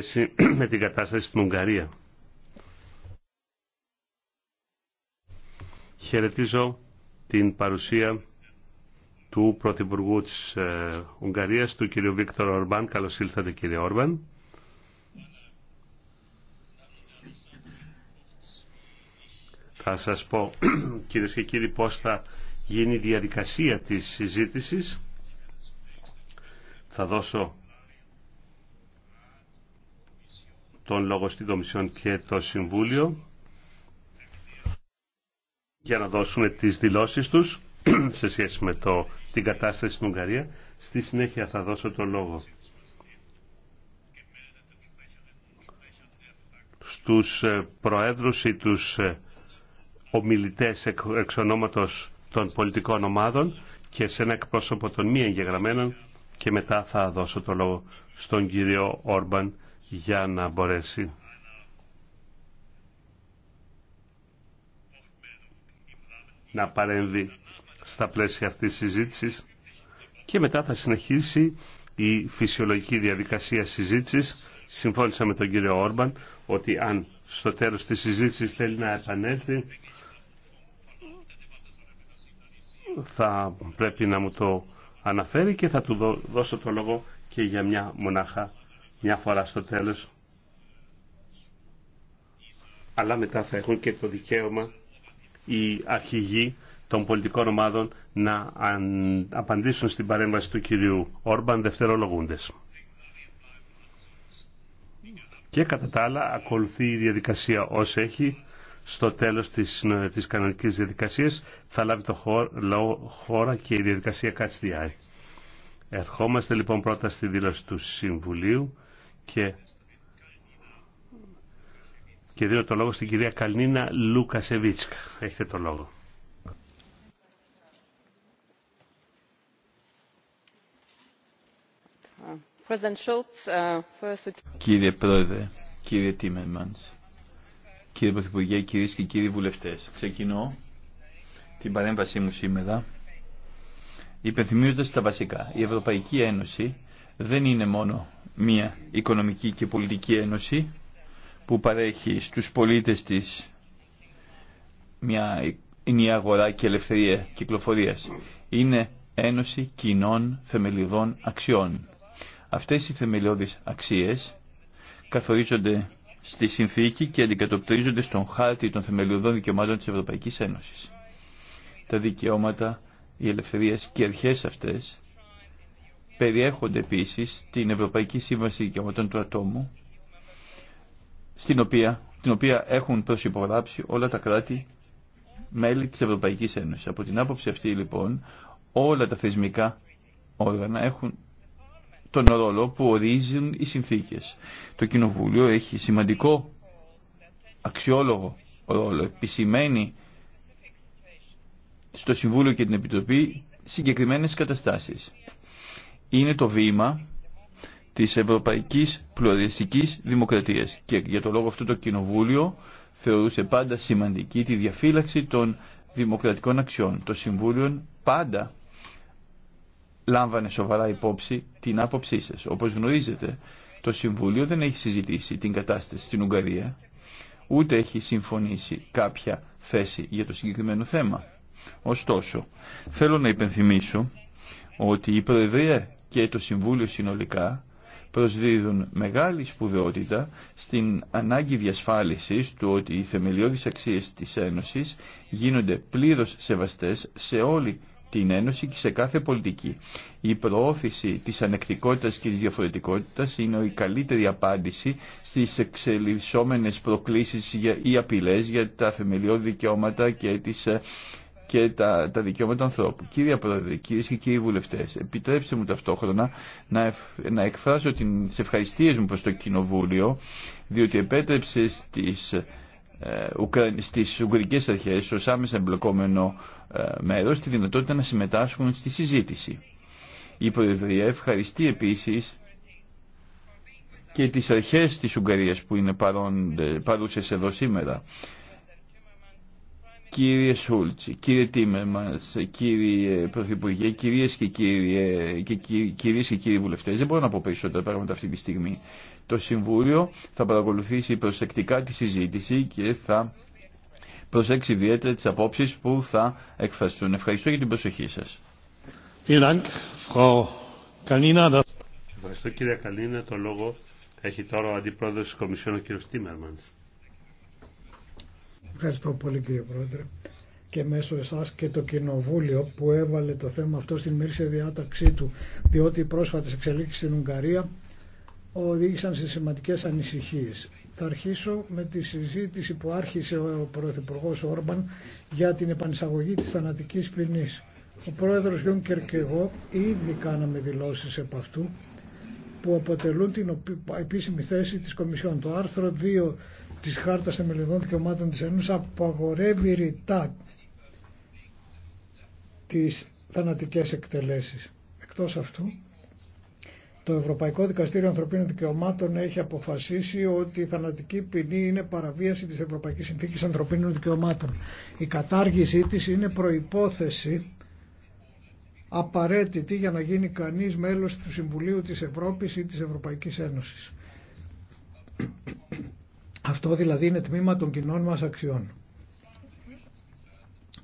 σχέση με την κατάσταση στην Ουγγαρία. Χαιρετίζω την παρουσία του Πρωθυπουργού της ε, Ουγγαρίας, του κ. Βίκτορ Ορμπάν. Καλώς ήλθατε κύριε Όρμπαν. Θα σας πω κύριε και κύριοι πώς θα γίνει η διαδικασία της συζήτησης. Θα δώσω τον λόγο στην Κομισιόν και το Συμβούλιο για να δώσουν τις δηλώσεις τους σε σχέση με το, την κατάσταση στην Ουγγαρία. Στη συνέχεια θα δώσω το λόγο στους ε, προέδρους ή τους ε, ομιλητές εξ ονόματος των πολιτικών ομάδων και σε ένα εκπρόσωπο των μη εγγεγραμμένων και μετά θα δώσω το λόγο στον κύριο Όρμπαν για να μπορέσει να παρέμβει στα πλαίσια αυτής της συζήτησης και μετά θα συνεχίσει η φυσιολογική διαδικασία συζήτησης. Συμφώνησα με τον κύριο Όρμπαν ότι αν στο τέλος της συζήτησης θέλει να επανέλθει θα πρέπει να μου το αναφέρει και θα του δώσω το λόγο και για μια μονάχα μια φορά στο τέλος αλλά μετά θα έχουν και το δικαίωμα οι αρχηγοί των πολιτικών ομάδων να απαντήσουν στην παρέμβαση του κυρίου Όρμπαν δευτερολογούντες. Και κατά τα άλλα ακολουθεί η διαδικασία ως έχει στο τέλος της, της κανονικής διαδικασίας θα λάβει το χώρο, χώρα και η διαδικασία κάτσει Ερχόμαστε λοιπόν πρώτα στη δήλωση του Συμβουλίου και, και δίνω το λόγο στην κυρία Καλνίνα Λούκασεβίτσκα. Έχετε το λόγο. Uh, κύριε Πρόεδρε, κύριε Τίμερμανς, κύριε Πρωθυπουργέ, κυρίες και κύριοι βουλευτές, ξεκινώ την παρέμβασή μου σήμερα υπενθυμίζοντας τα βασικά. Η Ευρωπαϊκή Ένωση δεν είναι μόνο μια οικονομική και πολιτική ένωση που παρέχει στους πολίτες της μια ενιαία αγορά και ελευθερία κυκλοφορίας. Είναι ένωση κοινών θεμελιωδών αξιών. Αυτές οι θεμελιώδεις αξίες καθορίζονται στη συνθήκη και αντικατοπτρίζονται στον χάρτη των θεμελιωδών δικαιωμάτων της Ευρωπαϊκής Ένωσης. Τα δικαιώματα, οι ελευθερίες και αρχές αυτές περιέχονται επίσης την Ευρωπαϊκή Σύμβαση Δικαιωμάτων του Ατόμου, στην οποία, την οποία έχουν προσυπογράψει όλα τα κράτη μέλη της Ευρωπαϊκής Ένωσης. Από την άποψη αυτή λοιπόν όλα τα θεσμικά όργανα έχουν τον ρόλο που ορίζουν οι συνθήκες. Το Κοινοβούλιο έχει σημαντικό αξιόλογο ρόλο. Επισημαίνει στο Συμβούλιο και την Επιτροπή συγκεκριμένες καταστάσεις είναι το βήμα της ευρωπαϊκής πλουραλιστικής δημοκρατίας και για το λόγο αυτό το κοινοβούλιο θεωρούσε πάντα σημαντική τη διαφύλαξη των δημοκρατικών αξιών. Το Συμβούλιο πάντα λάμβανε σοβαρά υπόψη την άποψή σας. Όπως γνωρίζετε, το Συμβούλιο δεν έχει συζητήσει την κατάσταση στην Ουγγαρία, ούτε έχει συμφωνήσει κάποια θέση για το συγκεκριμένο θέμα. Ωστόσο, θέλω να υπενθυμίσω ότι η Προεδρία και το Συμβούλιο συνολικά προσδίδουν μεγάλη σπουδαιότητα στην ανάγκη διασφάλισης του ότι οι θεμελιώδεις αξίες της Ένωσης γίνονται πλήρως σεβαστές σε όλη την Ένωση και σε κάθε πολιτική. Η προώθηση της ανεκτικότητας και της διαφορετικότητας είναι η καλύτερη απάντηση στις εξελισσόμενες προκλήσεις ή απειλές για τα θεμελιώδη δικαιώματα και τις ε, και τα, τα δικαιώματα του ανθρώπου. Κύριε Πρόεδρε, κυρίε και κύριοι βουλευτέ, επιτρέψτε μου ταυτόχρονα να, να εκφράσω τι ευχαριστίε μου προ το Κοινοβούλιο, διότι επέτρεψε στι ε, στις Ουγγρικές Αρχές ως άμεσα εμπλοκόμενο ε, μέρος τη δυνατότητα να συμμετάσχουν στη συζήτηση. Η Προεδρία ευχαριστεί επίσης και τις αρχές της Ουγγαρίας που είναι παρούσες εδώ σήμερα Κύριε Σούλτς, κύριε Τίμερμαντς, κύριε Πρωθυπουργέ, κυρίες και, κύριε, και, και κύριοι βουλευτές, δεν μπορώ να πω περισσότερα πράγματα αυτή τη στιγμή. Το Συμβούλιο θα παρακολουθήσει προσεκτικά τη συζήτηση και θα προσέξει ιδιαίτερα τις απόψεις που θα εκφραστούν. Ευχαριστώ για την προσοχή σας. Ευχαριστώ κύριε Καλίνα. Το λόγο έχει τώρα ο Αντιπρόεδρος της Κομισιόν ο κύριος Τίμερμανς. Ευχαριστώ πολύ κύριε Πρόεδρε και μέσω εσάς και το Κοινοβούλιο που έβαλε το θέμα αυτό στην μίληση διάταξή του διότι οι πρόσφατες εξελίξεις στην Ουγγαρία οδήγησαν σε σημαντικές ανησυχίες. Θα αρχίσω με τη συζήτηση που άρχισε ο Πρωθυπουργό Όρμπαν για την επανεισαγωγή της θανατικής ποινή. Ο πρόεδρος Γιούνκερ και εγώ ήδη κάναμε δηλώσεις επ' αυτού που αποτελούν την επίσημη θέση της Κομισιόν. Το άρθρο της Χάρτας Θεμελιωδών Δικαιωμάτων της Ένωσης απαγορεύει ρητά τι θανατικές εκτελέσεις. Εκτός αυτού, το Ευρωπαϊκό Δικαστήριο Ανθρωπίνων Δικαιωμάτων έχει αποφασίσει ότι η θανατική ποινή είναι παραβίαση της Ευρωπαϊκής Συνθήκης Ανθρωπίνων Δικαιωμάτων. Η κατάργησή της είναι προϋπόθεση απαραίτητη για να γίνει κανείς μέλος του Συμβουλίου της Ευρώπης ή της Ευρωπαϊκής Ένωσης. Αυτό δηλαδή είναι τμήμα των κοινών μας αξιών.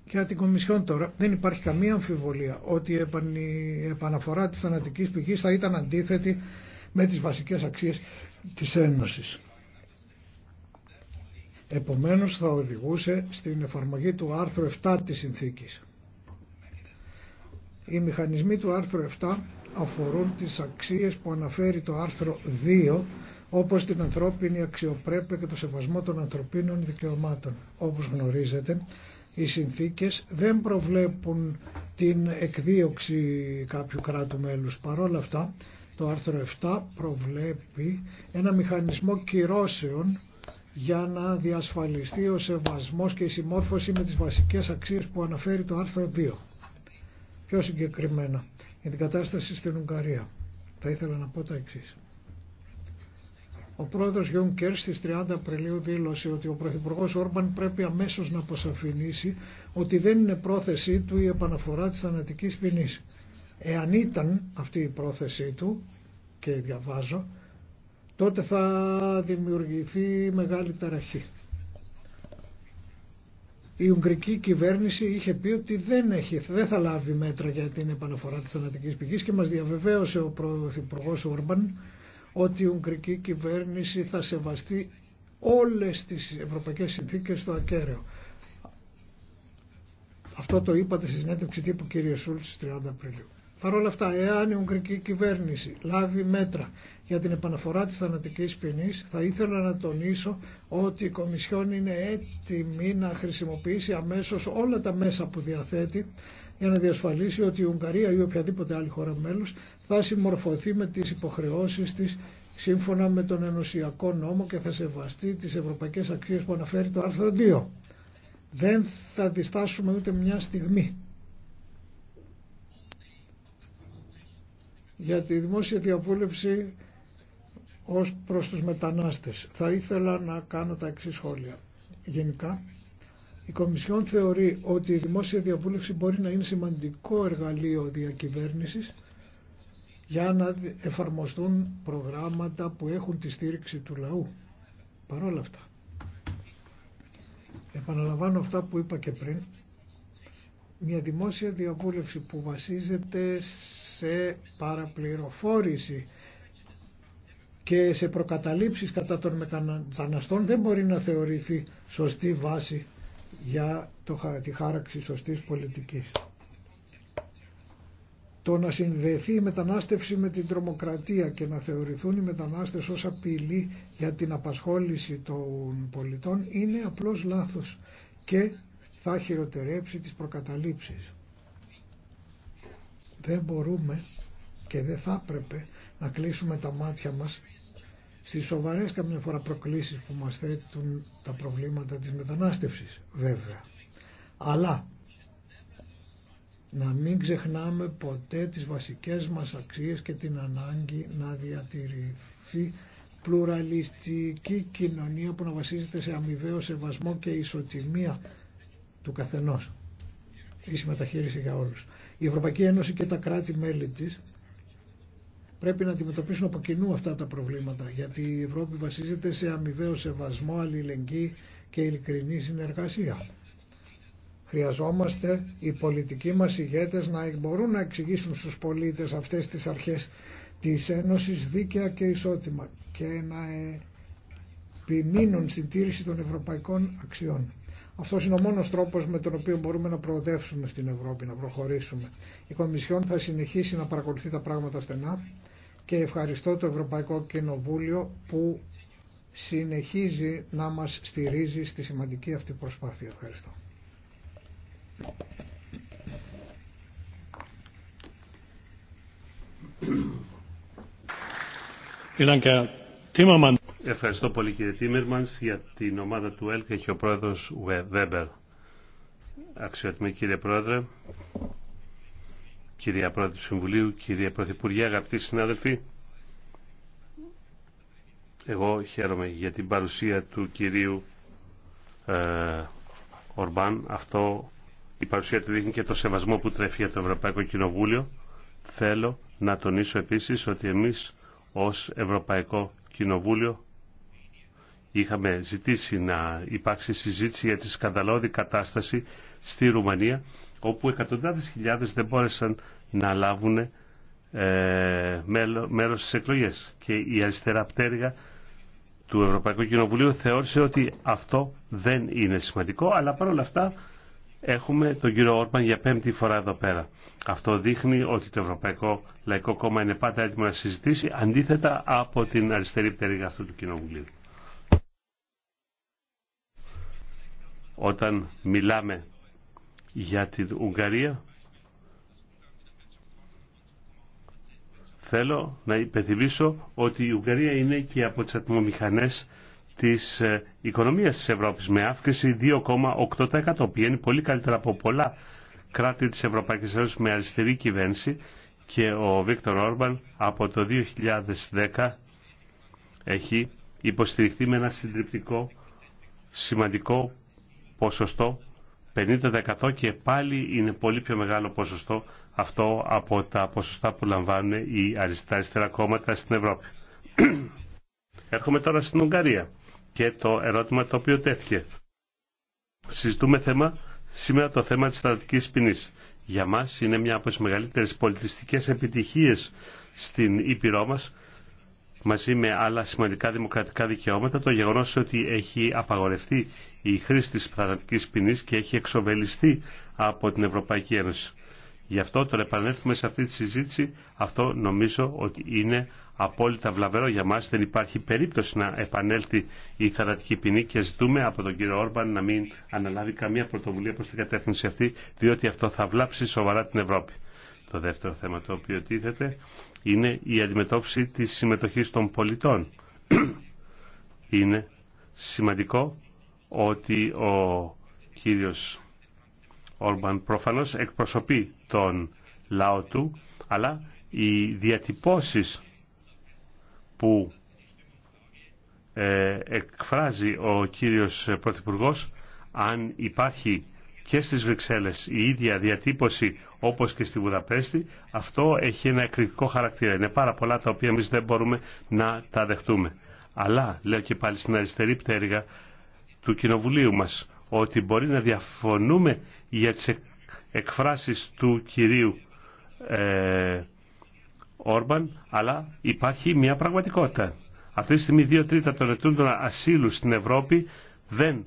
Για την Κομισιόν τώρα δεν υπάρχει καμία αμφιβολία ότι η επαναφορά της θανατικής πηγής θα ήταν αντίθετη με τις βασικές αξίες της Ένωσης. Επομένως θα οδηγούσε στην εφαρμογή του άρθρου 7 της συνθήκης. Οι μηχανισμοί του άρθρου 7 αφορούν τις αξίες που αναφέρει το άρθρο 2 όπως την ανθρώπινη αξιοπρέπεια και το σεβασμό των ανθρωπίνων δικαιωμάτων. Όπως γνωρίζετε, οι συνθήκες δεν προβλέπουν την εκδίωξη κάποιου κράτου μέλους. όλα αυτά, το άρθρο 7 προβλέπει ένα μηχανισμό κυρώσεων για να διασφαλιστεί ο σεβασμός και η συμμόρφωση με τις βασικές αξίες που αναφέρει το άρθρο 2. Πιο συγκεκριμένα, για την κατάσταση στην Ουγγαρία. Θα ήθελα να πω τα εξής. Ο πρόεδρος Γιούνκερ στι 30 Απριλίου δήλωσε ότι ο Πρωθυπουργό Όρμπαν πρέπει αμέσως να αποσαφηνίσει ότι δεν είναι πρόθεσή του η επαναφορά της θανατική ποινή. Εάν ήταν αυτή η πρόθεσή του, και διαβάζω, τότε θα δημιουργηθεί μεγάλη ταραχή. Η Ουγγρική κυβέρνηση είχε πει ότι δεν, έχει, δεν θα λάβει μέτρα για την επαναφορά της θανατικής πηγής και μας διαβεβαίωσε ο Πρωθυπουργός Όρμπαν ότι η Ουγγρική κυβέρνηση θα σεβαστεί όλες τις ευρωπαϊκές συνθήκες στο ακέραιο. Αυτό το είπατε στη συνέντευξη τύπου κύριε Σούλτ στις 30 Απριλίου. Παρ' όλα αυτά, εάν η Ουγγρική κυβέρνηση λάβει μέτρα για την επαναφορά της θανατικής ποινής, θα ήθελα να τονίσω ότι η Κομισιόν είναι έτοιμη να χρησιμοποιήσει αμέσως όλα τα μέσα που διαθέτει για να διασφαλίσει ότι η Ουγγαρία ή οποιαδήποτε άλλη χώρα μέλος θα συμμορφωθεί με τις υποχρεώσεις της σύμφωνα με τον ενωσιακό νόμο και θα σεβαστεί τις ευρωπαϊκές αξίες που αναφέρει το άρθρο 2. Δεν θα διστάσουμε ούτε μια στιγμή. Για τη δημόσια διαβούλευση ως προς τους μετανάστες. Θα ήθελα να κάνω τα εξής σχόλια. Γενικά, η Κομισιόν θεωρεί ότι η δημόσια διαβούλευση μπορεί να είναι σημαντικό εργαλείο διακυβέρνησης για να εφαρμοστούν προγράμματα που έχουν τη στήριξη του λαού. όλα αυτά, επαναλαμβάνω αυτά που είπα και πριν, μια δημόσια διαβούλευση που βασίζεται σε παραπληροφόρηση και σε προκαταλήψεις κατά των μεταναστών δεν μπορεί να θεωρηθεί σωστή βάση για το, τη χάραξη σωστής πολιτικής. Το να συνδεθεί η μετανάστευση με την τρομοκρατία και να θεωρηθούν οι μετανάστες ως απειλή για την απασχόληση των πολιτών είναι απλώς λάθος και θα χειροτερέψει τις προκαταλήψεις. Δεν μπορούμε και δεν θα έπρεπε να κλείσουμε τα μάτια μας στις σοβαρές καμιά φορά προκλήσεις που μας θέτουν τα προβλήματα της μετανάστευσης βέβαια. Αλλά να μην ξεχνάμε ποτέ τις βασικές μας αξίες και την ανάγκη να διατηρηθεί πλουραλιστική κοινωνία που να βασίζεται σε αμοιβαίο σεβασμό και ισοτιμία του καθενός. Η μεταχείριση για όλους. Η Ευρωπαϊκή Ένωση και τα κράτη-μέλη της πρέπει να αντιμετωπίσουν από κοινού αυτά τα προβλήματα γιατί η Ευρώπη βασίζεται σε αμοιβαίο σεβασμό, αλληλεγγύη και ειλικρινή συνεργασία. Χρειαζόμαστε οι πολιτικοί μας ηγέτες να μπορούν να εξηγήσουν στους πολίτες αυτές τις αρχές της Ένωσης δίκαια και ισότιμα και να επιμείνουν στην τήρηση των ευρωπαϊκών αξιών. Αυτό είναι ο μόνος τρόπος με τον οποίο μπορούμε να προοδεύσουμε στην Ευρώπη, να προχωρήσουμε. Η Κομισιόν θα συνεχίσει να παρακολουθεί τα πράγματα στενά και ευχαριστώ το Ευρωπαϊκό Κοινοβούλιο που συνεχίζει να μας στηρίζει στη σημαντική αυτή προσπάθεια. Ευχαριστώ. Vielen Dank, Herr Ευχαριστώ πολύ κύριε Τίμερμανς για την ομάδα του ΕΛΚ και ο πρόεδρος Βέμπερ. Αξιότιμη κύριε πρόεδρε, κυρία πρόεδρε του Συμβουλίου, κυρία πρωθυπουργέ, αγαπητοί συνάδελφοι, εγώ χαίρομαι για την παρουσία του κυρίου ε, Ορμπάν. Αυτό η παρουσία του δείχνει και το σεβασμό που τρέφει για το Ευρωπαϊκό Κοινοβούλιο. Θέλω να τονίσω επίσης ότι εμείς ως Ευρωπαϊκό Κοινοβούλιο είχαμε ζητήσει να υπάρξει συζήτηση για τη σκανδαλώδη κατάσταση στη Ρουμανία όπου εκατοντάδες χιλιάδες δεν μπόρεσαν να λάβουν ε, μέρος στις εκλογές και η αριστερά πτέρυγα του Ευρωπαϊκού Κοινοβουλίου θεώρησε ότι αυτό δεν είναι σημαντικό αλλά παρόλα αυτά έχουμε τον κύριο Όρμαν για πέμπτη φορά εδώ πέρα. Αυτό δείχνει ότι το Ευρωπαϊκό Λαϊκό Κόμμα είναι πάντα έτοιμο να συζητήσει αντίθετα από την αριστερή πτέρυγα αυτού του Κοινοβουλίου. Όταν μιλάμε για την Ουγγαρία, θέλω να υπενθυμίσω ότι η Ουγγαρία είναι και από τις ατμομηχανές της ε, οικονομίας της Ευρώπης με αύξηση 2,8%. που είναι πολύ καλύτερα από πολλά κράτη της Ευρωπαϊκής Ένωσης με αριστερή κυβέρνηση και ο Βίκτορ Όρμπαν από το 2010 έχει υποστηριχθεί με ένα συντριπτικό σημαντικό ποσοστό 50% και πάλι είναι πολύ πιο μεγάλο ποσοστό αυτό από τα ποσοστά που λαμβάνουν οι αριστερά κόμματα στην Ευρώπη. Έρχομαι τώρα στην Ουγγαρία και το ερώτημα το οποίο τέθηκε. Συζητούμε θέμα, σήμερα το θέμα της στρατικής ποινή. Για μας είναι μια από τις μεγαλύτερες πολιτιστικές επιτυχίες στην Ήπειρό μας μαζί με άλλα σημαντικά δημοκρατικά δικαιώματα το γεγονός ότι έχει απαγορευτεί η χρήση της θανατικής ποινή και έχει εξοβελιστεί από την Ευρωπαϊκή Ένωση. Γι' αυτό τώρα επανέλθουμε σε αυτή τη συζήτηση. Αυτό νομίζω ότι είναι απόλυτα βλαβερό για μας. Δεν υπάρχει περίπτωση να επανέλθει η θανατική ποινή και ζητούμε από τον κύριο Όρμπαν να μην αναλάβει καμία πρωτοβουλία προς την κατεύθυνση αυτή, διότι αυτό θα βλάψει σοβαρά την Ευρώπη. Το δεύτερο θέμα το οποίο τίθεται είναι η αντιμετώπιση της συμμετοχής των πολιτών. είναι σημαντικό ότι ο κύριος Όρμπαν προφανώς εκπροσωπεί τον λαό του, αλλά οι διατυπώσεις που ε, εκφράζει ο κύριος Πρωθυπουργός, αν υπάρχει και στις Βρυξέλλες η ίδια διατύπωση όπως και στη Βουδαπέστη, αυτό έχει ένα εκρηκτικό χαρακτήρα. Είναι πάρα πολλά τα οποία εμεί δεν μπορούμε να τα δεχτούμε. Αλλά, λέω και πάλι στην αριστερή πτέρυγα του Κοινοβουλίου μας, ότι μπορεί να διαφωνούμε για τις εκφράσεις του κυρίου ε, Όρμπαν, αλλά υπάρχει μια πραγματικότητα. Αυτή τη στιγμή δύο τρίτα των ετούντων ασύλου στην Ευρώπη δεν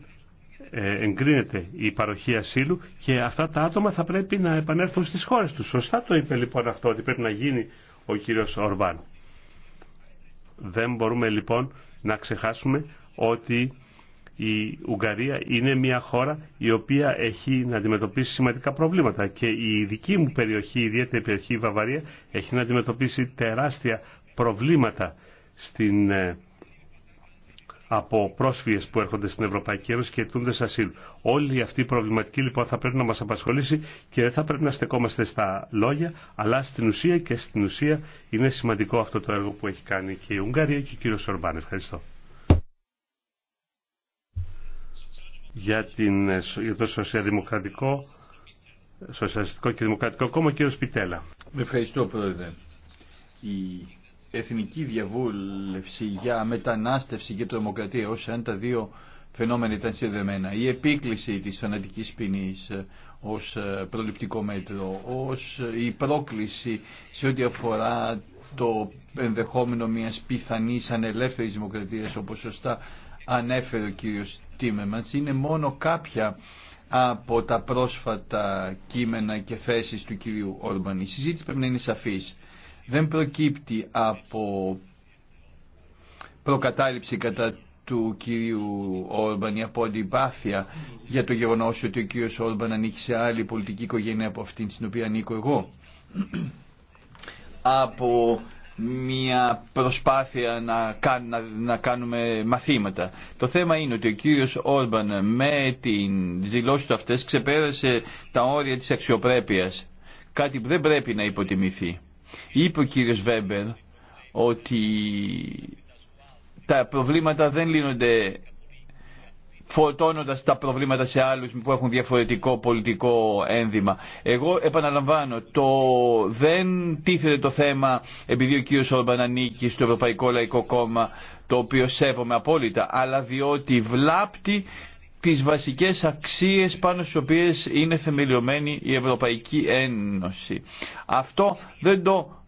ε, εγκρίνεται η παροχή ασύλου και αυτά τα άτομα θα πρέπει να επανέλθουν στις χώρες τους. Σωστά το είπε λοιπόν αυτό ότι πρέπει να γίνει ο κύριος Ορμπάν. Δεν μπορούμε λοιπόν να ξεχάσουμε ότι η Ουγγαρία είναι μια χώρα η οποία έχει να αντιμετωπίσει σημαντικά προβλήματα και η δική μου περιοχή, η ιδιαίτερη περιοχή η έχει να αντιμετωπίσει τεράστια προβλήματα στην ε, από πρόσφυγες που έρχονται στην Ευρωπαϊκή Ένωση και αιτούνται ασύλου. Όλη αυτή η προβληματική λοιπόν θα πρέπει να μας απασχολήσει και δεν θα πρέπει να στεκόμαστε στα λόγια αλλά στην ουσία και στην ουσία είναι σημαντικό αυτό το έργο που έχει κάνει και η Ουγγαρία και ο κύριος Ορμπάν. Ευχαριστώ. Για, την, το σοσιαδημοκρατικό Σοσιαλιστικό και Δημοκρατικό Κόμμα, κύριο Πιτέλα. Ευχαριστώ, Πρόεδρε. Η εθνική διαβούλευση για μετανάστευση και τρομοκρατία ως αν τα δύο φαινόμενα ήταν συνδεμένα. Η επίκληση της θανατικής ποινής ε, ως ε, προληπτικό μέτρο, ως ε, η πρόκληση σε ό,τι αφορά το ενδεχόμενο μιας πιθανής ανελεύθερης δημοκρατίας όπως σωστά ανέφερε ο κύριος Τίμεμαντς είναι μόνο κάποια από τα πρόσφατα κείμενα και θέσεις του κυρίου Όρμπαν. Η συζήτηση πρέπει να είναι σαφής δεν προκύπτει από προκατάληψη κατά του κυρίου Όρμπαν ή από αντιπάθεια για το γεγονός ότι ο κύριος Όρμπαν ανήκει σε άλλη πολιτική οικογένεια από αυτήν στην οποία ανήκω εγώ. από μια προσπάθεια να, να, κάνουμε μαθήματα. Το θέμα είναι ότι ο κύριος Όρμπαν με την δηλώσει του αυτές ξεπέρασε τα όρια της αξιοπρέπειας. Κάτι που δεν πρέπει να υποτιμηθεί. Είπε ο κύριος Βέμπερ ότι τα προβλήματα δεν λύνονται φορτώνοντας τα προβλήματα σε άλλους που έχουν διαφορετικό πολιτικό ένδυμα. Εγώ επαναλαμβάνω, το δεν τίθεται το θέμα επειδή ο κύριος Όρμπαν ανήκει στο Ευρωπαϊκό Λαϊκό Κόμμα το οποίο σέβομαι απόλυτα, αλλά διότι βλάπτει τις βασικές αξίες πάνω στις οποίες είναι θεμελιωμένη η Ευρωπαϊκή Ένωση. Αυτό δεν το,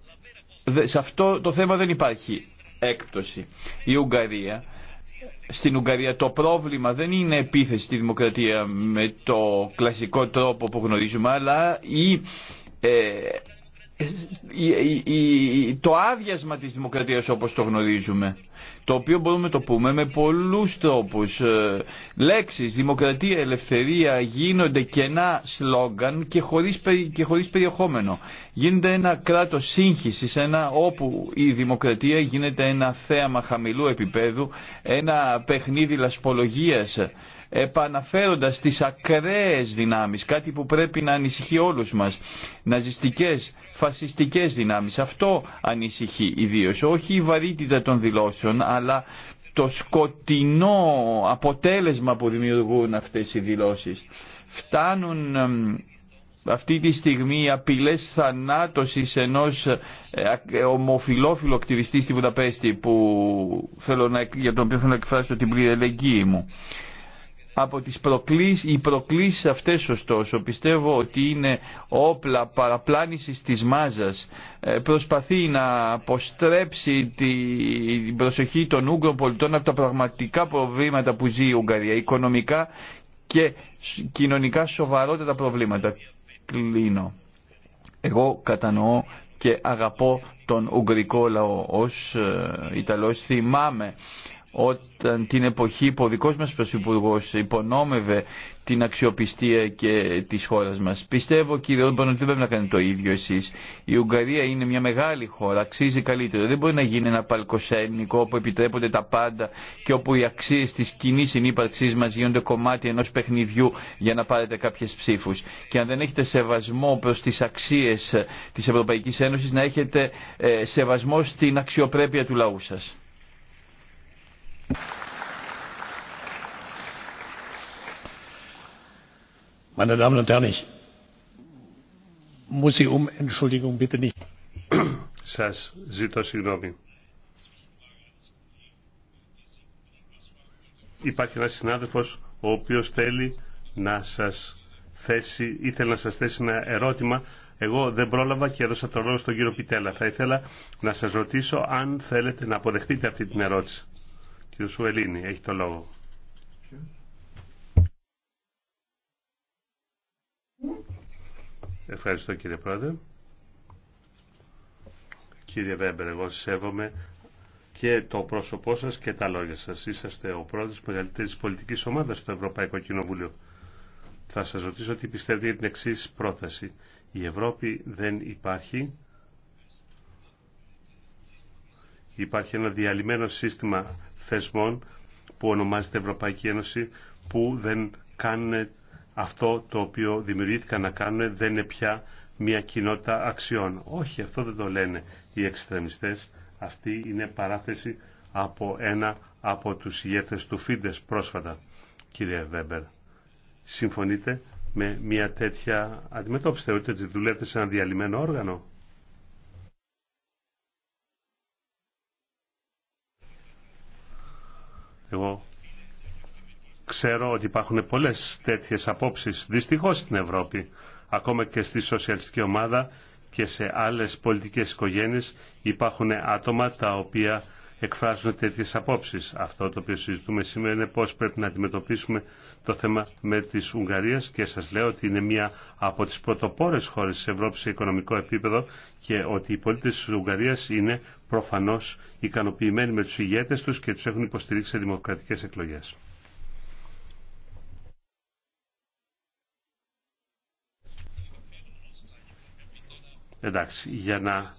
σε αυτό το θέμα δεν υπάρχει έκπτωση. Η Ουγγαρία, στην Ουγγαρία το πρόβλημα δεν είναι επίθεση στη δημοκρατία με το κλασικό τρόπο που γνωρίζουμε, αλλά η ε, το άδειασμα της δημοκρατίας όπως το γνωρίζουμε το οποίο μπορούμε να το πούμε με πολλούς τρόπους ε, λέξεις, δημοκρατία, ελευθερία γίνονται κενά σλόγγαν και χωρίς, και χωρίς περιεχόμενο γίνεται ένα κράτος σύγχυσης ένα, όπου η δημοκρατία γίνεται ένα θέαμα χαμηλού επίπεδου ένα παιχνίδι λασπολογίας επαναφέροντας τις ακραίες δυνάμεις κάτι που πρέπει να ανησυχεί όλους μας ναζιστικές φασιστικές δυνάμεις. Αυτό ανησυχεί ιδίως, όχι η βαρύτητα των δηλώσεων, αλλά το σκοτεινό αποτέλεσμα που δημιουργούν αυτές οι δηλώσεις. Φτάνουν αυτή τη στιγμή οι απειλές θανάτωσης ενός ε, ε, ομοφιλόφιλου ακτιβιστή στη Βουδαπέστη που θέλω να, για τον οποίο θέλω να εκφράσω την πληρελεγγύη μου από τις προκλήσεις, οι προκλήσεις αυτές ωστόσο πιστεύω ότι είναι όπλα παραπλάνησης της μάζας ε, προσπαθεί να αποστρέψει την προσοχή των Ούγγρων πολιτών από τα πραγματικά προβλήματα που ζει η Ουγγαρία οικονομικά και κοινωνικά σοβαρότερα προβλήματα κλείνω εγώ κατανοώ και αγαπώ τον Ουγγρικό λαό ως ε, Ιταλός θυμάμαι όταν την εποχή που ο δικός μας Πρωθυπουργός υπονόμευε την αξιοπιστία και της χώρας μας. Πιστεύω κύριε Όρμπαν ότι δεν πρέπει να κάνετε το ίδιο εσείς. Η Ουγγαρία είναι μια μεγάλη χώρα, αξίζει καλύτερο. Δεν μπορεί να γίνει ένα παλκοσέλνικο όπου επιτρέπονται τα πάντα και όπου οι αξίες της κοινή συνύπαρξής μας γίνονται κομμάτι ενός παιχνιδιού για να πάρετε κάποιες ψήφους. Και αν δεν έχετε σεβασμό προς τις αξίες της Ευρωπαϊκής Ένωσης να έχετε ε, σεβασμό στην αξιοπρέπεια του λαού σας. Meine Damen und Herren, ich um Σας ζητώ συγγνώμη. Υπάρχει ένας συνάδελφος ο οποίος θέλει να σας θέσει, ήθελε να σας θέσει ένα ερώτημα. Εγώ δεν πρόλαβα και έδωσα το λόγο στον κύριο Πιτέλα. Θα ήθελα να σας ρωτήσω αν θέλετε να αποδεχτείτε αυτή την ερώτηση. Κύριο Σουελίνη, έχει το λόγο. Ευχαριστώ κύριε Πρόεδρε. Κύριε Βέμπερ, εγώ σας σέβομαι και το πρόσωπό σας και τα λόγια σας. Είσαστε ο πρόεδρος της μεγαλύτερης πολιτικής ομάδας στο Ευρωπαϊκό Κοινοβούλιο. Θα σας ρωτήσω ότι πιστεύετε για την εξή πρόταση. Η Ευρώπη δεν υπάρχει. Υπάρχει ένα διαλυμένο σύστημα θεσμών που ονομάζεται Ευρωπαϊκή Ένωση που δεν κάνουν αυτό το οποίο δημιουργήθηκαν να κάνουν δεν είναι πια μια κοινότητα αξιών. Όχι, αυτό δεν το λένε οι εξτρεμιστές. Αυτή είναι παράθεση από ένα από τους ηγέτες του Φίντες πρόσφατα, κύριε Βέμπερ. Συμφωνείτε με μια τέτοια αντιμετώπιση. Θεωρείτε ότι δουλεύετε σε ένα διαλυμένο όργανο. Εγώ ξέρω ότι υπάρχουν πολλές τέτοιες απόψεις δυστυχώς στην Ευρώπη ακόμα και στη σοσιαλιστική ομάδα και σε άλλες πολιτικές οικογένειες υπάρχουν άτομα τα οποία εκφράζουν τέτοιες απόψεις. Αυτό το οποίο συζητούμε σήμερα είναι πώς πρέπει να αντιμετωπίσουμε το θέμα με τις Ουγγαρίας και σας λέω ότι είναι μία από τις πρωτοπόρες χώρες της Ευρώπης σε οικονομικό επίπεδο και ότι οι πολίτες της Ουγγαρίας είναι προφανώς ικανοποιημένοι με τους ηγέτες τους και τους έχουν υποστηρίξει σε δημοκρατικές εκλογές. Εντάξει, για να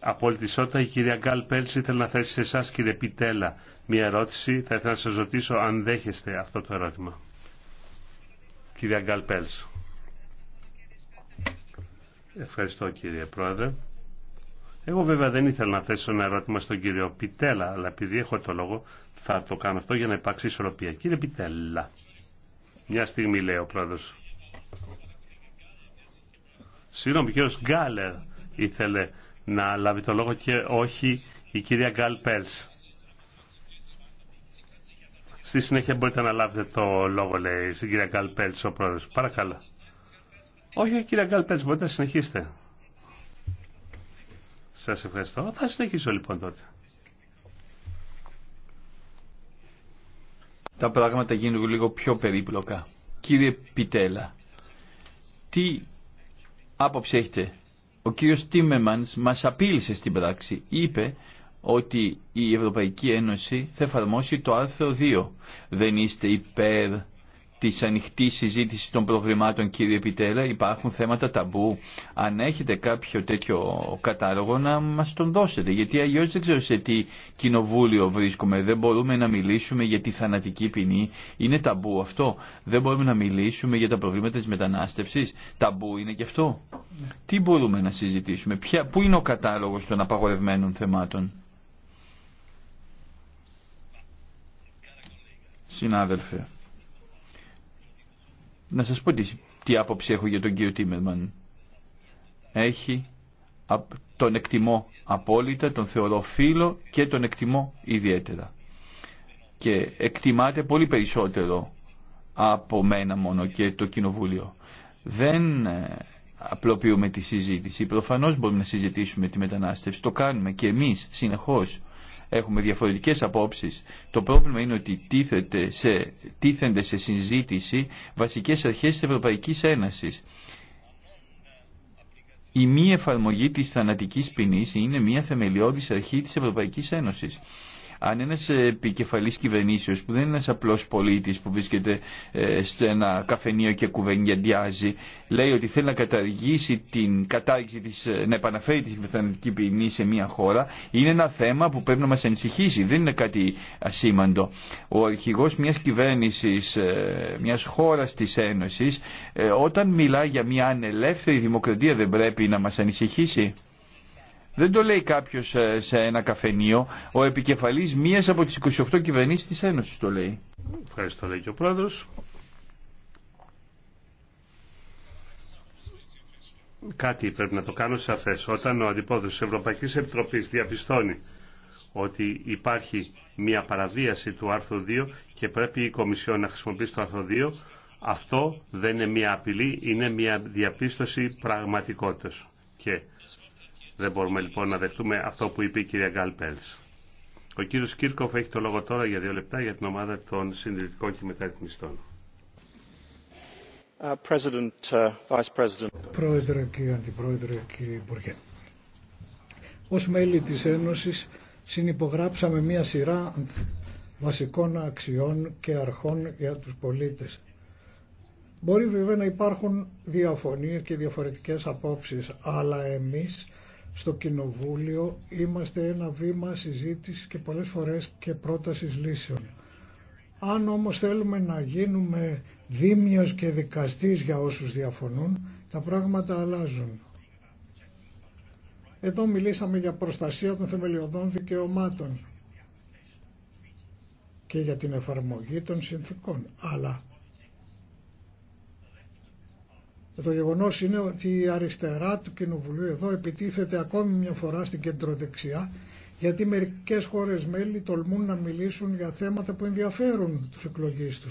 απόλυτη ισότητα. Η κυρία Γκάλ Πέλση ήθελε να θέσει σε εσάς κύριε Πιτέλα μια ερώτηση. Θα ήθελα να σας ρωτήσω αν δέχεστε αυτό το ερώτημα. Κυρία Γκάλ Ευχαριστώ κύριε Πρόεδρε. Εγώ βέβαια δεν ήθελα να θέσω ένα ερώτημα στον κύριο Πιτέλα, αλλά επειδή έχω το λόγο θα το κάνω αυτό για να υπάρξει ισορροπία. Κύριε Πιτέλα, μια στιγμή λέει ο πρόεδρος. Συγγνώμη, κύριος Γκάλερ ήθελε να λάβει το λόγο και όχι η κυρία Γκάλ Πέλς. Στη συνέχεια μπορείτε να λάβετε το λόγο, λέει, στην κυρία Γκάλ Πέλς, ο πρόεδρος. Παρακαλώ. Όχι, κυρία Γκάλ μπορείτε να συνεχίσετε. Σας ευχαριστώ. Θα συνεχίσω λοιπόν τότε. Τα πράγματα γίνουν λίγο πιο περίπλοκα. Κύριε Πιτέλα, τι άποψη έχετε ο κύριος Τίμεμανς μας απείλησε στην πράξη. Είπε ότι η Ευρωπαϊκή Ένωση θα εφαρμόσει το άρθρο 2. Δεν είστε υπέρ της ανοιχτή συζήτηση των προβλημάτων κύριε Επιτέλα, υπάρχουν θέματα ταμπού. Αν έχετε κάποιο τέτοιο κατάλογο να μας τον δώσετε, γιατί αλλιώς δεν ξέρω σε τι κοινοβούλιο βρίσκομαι. Δεν μπορούμε να μιλήσουμε για τη θανατική ποινή. Είναι ταμπού αυτό. Δεν μπορούμε να μιλήσουμε για τα προβλήματα της μετανάστευσης. Ταμπού είναι και αυτό. Τι μπορούμε να συζητήσουμε. Ποια, πού είναι ο κατάλογος των απαγορευμένων θεμάτων. Συνάδελφε να σας πω τι, τι άποψη έχω για τον κύριο Τίμερμαν. Έχει, τον εκτιμώ απόλυτα, τον θεωρώ φίλο και τον εκτιμώ ιδιαίτερα. Και εκτιμάται πολύ περισσότερο από μένα μόνο και το Κοινοβούλιο. Δεν ε, απλοποιούμε τη συζήτηση. Προφανώς μπορούμε να συζητήσουμε τη μετανάστευση. Το κάνουμε και εμείς συνεχώς έχουμε διαφορετικές απόψεις. Το πρόβλημα είναι ότι τίθεται σε, τίθενται σε συζήτηση βασικές αρχές της Ευρωπαϊκής Ένωσης. Η μη εφαρμογή της θανατικής ποινής είναι μια θεμελιώδης αρχή της Ευρωπαϊκής Ένωσης. Αν ένας επικεφαλή κυβερνήσεω, που δεν είναι ένα απλό πολίτης που βρίσκεται ε, σε ένα καφενείο και κουβεντιάζει λέει ότι θέλει να καταργήσει την κατάργηση της, ε, να επαναφέρει τη θανατική ποινή σε μια χώρα είναι ένα θέμα που πρέπει να μας ανησυχήσει. Δεν είναι κάτι ασήμαντο. Ο αρχηγός μιας κυβέρνηση, ε, μιας χώρα της Ένωση, όταν μιλά για μια ανελεύθερη δημοκρατία δεν πρέπει να μα ανησυχήσει. Δεν το λέει κάποιο ε, σε ένα καφενείο. Ο επικεφαλή μία από τι 28 κυβερνήσει τη Ένωση το λέει. Ευχαριστώ, λέει και ο πρόεδρο. Κάτι πρέπει να το κάνω σαφέ. Όταν ο αντιπρόεδρο τη Ευρωπαϊκή Επιτροπή διαπιστώνει ότι υπάρχει μια παραβίαση του άρθρου 2 και πρέπει η Κομισιόν να χρησιμοποιήσει το άρθρο 2, αυτό δεν είναι μια απειλή, είναι μια διαπίστωση πραγματικότητας. Και δεν μπορούμε λοιπόν να δεχτούμε αυτό που είπε η κυρία Γκάλ Ο κύριος Κίρκοφ έχει το λόγο τώρα για δύο λεπτά για την ομάδα των συντηρητικών και μεταρρυθμιστών. Uh, uh, Πρόεδρε και Αντιπρόεδρε κύριε Υπουργέ. Ως μέλη της Ένωσης συνυπογράψαμε μία σειρά βασικών αξιών και αρχών για τους πολίτες. Μπορεί βέβαια να υπάρχουν διαφωνίες και διαφορετικές απόψεις, αλλά εμείς στο Κοινοβούλιο είμαστε ένα βήμα συζήτησης και πολλές φορές και πρότασης λύσεων. Αν όμως θέλουμε να γίνουμε δίμιος και δικαστής για όσους διαφωνούν, τα πράγματα αλλάζουν. Εδώ μιλήσαμε για προστασία των θεμελιωδών δικαιωμάτων και για την εφαρμογή των συνθήκων. Αλλά το γεγονός είναι ότι η αριστερά του Κοινοβουλίου εδώ επιτίθεται ακόμη μια φορά στην κεντροδεξιά γιατί μερικές χώρες μέλη τολμούν να μιλήσουν για θέματα που ενδιαφέρουν τους εκλογεί του.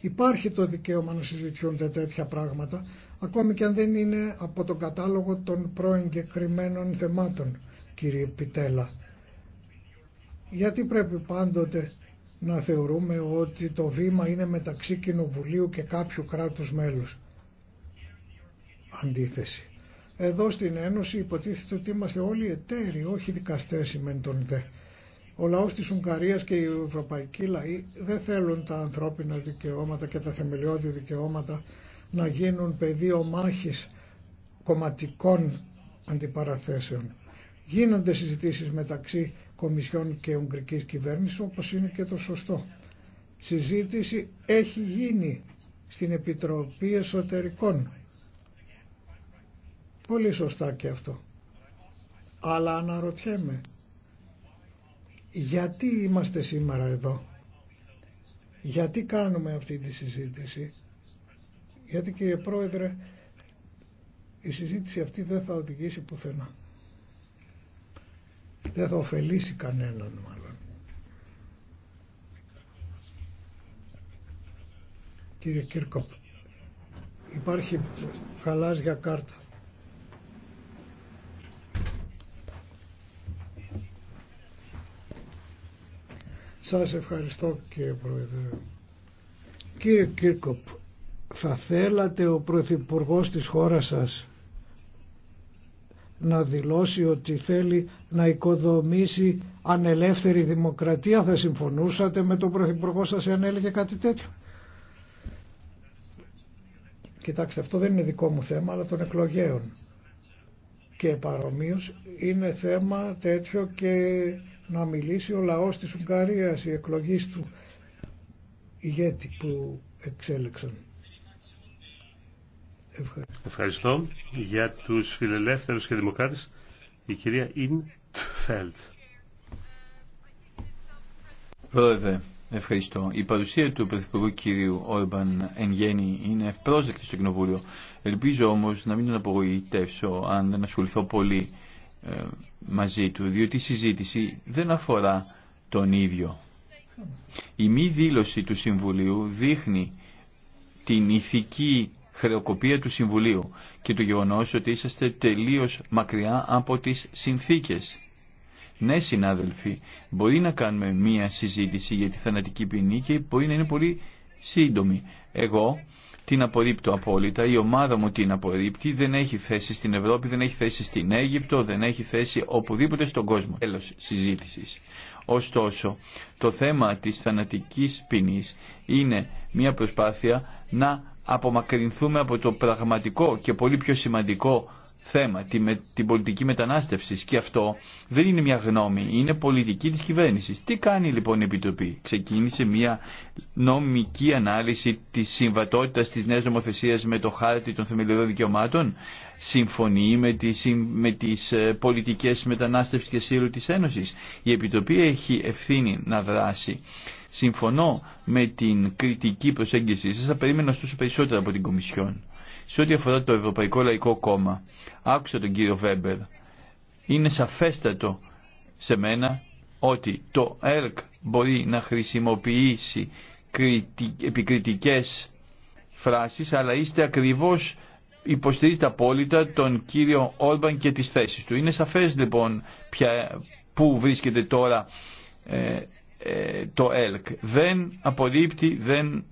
Υπάρχει το δικαίωμα να συζητιούνται τέτοια πράγματα ακόμη και αν δεν είναι από τον κατάλογο των προεγκεκριμένων θεμάτων κύριε Πιτέλα. Γιατί πρέπει πάντοτε να θεωρούμε ότι το βήμα είναι μεταξύ Κοινοβουλίου και κάποιου κράτους μέλους αντίθεση. Εδώ στην Ένωση υποτίθεται ότι είμαστε όλοι εταίροι, όχι δικαστές σημαίνει τον δε. Ο λαός της Ουγγαρίας και οι ευρωπαϊκοί λαοί δεν θέλουν τα ανθρώπινα δικαιώματα και τα θεμελιώδη δικαιώματα να γίνουν πεδίο μάχης κομματικών αντιπαραθέσεων. Γίνονται συζητήσεις μεταξύ Κομισιόν και Ουγγρικής Κυβέρνησης όπως είναι και το σωστό. Συζήτηση έχει γίνει στην Επιτροπή Εσωτερικών Πολύ σωστά και αυτό. Αλλά αναρωτιέμαι, γιατί είμαστε σήμερα εδώ, γιατί κάνουμε αυτή τη συζήτηση, γιατί κύριε Πρόεδρε, η συζήτηση αυτή δεν θα οδηγήσει πουθενά. Δεν θα ωφελήσει κανέναν μάλλον. Κύριε Κύρκοπ, υπάρχει χαλάζια κάρτα. Σας ευχαριστώ κύριε Πρόεδρε. Κύριε Κίρκοπ, θα θέλατε ο Πρωθυπουργό της χώρας σας να δηλώσει ότι θέλει να οικοδομήσει ανελεύθερη δημοκρατία. Θα συμφωνούσατε με τον Πρωθυπουργό σας αν έλεγε κάτι τέτοιο. Κοιτάξτε, αυτό δεν είναι δικό μου θέμα, αλλά των εκλογέων. Και παρομοίως είναι θέμα τέτοιο και να μιλήσει ο λαός της Ουγγαρίας, η εκλογής του ηγέτη που εξέλεξαν. Ευχαριστώ. Ευχαριστώ. Για τους φιλελεύθερους και δημοκράτες, η κυρία Ιντφέλτ. Πρόεδρε, ευχαριστώ. Η παρουσία του Πρωθυπουργού κύριου Όρμπαν εν γέννη είναι ευπρόσδεκτη στο Κοινοβούλιο. Ελπίζω όμως να μην τον απογοητεύσω αν δεν ασχοληθώ πολύ ε, μαζί του, διότι η συζήτηση δεν αφορά τον ίδιο. Η μη δήλωση του Συμβουλίου δείχνει την ηθική χρεοκοπία του Συμβουλίου και το γεγονός ότι είσαστε τελείως μακριά από τις συνθήκες. Ναι, συνάδελφοι, μπορεί να κάνουμε μία συζήτηση για τη θανατική ποινή και μπορεί να είναι πολύ σύντομη. Εγώ την απορρίπτω απόλυτα, η ομάδα μου την απορρίπτει, δεν έχει θέση στην Ευρώπη, δεν έχει θέση στην Αίγυπτο, δεν έχει θέση οπουδήποτε στον κόσμο. Τέλος συζήτησης. Ωστόσο, το θέμα της θανατικής ποινή είναι μια προσπάθεια να απομακρυνθούμε από το πραγματικό και πολύ πιο σημαντικό θέμα, τη, με, την πολιτική μετανάστευση. Και αυτό δεν είναι μια γνώμη, είναι πολιτική τη κυβέρνηση. Τι κάνει λοιπόν η Επιτροπή, Ξεκίνησε μια νομική ανάλυση τη συμβατότητα τη νέα νομοθεσία με το χάρτη των θεμελιωδών δικαιωμάτων. Συμφωνεί με τι με τις ε, πολιτικές μετανάστευση και σύλλου της Ένωσης. Η Επιτροπή έχει ευθύνη να δράσει. Συμφωνώ με την κριτική προσέγγιση σας, θα περίμενα ωστόσο περισσότερα από την Κομισιόν. Σε ό,τι αφορά το Ευρωπαϊκό Λαϊκό Κόμμα, Άκουσα τον κύριο Βέμπερ. Είναι σαφέστατο σε μένα ότι το ΕΡΚ μπορεί να χρησιμοποιήσει επικριτικές φράσεις, αλλά είστε ακριβώς υποστηρίζετε απόλυτα τον κύριο Όρμπαν και τις θέσεις του. Είναι σαφές λοιπόν πού βρίσκεται τώρα ε, ε, το ΕΛΚ. Δεν απορρίπτει, δεν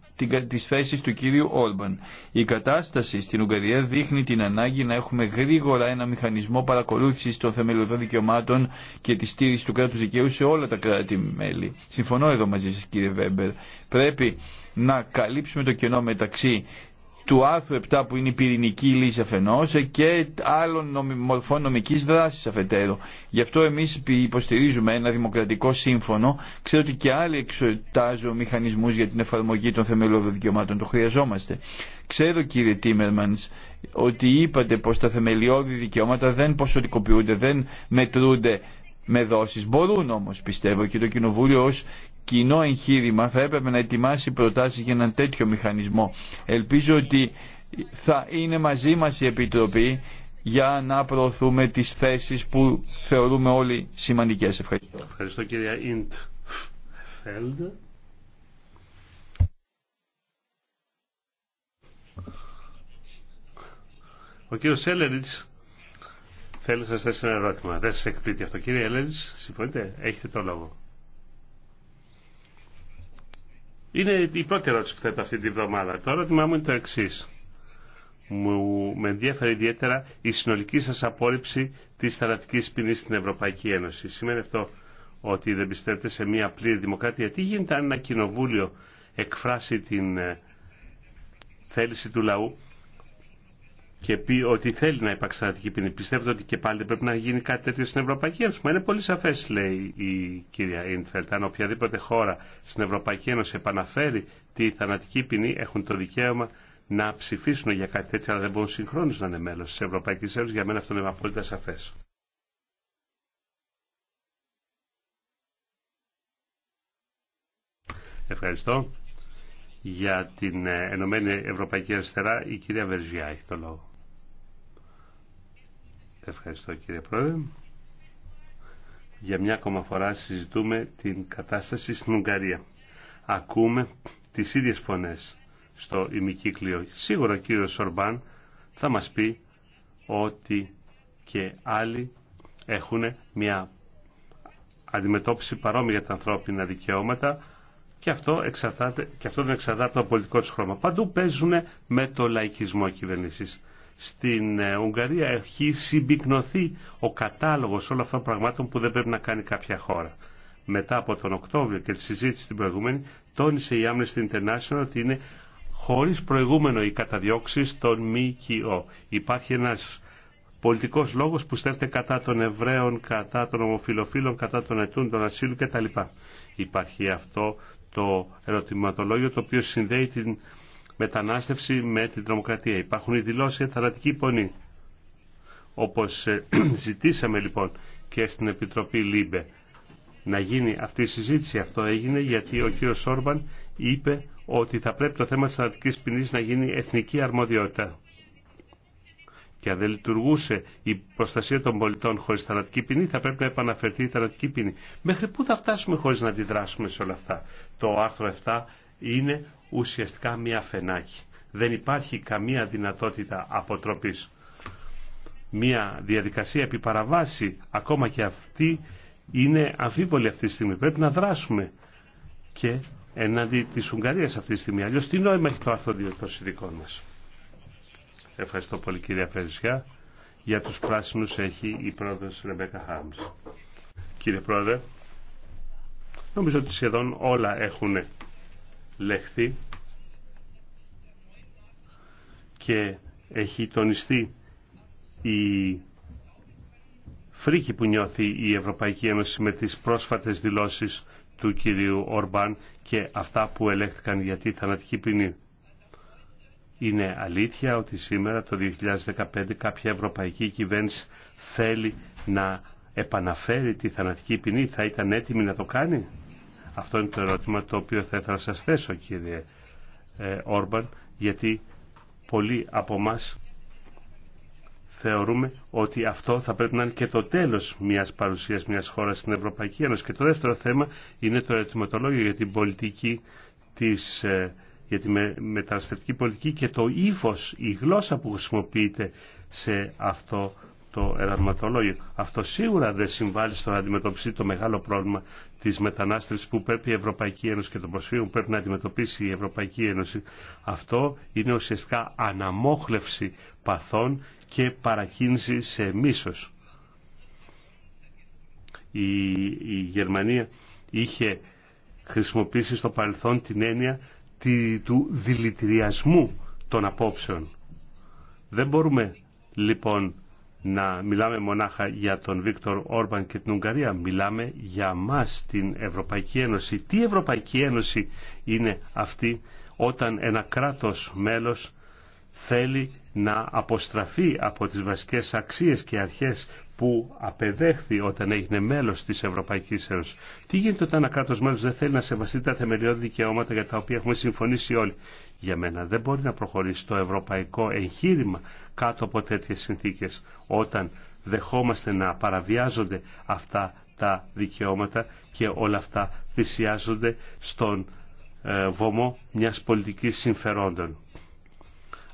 τις θέσεις του κύριου Όρμπαν. Η κατάσταση στην Ουγγαρία δείχνει την ανάγκη να έχουμε γρήγορα ένα μηχανισμό παρακολούθησης των θεμελιωδών δικαιωμάτων και τη στήριξη του κράτους δικαίου σε όλα τα κράτη-μέλη. Συμφωνώ εδώ μαζί σας κύριε Βέμπερ. Πρέπει να καλύψουμε το κενό μεταξύ του άρθρου 7 που είναι η πυρηνική λύση Αφενό και άλλων μορφών νομική δράση αφετέρου. Γι' αυτό εμεί υποστηρίζουμε ένα δημοκρατικό σύμφωνο. Ξέρω ότι και άλλοι εξορτάζουν μηχανισμού για την εφαρμογή των θεμελιώδων δικαιωμάτων. Το χρειαζόμαστε. Ξέρω κύριε Τίμερμαν ότι είπατε πω τα θεμελιώδη δικαιώματα δεν ποσοτικοποιούνται, δεν μετρούνται με δόσεις. Μπορούν όμως πιστεύω και το Κοινοβούλιο ως κοινό εγχείρημα θα έπρεπε να ετοιμάσει προτάσει για έναν τέτοιο μηχανισμό. Ελπίζω ότι θα είναι μαζί μας η Επιτροπή για να προωθούμε τις θέσεις που θεωρούμε όλοι σημαντικές. Ευχαριστώ. Ευχαριστώ κυρία Ιντ Φέλντ. Ο κύριος Σέλεριτς θέλει να σας θέσει ένα ερώτημα. Δεν σας εκπλήττει αυτό. Κύριε Έλεριτς, συμφωνείτε, έχετε το λόγο. Είναι η πρώτη ερώτηση που θέτω αυτή τη βδομάδα. Το ερώτημά μου είναι το εξή. Μου με ενδιαφέρει ιδιαίτερα η συνολική σας απόρριψη της θανατικής ποινή στην Ευρωπαϊκή Ένωση. Σημαίνει αυτό ότι δεν πιστεύετε σε μια πλήρη δημοκρατία. Τι γίνεται αν ένα κοινοβούλιο εκφράσει την ε, θέληση του λαού και πει ότι θέλει να υπάρξει στρατηγική ποινή. Πιστεύετε ότι και πάλι δεν πρέπει να γίνει κάτι τέτοιο στην Ευρωπαϊκή Ένωση. Μα είναι πολύ σαφέ, λέει η κυρία Ινφελτ. Αν οποιαδήποτε χώρα στην Ευρωπαϊκή Ένωση επαναφέρει τη θανατική ποινή, έχουν το δικαίωμα να ψηφίσουν για κάτι τέτοιο, αλλά δεν μπορούν συγχρόνω να είναι μέλο τη Ευρωπαϊκή Ένωση. Για μένα αυτό είναι απόλυτα σαφέ. Ευχαριστώ. Για την ε, Ενωμένη ΕΕ, Ευρωπαϊκή Αριστερά, η κυρία Βεργιά, έχει το λόγο. Ευχαριστώ κύριε Πρόεδρε. Για μια ακόμα φορά συζητούμε την κατάσταση στην Ουγγαρία. Ακούμε τις ίδιες φωνές στο ημικύκλιο. Σίγουρα ο κύριος Σορμπάν θα μας πει ότι και άλλοι έχουν μια αντιμετώπιση παρόμοια για τα ανθρώπινα δικαιώματα και αυτό, και αυτό δεν εξαρτάται από το πολιτικό του χρώμα. Παντού παίζουν με το λαϊκισμό κυβερνήσεις στην ε, Ουγγαρία έχει συμπυκνωθεί ο κατάλογος όλων αυτών των πραγμάτων που δεν πρέπει να κάνει κάποια χώρα. Μετά από τον Οκτώβριο και τη συζήτηση την προηγούμενη, τόνισε η Amnesty International ότι είναι χωρίς προηγούμενο οι καταδιώξεις των ΜΚΟ. Υπάρχει ένας πολιτικός λόγος που στέλνεται κατά των Εβραίων, κατά των ομοφιλοφίλων, κατά των ετούν, των ασύλου κτλ. Υπάρχει αυτό το ερωτηματολόγιο το οποίο συνδέει την μετανάστευση με την τρομοκρατία. Υπάρχουν οι δηλώσει για θανατική πονή. Όπως ε, ζητήσαμε λοιπόν και στην Επιτροπή ΛΥΜΠΕ να γίνει αυτή η συζήτηση. Αυτό έγινε γιατί ο κ. Σόρμπαν είπε ότι θα πρέπει το θέμα τη θανατική ποινή να γίνει εθνική αρμοδιότητα. Και αν δεν λειτουργούσε η προστασία των πολιτών χωρί θανατική ποινή, θα πρέπει να επαναφερθεί η θανατική ποινή. Μέχρι πού θα φτάσουμε χωρί να αντιδράσουμε σε όλα αυτά. Το άρθρο 7 είναι ουσιαστικά μία φενάκι. Δεν υπάρχει καμία δυνατότητα αποτροπής. Μία διαδικασία επιπαραβάση, ακόμα και αυτή, είναι αμφίβολη αυτή τη στιγμή. Πρέπει να δράσουμε και εναντί της Ουγγαρίας αυτή τη στιγμή. Αλλιώς τι νόημα έχει το άρθρο των συνδικών μας. Ευχαριστώ πολύ κυρία Φερισιά. Για τους πράσινους έχει η πρόεδρος Ρεμπέκα Χάμς. Κύριε Πρόεδρε, νομίζω ότι σχεδόν όλα έχουν λεχθεί και έχει τονιστεί η φρίκη που νιώθει η Ευρωπαϊκή Ένωση με τις πρόσφατες δηλώσεις του κυρίου Ορμπάν και αυτά που ελέγχθηκαν για τη θανατική ποινή. Είναι αλήθεια ότι σήμερα το 2015 κάποια ευρωπαϊκή κυβέρνηση θέλει να επαναφέρει τη θανατική ποινή. Θα ήταν έτοιμη να το κάνει. Αυτό είναι το ερώτημα το οποίο θα ήθελα να σας θέσω κύριε ε, Όρμπαν γιατί πολλοί από εμά θεωρούμε ότι αυτό θα πρέπει να είναι και το τέλος μιας παρουσίας μιας χώρας στην Ευρωπαϊκή Ένωση. Και το δεύτερο θέμα είναι το ερωτηματολόγιο για την πολιτική της, ε, για τη μεταναστευτική πολιτική και το ύφος, η γλώσσα που χρησιμοποιείται σε αυτό το εραυματολόγιο. Αυτό σίγουρα δεν συμβάλλει στο να αντιμετωπιστεί το μεγάλο πρόβλημα τη μετανάστευση που πρέπει η Ευρωπαϊκή Ένωση και των προσφύγων πρέπει να αντιμετωπίσει η Ευρωπαϊκή Ένωση. Αυτό είναι ουσιαστικά αναμόχλευση παθών και παρακίνηση σε μίσο. Η, η Γερμανία είχε χρησιμοποιήσει στο παρελθόν την έννοια τη, του δηλητηριασμού των απόψεων. Δεν μπορούμε λοιπόν να μιλάμε μονάχα για τον Βίκτορ Όρμπαν και την Ουγγαρία. Μιλάμε για μας την Ευρωπαϊκή Ένωση. Τι Ευρωπαϊκή Ένωση είναι αυτή όταν ένα κράτος μέλος θέλει να αποστραφεί από τις βασικές αξίες και αρχές που απεδέχθη όταν έγινε μέλος της Ευρωπαϊκής Ένωσης. Τι γίνεται όταν ένα κράτος μέλος δεν θέλει να σεβαστεί τα θεμελιώδη δικαιώματα για τα οποία έχουμε συμφωνήσει όλοι για μένα. Δεν μπορεί να προχωρήσει το ευρωπαϊκό εγχείρημα κάτω από τέτοιες συνθήκες όταν δεχόμαστε να παραβιάζονται αυτά τα δικαιώματα και όλα αυτά θυσιάζονται στον ε, βωμό μιας πολιτικής συμφερόντων.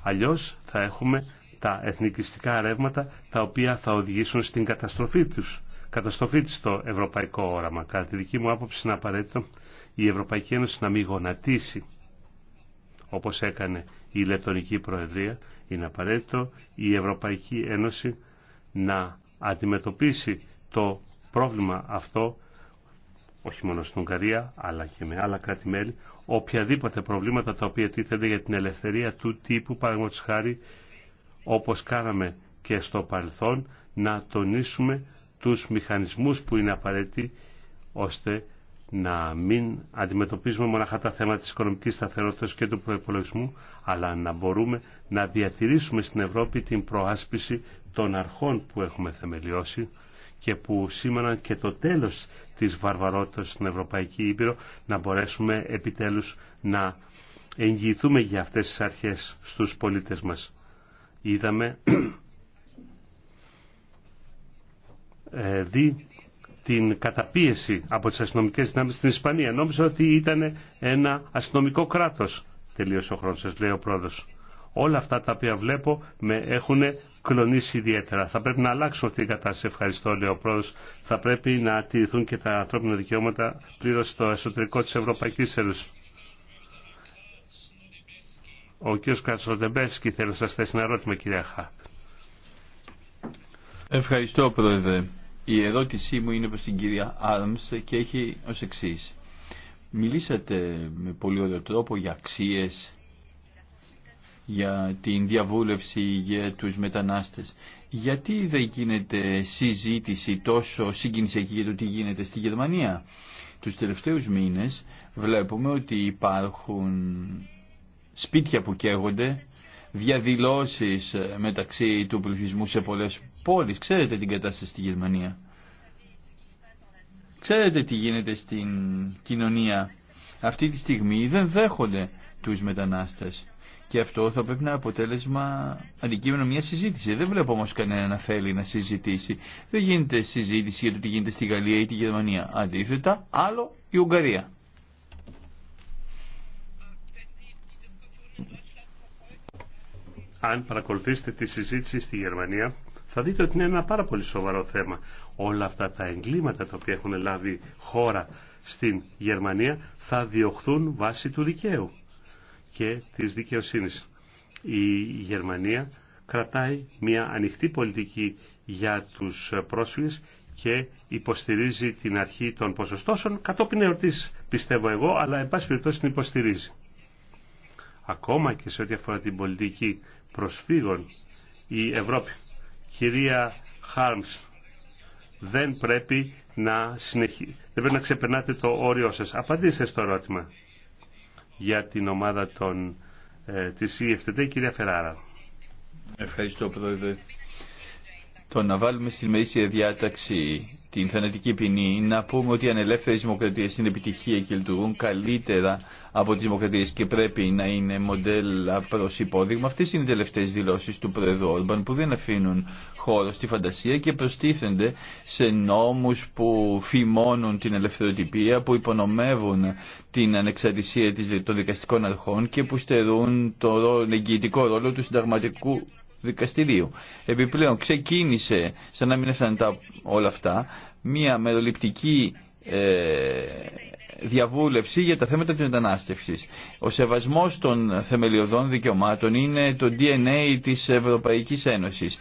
Αλλιώς θα έχουμε τα εθνικιστικά ρεύματα τα οποία θα οδηγήσουν στην καταστροφή τους. Καταστροφή της στο ευρωπαϊκό όραμα. Κατά τη δική μου άποψη είναι απαραίτητο η Ευρωπαϊκή Ένωση να μην γονατίσει όπως έκανε η Λεπτονική Προεδρία, είναι απαραίτητο η Ευρωπαϊκή Ένωση να αντιμετωπίσει το πρόβλημα αυτό όχι μόνο στην Ουγγαρία, αλλά και με άλλα κράτη-μέλη, οποιαδήποτε προβλήματα τα οποία τίθενται για την ελευθερία του τύπου, παραδείγματο χάρη, όπως κάναμε και στο παρελθόν, να τονίσουμε τους μηχανισμούς που είναι απαραίτητοι, ώστε να μην αντιμετωπίζουμε μοναχά τα θέματα της οικονομικής σταθερότητας και του προϋπολογισμού, αλλά να μπορούμε να διατηρήσουμε στην Ευρώπη την προάσπιση των αρχών που έχουμε θεμελιώσει και που σήμερα και το τέλος της βαρβαρότητας στην Ευρωπαϊκή Ήπειρο, να μπορέσουμε επιτέλους να εγγυηθούμε για αυτές τις αρχές στους πολίτες μας. Είδαμε ε, την καταπίεση από τις αστυνομικές δυνάμεις στην Ισπανία. Νόμιζα ότι ήταν ένα αστυνομικό κράτος. Τελείωσε ο χρόνος σας, λέει ο πρόεδρος. Όλα αυτά τα οποία βλέπω με έχουν κλονίσει ιδιαίτερα. Θα πρέπει να αλλάξω αυτή η κατάσταση. Ευχαριστώ, λέει ο πρόεδρος. Θα πρέπει να τηρηθούν και τα ανθρώπινα δικαιώματα πλήρως στο εσωτερικό της Ευρωπαϊκής Ένωσης. Ο κ. Κατσοντεμπέσκι θέλει να σας θέσει ένα ερώτημα, κυρία Χάπ. Ευχαριστώ, Πρόεδρε. Η ερώτησή μου είναι προς την κυρία Άρμς και έχει ως εξής. Μιλήσατε με πολύ ωραίο τρόπο για αξίες, για την διαβούλευση για τους μετανάστες. Γιατί δεν γίνεται συζήτηση τόσο συγκινησιακή για το τι γίνεται στη Γερμανία. Τους τελευταίους μήνες βλέπουμε ότι υπάρχουν σπίτια που καίγονται, διαδηλώσεις ε, μεταξύ του πληθυσμού σε πολλές πόλεις. Ξέρετε την κατάσταση στη Γερμανία. Ξέρετε τι γίνεται στην κοινωνία. Αυτή τη στιγμή δεν δέχονται τους μετανάστες. Και αυτό θα πρέπει να αποτέλεσμα αντικείμενο μια συζήτηση. Δεν βλέπω όμω κανένα να θέλει να συζητήσει. Δεν γίνεται συζήτηση για το τι γίνεται στη Γαλλία ή τη Γερμανία. Αντίθετα, άλλο η Ουγγαρία. αν παρακολουθήσετε τη συζήτηση στη Γερμανία, θα δείτε ότι είναι ένα πάρα πολύ σοβαρό θέμα. Όλα αυτά τα εγκλήματα τα οποία έχουν λάβει χώρα στην Γερμανία θα διωχθούν βάσει του δικαίου και της δικαιοσύνης. Η Γερμανία κρατάει μια ανοιχτή πολιτική για τους πρόσφυγες και υποστηρίζει την αρχή των ποσοστώσεων κατόπιν εορτής πιστεύω εγώ αλλά εν πάση περιπτώσει την υποστηρίζει. Ακόμα και σε ό,τι αφορά την πολιτική προσφύγων η Ευρώπη. Κυρία Χάρμς, δεν πρέπει να, συνεχί... δεν πρέπει να ξεπερνάτε το όριό σας. Απαντήστε στο ερώτημα για την ομάδα των, ε, της e κυρία Φεράρα. Ευχαριστώ, Πρόεδρε. Το να βάλουμε στη μέση διάταξη την θανατική ποινή να πούμε ότι οι ανελεύθερε δημοκρατίε είναι επιτυχία και λειτουργούν καλύτερα από τι δημοκρατίε και πρέπει να είναι μοντέλα προ υπόδειγμα. αυτέ είναι οι τελευταίε δηλώσει του Πρόεδρου Όρμπαν που δεν αφήνουν χώρο στη φαντασία και προστίθενται σε νόμου που φημώνουν την ελευθεροτυπία, που υπονομεύουν την ανεξαρτησία των δικαστικών αρχών και που στερούν τον εγγυητικό ρόλο του συνταγματικού δικαστηρίου. Επιπλέον ξεκίνησε, σαν να μην αισθανετά όλα αυτά, μία μεροληπτική ε, διαβούλευση για τα θέματα της μετανάστευσης. Ο σεβασμός των θεμελιωδών δικαιωμάτων είναι το DNA της Ευρωπαϊκής Ένωσης.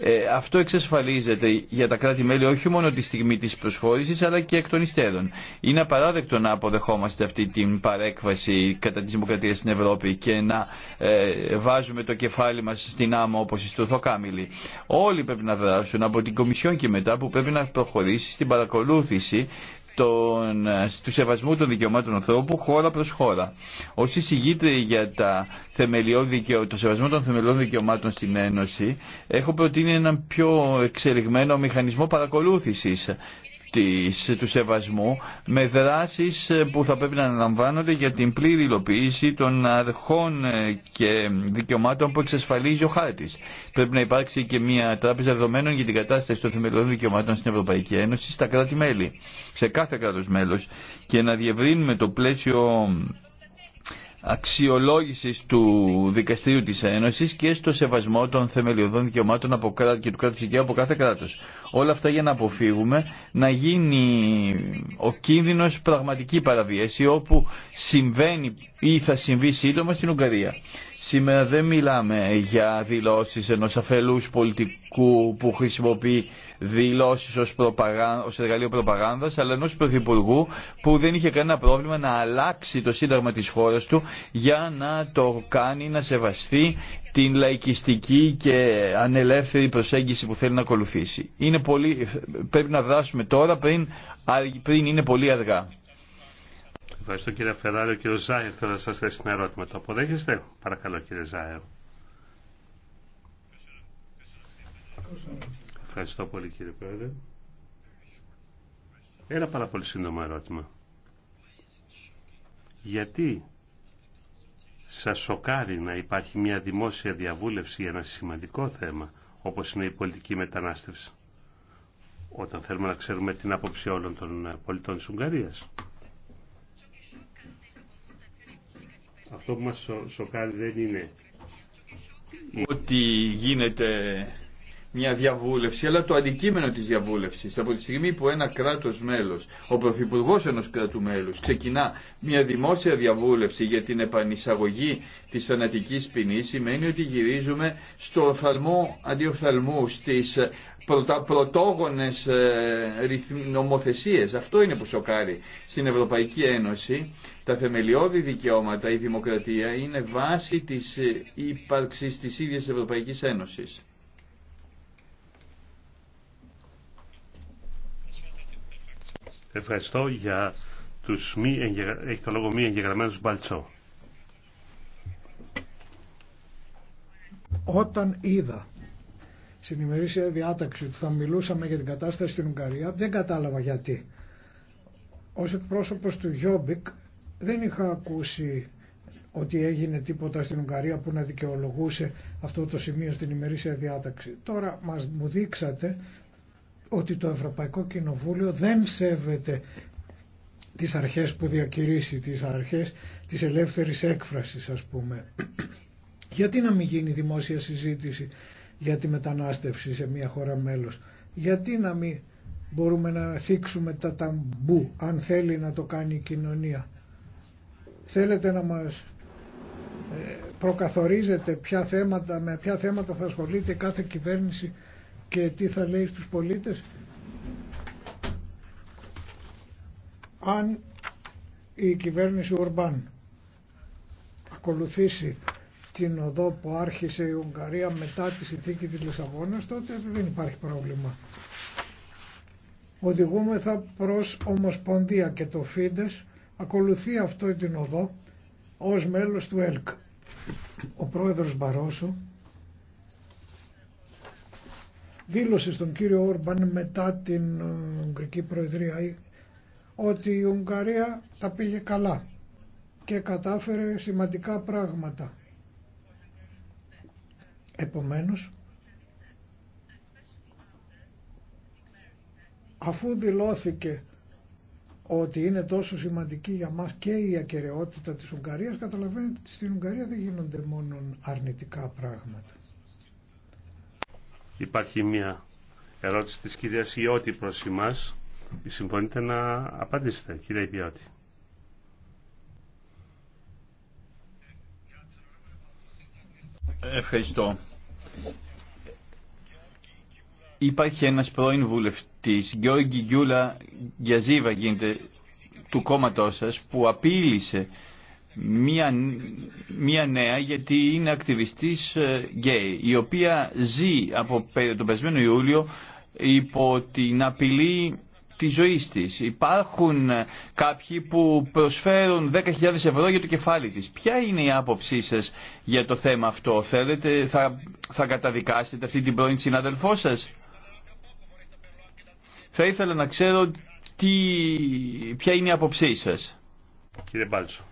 Ε, αυτό εξασφαλίζεται για τα κράτη-μέλη όχι μόνο τη στιγμή της προσχώρησης αλλά και εκ των υστέρων. Είναι απαράδεκτο να αποδεχόμαστε αυτή την παρέκβαση κατά της Δημοκρατία στην Ευρώπη και να ε, βάζουμε το κεφάλι μας στην άμμο όπως η Θοκάμιλι. Όλοι πρέπει να δράσουν από την Κομισιόν και μετά που πρέπει να προχωρήσει στην παρακολούθηση ε, του σεβασμού των δικαιωμάτων ανθρώπου χώρα προς χώρα. Όσοι εισηγήτρια για τα το σεβασμό των θεμελιών δικαιωμάτων στην Ένωση έχω προτείνει έναν πιο εξελιγμένο μηχανισμό παρακολούθησης της, του σεβασμού με δράσεις ε, που θα πρέπει να αναλαμβάνονται για την πλήρη υλοποίηση των αρχών ε, και δικαιωμάτων που εξασφαλίζει ο χάρτης. Πρέπει να υπάρξει και μια τράπεζα δεδομένων για την κατάσταση των θεμελιών δικαιωμάτων στην Ευρωπαϊκή Ένωση στα κράτη-μέλη, σε κάθε κράτος μέλος και να διευρύνουμε το πλαίσιο αξιολόγησης του Δικαστηρίου της Ένωσης και στο σεβασμό των θεμελιωδών δικαιωμάτων από κάθε και του κράτους δικαίου από κάθε κράτος. Όλα αυτά για να αποφύγουμε να γίνει ο κίνδυνος πραγματική παραβίαση όπου συμβαίνει ή θα συμβεί σύντομα στην Ουγγαρία. Σήμερα δεν μιλάμε για δηλώσεις ενός αφελούς πολιτικού που χρησιμοποιεί δηλώσει ω προπαγάν, εργαλείο προπαγάνδα, αλλά ενό πρωθυπουργού που δεν είχε κανένα πρόβλημα να αλλάξει το σύνταγμα τη χώρα του για να το κάνει να σεβαστεί την λαϊκιστική και ανελεύθερη προσέγγιση που θέλει να ακολουθήσει. Είναι πολύ, πρέπει να δράσουμε τώρα πριν, πριν είναι πολύ αργά. Ευχαριστώ κύριε Φεράριο. Ο κύριο Ζάιρ θέλω να σα θέσει ένα ερώτημα. Το αποδέχεστε, παρακαλώ κύριε Ζάιρ. Ευχαριστώ πολύ κύριε Πρόεδρε. Ένα πάρα πολύ σύντομο ερώτημα. Γιατί σας σοκάρει να υπάρχει μια δημόσια διαβούλευση για ένα σημαντικό θέμα όπως είναι η πολιτική μετανάστευση όταν θέλουμε να ξέρουμε την άποψη όλων των ε, πολιτών της Ουγγαρίας. Αυτό που μας σοκάρει δεν είναι ότι γίνεται μια διαβούλευση, αλλά το αντικείμενο της διαβούλευσης. Από τη στιγμή που ένα κράτος μέλος, ο Πρωθυπουργός ενός κράτου μέλους, ξεκινά μια δημόσια διαβούλευση για την επανεισαγωγή της θανατικής ποινή, σημαίνει ότι γυρίζουμε στο οφθαλμό αντιοφθαλμού, στις πρωτα, πρωτόγονες ε, νομοθεσίες. Αυτό είναι που σοκάρει στην Ευρωπαϊκή Ένωση. Τα θεμελιώδη δικαιώματα, η δημοκρατία είναι βάση της ε, ύπαρξης της ίδιας Ευρωπαϊκής Ένωσης. Ευχαριστώ για τους μη εγγεγρα... έχει εγγεγραμμένους Μπαλτσό. Όταν είδα στην ημερήσια διάταξη ότι θα μιλούσαμε για την κατάσταση στην Ουγγαρία, δεν κατάλαβα γιατί. Ως εκπρόσωπος του Γιόμπικ δεν είχα ακούσει ότι έγινε τίποτα στην Ουγγαρία που να δικαιολογούσε αυτό το σημείο στην ημερήσια διάταξη. Τώρα μας μου δείξατε ότι το Ευρωπαϊκό Κοινοβούλιο δεν σέβεται τις αρχές που διακηρύσει, τις αρχές της ελεύθερης έκφρασης ας πούμε. Γιατί να μην γίνει δημόσια συζήτηση για τη μετανάστευση σε μια χώρα μέλος. Γιατί να μην μπορούμε να θίξουμε τα ταμπού αν θέλει να το κάνει η κοινωνία. Θέλετε να μας ε, προκαθορίζετε ποια θέματα, με ποια θέματα θα ασχολείται κάθε κυβέρνηση και τι θα λέει στους πολίτες αν η κυβέρνηση Ουρμπάν ακολουθήσει την οδό που άρχισε η Ουγγαρία μετά τη συνθήκη της Λισαβόνας τότε δεν υπάρχει πρόβλημα οδηγούμεθα προς Ομοσπονδία και το Φίντες ακολουθεί αυτό την οδό ως μέλος του ΕΛΚ ο πρόεδρος Μπαρόσο δήλωσε στον κύριο Όρμπαν μετά την ε, Ουγγρική Προεδρία ότι η Ουγγαρία τα πήγε καλά και κατάφερε σημαντικά πράγματα. Επομένως, αφού δηλώθηκε ότι είναι τόσο σημαντική για μας και η ακαιρεότητα της Ουγγαρίας, καταλαβαίνετε ότι στην Ουγγαρία δεν γίνονται μόνο αρνητικά πράγματα. Υπάρχει μια ερώτηση της κυρίας Ιώτη προς εμάς. Συμφωνείτε να απαντήσετε, κύριε Ιώτη. Ευχαριστώ. Υπάρχει ένας πρώην βουλευτής, Γιώργη Γιούλα Γιαζίβα γίνεται, του κόμματός σας, που απείλησε μία, μία νέα γιατί είναι ακτιβιστής ε, γκέι η οποία ζει από τον περσμένο Ιούλιο υπό την απειλή τη ζωής της. Υπάρχουν ε, κάποιοι που προσφέρουν 10.000 ευρώ για το κεφάλι της. Ποια είναι η άποψή σας για το θέμα αυτό, Θέλετε, θα, θα καταδικάσετε αυτή την πρώην συναδελφό σα. Θα ήθελα να ξέρω τι, ποια είναι η άποψή σα. Κύριε Μπάλτσο.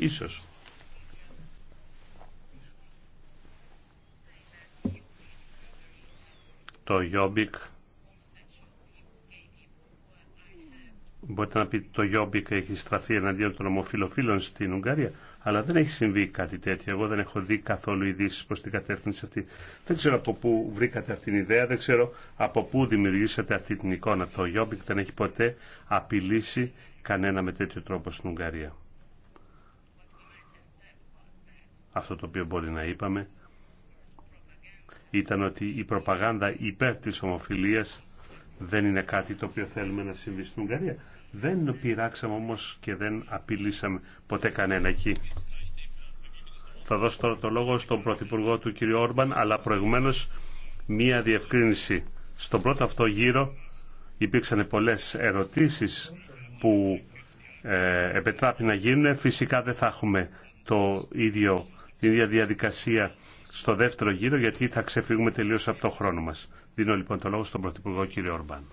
Ίσως. Το Ιόμπικ Μπορείτε να πείτε το Ιόμπικ έχει στραφεί εναντίον των ομοφιλοφίλων στην Ουγγαρία, αλλά δεν έχει συμβεί κάτι τέτοιο. Εγώ δεν έχω δει καθόλου ειδήσει προ την κατεύθυνση αυτή. Δεν ξέρω από πού βρήκατε αυτήν την ιδέα, δεν ξέρω από πού δημιουργήσατε αυτή την εικόνα. Το Γιόμπικ δεν έχει ποτέ απειλήσει κανένα με τέτοιο τρόπο στην Ουγγαρία. Αυτό το οποίο μπορεί να είπαμε ήταν ότι η προπαγάνδα υπέρ της ομοφιλίας δεν είναι κάτι το οποίο θέλουμε να συμβεί στην Ουγγαρία. Δεν πειράξαμε όμως και δεν απειλήσαμε ποτέ κανένα εκεί. Θα δώσω τώρα το λόγο στον Πρωθυπουργό του κ. Όρμπαν, αλλά προηγουμένως μία διευκρίνηση. Στον πρώτο αυτό γύρο υπήρξαν πολλές ερωτήσεις που ε, να γίνουν. Φυσικά δεν θα έχουμε το ίδιο την ίδια διαδικασία στο δεύτερο γύρο γιατί θα ξεφύγουμε τελείως από το χρόνο μας. Δίνω λοιπόν το λόγο στον Πρωθυπουργό κύριο Ορμπάν.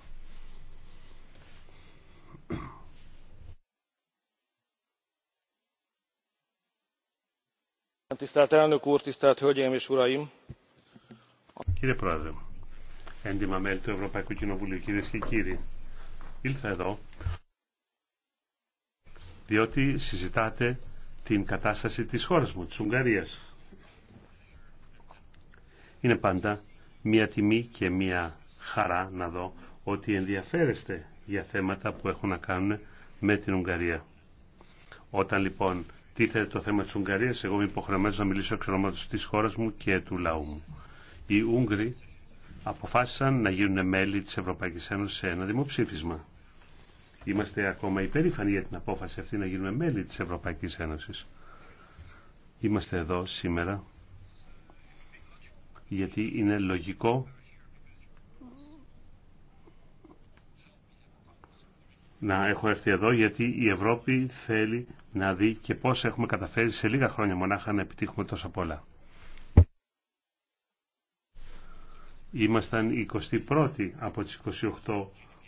Κύριε Πρόεδρε, έντιμα μέλη του Ευρωπαϊκού Κοινοβουλίου, κυρίε και κύριοι, ήλθα εδώ διότι συζητάτε την κατάσταση της χώρας μου, της Ουγγαρίας. Είναι πάντα μία τιμή και μία χαρά να δω ότι ενδιαφέρεστε για θέματα που έχουν να κάνουν με την Ουγγαρία. Όταν λοιπόν τίθεται το θέμα της Ουγγαρίας, εγώ είμαι υποχρεωμένος να μιλήσω εξ ονόματος της χώρας μου και του λαού μου. Οι Ούγγροι αποφάσισαν να γίνουν μέλη της Ευρωπαϊκής Ένωσης σε ένα δημοψήφισμα. Είμαστε ακόμα υπερήφανοι για την απόφαση αυτή να γίνουμε μέλη της Ευρωπαϊκής Ένωσης. Είμαστε εδώ σήμερα γιατί είναι λογικό να έχω έρθει εδώ γιατί η Ευρώπη θέλει να δει και πώς έχουμε καταφέρει σε λίγα χρόνια μονάχα να επιτύχουμε τόσα πολλά. Ήμασταν 21η από τις 28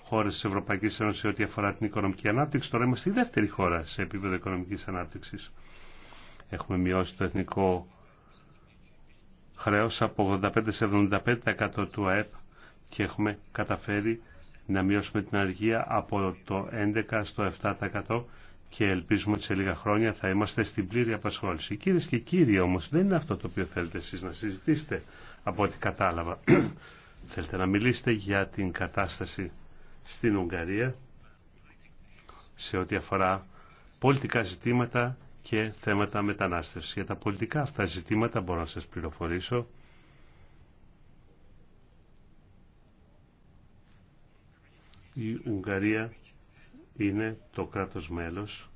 χώρες της Ευρωπαϊκής Ένωσης ό,τι αφορά την οικονομική ανάπτυξη. Τώρα είμαστε η δεύτερη χώρα σε επίπεδο οικονομικής ανάπτυξης. Έχουμε μειώσει το εθνικό χρέος από 85 σε 75% του ΑΕΠ και έχουμε καταφέρει να μειώσουμε την αργία από το 11% στο 7% και ελπίζουμε ότι σε λίγα χρόνια θα είμαστε στην πλήρη απασχόληση. Κυρίε και κύριοι όμως δεν είναι αυτό το οποίο θέλετε εσείς να συζητήσετε από ό,τι κατάλαβα. θέλετε να μιλήσετε για την κατάσταση στην Ουγγαρία σε ό,τι αφορά πολιτικά ζητήματα και θέματα μετανάστευση. Για τα πολιτικά αυτά ζητήματα μπορώ να σας πληροφορήσω η Ουγγαρία είναι το κράτος μέλος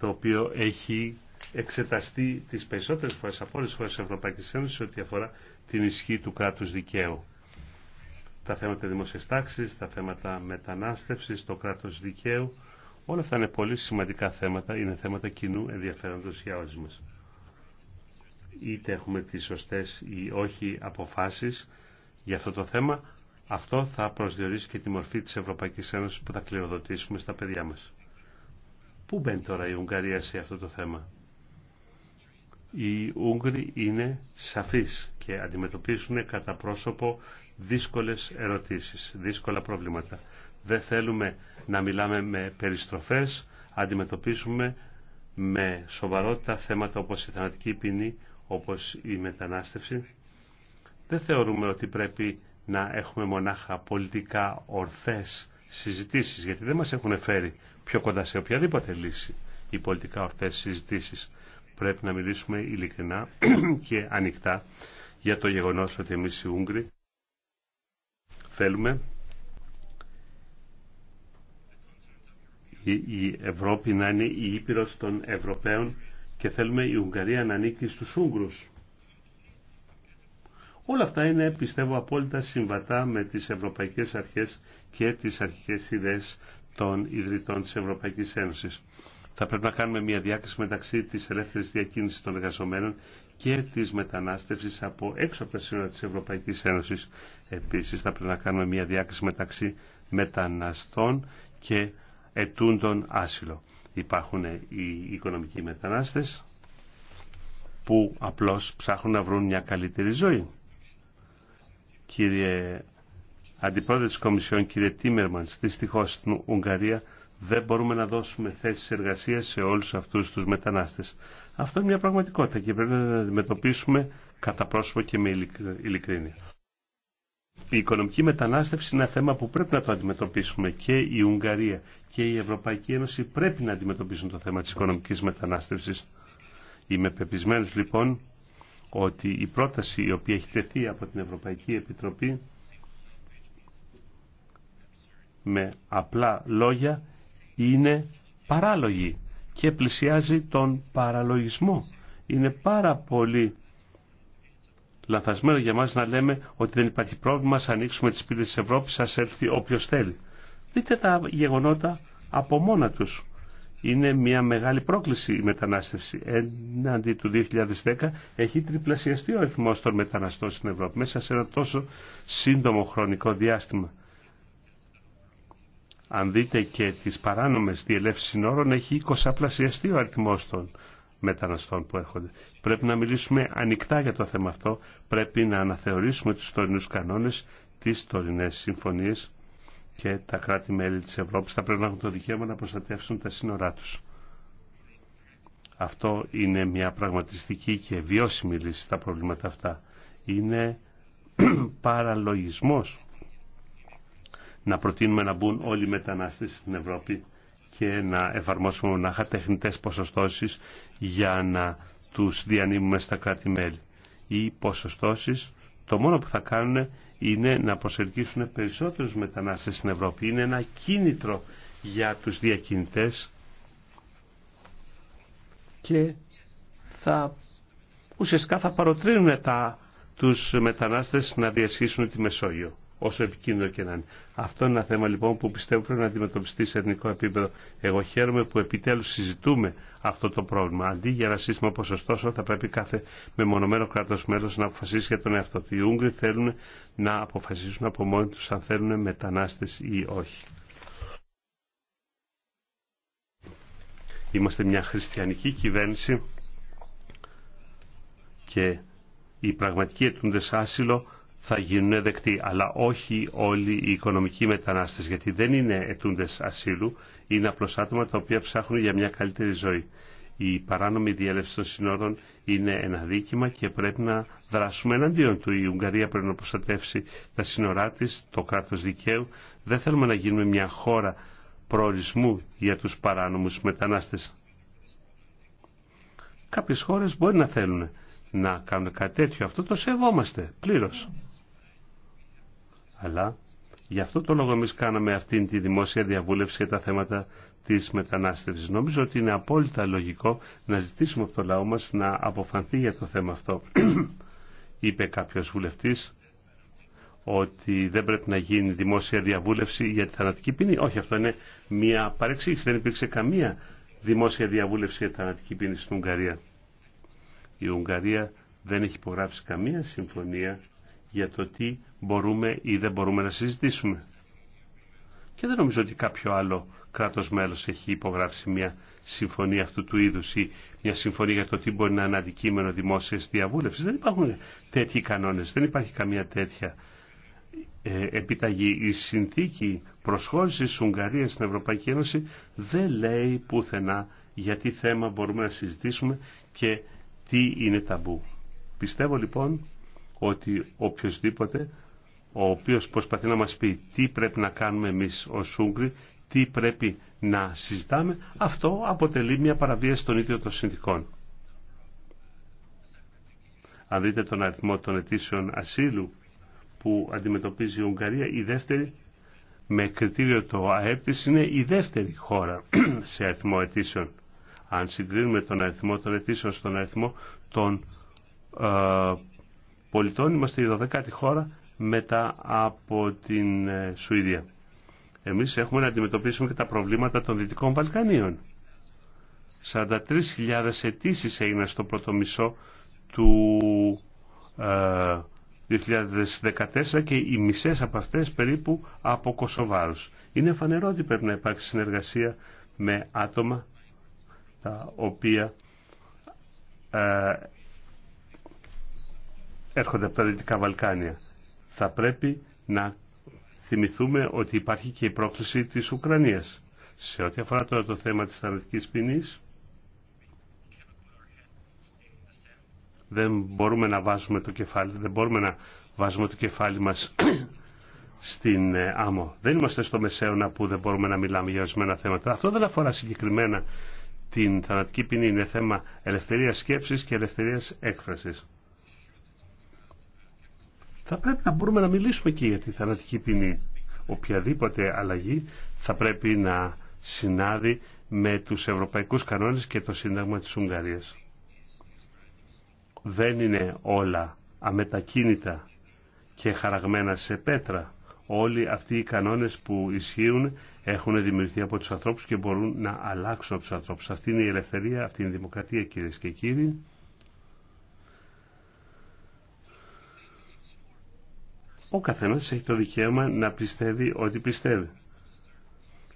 το οποίο έχει εξεταστεί τις περισσότερες φορές από όλες τις φορές της Ευρωπαϊκής Ένωσης ό,τι αφορά την ισχύ του κράτους δικαίου τα θέματα δημόσιας τάξης, τα θέματα μετανάστευσης, το κράτος δικαίου. Όλα αυτά είναι πολύ σημαντικά θέματα, είναι θέματα κοινού ενδιαφέροντος για όλους μας. Είτε έχουμε τις σωστές ή όχι αποφάσεις για αυτό το θέμα, αυτό θα προσδιορίσει και τη μορφή της Ευρωπαϊκής Ένωσης που θα κληροδοτήσουμε στα παιδιά μας. Πού μπαίνει τώρα η Ουγγαρία σε αυτό το θέμα. Οι Ούγγροι είναι σαφείς και αντιμετωπίζουν κατά πρόσωπο δύσκολες ερωτήσεις, δύσκολα προβλήματα. Δεν θέλουμε να μιλάμε με περιστροφές, αντιμετωπίσουμε με σοβαρότητα θέματα όπως η θανατική ποινή, όπως η μετανάστευση. Δεν θεωρούμε ότι πρέπει να έχουμε μονάχα πολιτικά ορθές συζητήσεις, γιατί δεν μας έχουν φέρει πιο κοντά σε οποιαδήποτε λύση οι πολιτικά ορθές συζητήσεις. Πρέπει να μιλήσουμε ειλικρινά και ανοιχτά για το γεγονός ότι εμείς οι Ούγγροι Θέλουμε η Ευρώπη να είναι η Ήπειρος των Ευρωπαίων και θέλουμε η Ουγγαρία να ανήκει στους Ούγγρους. Όλα αυτά είναι, πιστεύω, απόλυτα συμβατά με τις ευρωπαϊκές αρχές και τις αρχικές ιδέες των ιδρυτών της Ευρωπαϊκής Ένωσης. Θα πρέπει να κάνουμε μια διάκριση μεταξύ της ελεύθερης διακίνησης των εργαζομένων και της μετανάστευσης από έξω από τα σύνορα της Ευρωπαϊκής Ένωσης. Επίσης θα πρέπει να κάνουμε μια διάκριση μεταξύ μεταναστών και ετούντων άσυλο. Υπάρχουν οι οικονομικοί μετανάστες που απλώς ψάχνουν να βρουν μια καλύτερη ζωή. Κύριε Αντιπρόεδρε της Κομισιόν, κύριε Τίμερμανς, δυστυχώς στην Ουγγαρία δεν μπορούμε να δώσουμε θέσεις εργασίας σε όλους αυτούς τους μετανάστες. Αυτό είναι μια πραγματικότητα και πρέπει να αντιμετωπίσουμε κατά πρόσωπο και με ειλικρίνεια. Η οικονομική μετανάστευση είναι ένα θέμα που πρέπει να το αντιμετωπίσουμε και η Ουγγαρία και η Ευρωπαϊκή Ένωση πρέπει να αντιμετωπίσουν το θέμα της οικονομικής μετανάστευσης. Είμαι πεπισμένο λοιπόν ότι η πρόταση η οποία έχει τεθεί από την Ευρωπαϊκή Επιτροπή με απλά λόγια είναι παράλογη και πλησιάζει τον παραλογισμό. Είναι πάρα πολύ λανθασμένο για μας να λέμε ότι δεν υπάρχει πρόβλημα, σαν ανοίξουμε τις πύλες της Ευρώπης, σας έρθει όποιος θέλει. Δείτε τα γεγονότα από μόνα τους. Είναι μια μεγάλη πρόκληση η μετανάστευση. Έναντι του 2010 έχει τριπλασιαστεί ο αριθμός των μεταναστών στην Ευρώπη μέσα σε ένα τόσο σύντομο χρονικό διάστημα. Αν δείτε και τις παράνομες διελεύσεις συνόρων, έχει 20 πλασιαστεί ο αριθμός των μεταναστών που έρχονται. Πρέπει να μιλήσουμε ανοιχτά για το θέμα αυτό. Πρέπει να αναθεωρήσουμε τους τωρινούς κανόνες, τις τωρινές συμφωνίες και τα κράτη-μέλη της Ευρώπης θα πρέπει να έχουν το δικαίωμα να προστατεύσουν τα σύνορά τους. Αυτό είναι μια πραγματιστική και βιώσιμη λύση στα προβλήματα αυτά. Είναι παραλογισμός να προτείνουμε να μπουν όλοι οι μετανάστες στην Ευρώπη και να εφαρμόσουμε μονάχα τεχνητές ποσοστώσεις για να τους διανύμουμε στα κράτη-μέλη. Οι ποσοστώσεις το μόνο που θα κάνουν είναι να προσελκύσουν περισσότερους μετανάστες στην Ευρώπη. Είναι ένα κίνητρο για τους διακινητές και θα, ουσιαστικά θα παροτρύνουν τα, τους μετανάστες να διασχίσουν τη Μεσόγειο όσο επικίνδυνο και να είναι. Αυτό είναι ένα θέμα λοιπόν που πιστεύω πρέπει να αντιμετωπιστεί σε εθνικό επίπεδο. Εγώ χαίρομαι που επιτέλου συζητούμε αυτό το πρόβλημα. Αντί για ένα σύστημα ωστόσο, θα πρέπει κάθε μεμονωμένο κράτο μέλο να αποφασίσει για τον εαυτό του. Οι Ούγγροι θέλουν να αποφασίσουν από μόνοι του αν θέλουν μετανάστε ή όχι. Είμαστε μια χριστιανική κυβέρνηση και οι πραγματικοί αιτούντες άσυλο θα γίνουν δεκτοί, αλλά όχι όλοι οι οικονομικοί μετανάστες, γιατί δεν είναι ετούντε ασύλου, είναι απλώς άτομα τα οποία ψάχνουν για μια καλύτερη ζωή. Η παράνομη διέλευση των συνόρων είναι ένα δίκημα και πρέπει να δράσουμε εναντίον του. Η Ουγγαρία πρέπει να προστατεύσει τα σύνορά τη το κράτο δικαίου. Δεν θέλουμε να γίνουμε μια χώρα προορισμού για του παράνομού μετανάστες. Κάποιε χώρε μπορεί να θέλουν να κάνουν κάτι τέτοιο. Αυτό το σεβόμαστε πλήρω. Αλλά γι' αυτό το λόγο εμεί κάναμε αυτή τη δημόσια διαβούλευση για τα θέματα τη μετανάστευση. Νομίζω ότι είναι απόλυτα λογικό να ζητήσουμε από το λαό μα να αποφανθεί για το θέμα αυτό. Είπε κάποιο βουλευτή ότι δεν πρέπει να γίνει δημόσια διαβούλευση για τη θανατική ποινή. Όχι, αυτό είναι μια παρεξήγηση. Δεν υπήρξε καμία δημόσια διαβούλευση για τη θανατική ποινή στην Ουγγαρία. Η Ουγγαρία δεν έχει υπογράψει καμία συμφωνία για το τι μπορούμε ή δεν μπορούμε να συζητήσουμε. Και δεν νομίζω ότι κάποιο άλλο κράτος μέλος έχει υπογράψει μια συμφωνία αυτού του είδους ή μια συμφωνία για το τι μπορεί να είναι αντικείμενο δημόσιας διαβούλευσης. Δεν υπάρχουν τέτοιοι κανόνες, δεν υπάρχει καμία τέτοια ε, επιταγή. Η συνθήκη προσχώρησης Ουγγαρίας στην Ευρωπαϊκή Ένωση δεν λέει πουθενά για τι θέμα μπορούμε να συζητήσουμε και τι είναι ταμπού. Πιστεύω λοιπόν ότι οποιοδήποτε ο οποίος προσπαθεί να μας πει τι πρέπει να κάνουμε εμείς ως Ούγγροι, τι πρέπει να συζητάμε, αυτό αποτελεί μια παραβίαση των ίδιων των συνθηκών. Αν δείτε τον αριθμό των αιτήσεων ασύλου που αντιμετωπίζει η Ουγγαρία, η δεύτερη με κριτήριο το ΑΕΠ της είναι η δεύτερη χώρα σε αριθμό αιτήσεων. Αν συγκρίνουμε τον αριθμό των αιτήσεων στον αριθμό των ε, πολιτών, είμαστε η 12η χώρα μετά από την ε, Σουηδία. Εμείς έχουμε να αντιμετωπίσουμε και τα προβλήματα των Δυτικών Βαλκανίων. 43.000 αιτήσει έγιναν στο πρώτο μισό του 2014 ε, και οι μισές από αυτές περίπου από Κοσοβάρους. Είναι φανερό ότι πρέπει να υπάρξει συνεργασία με άτομα τα οποία ε, έρχονται από τα Δυτικά Βαλκάνια θα πρέπει να θυμηθούμε ότι υπάρχει και η πρόκληση της Ουκρανίας. Σε ό,τι αφορά τώρα το θέμα της θανατικής ποινή. δεν μπορούμε να βάζουμε το κεφάλι, δεν μπορούμε να βάζουμε το κεφάλι μας στην ε, άμμο. Δεν είμαστε στο μεσαίωνα που δεν μπορούμε να μιλάμε για ορισμένα θέματα. Αυτό δεν αφορά συγκεκριμένα την θανατική ποινή, είναι θέμα ελευθερίας σκέψης και ελευθερίας έκφρασης θα πρέπει να μπορούμε να μιλήσουμε και για τη θανατική ποινή. Οποιαδήποτε αλλαγή θα πρέπει να συνάδει με τους ευρωπαϊκούς κανόνες και το Σύνταγμα της Ουγγαρίας. Δεν είναι όλα αμετακίνητα και χαραγμένα σε πέτρα. Όλοι αυτοί οι κανόνες που ισχύουν έχουν δημιουργηθεί από τους ανθρώπους και μπορούν να αλλάξουν από τους ανθρώπους. Αυτή είναι η ελευθερία, αυτή είναι η δημοκρατία κυρίες και κύριοι. Ο καθένας έχει το δικαίωμα να πιστεύει ό,τι πιστεύει.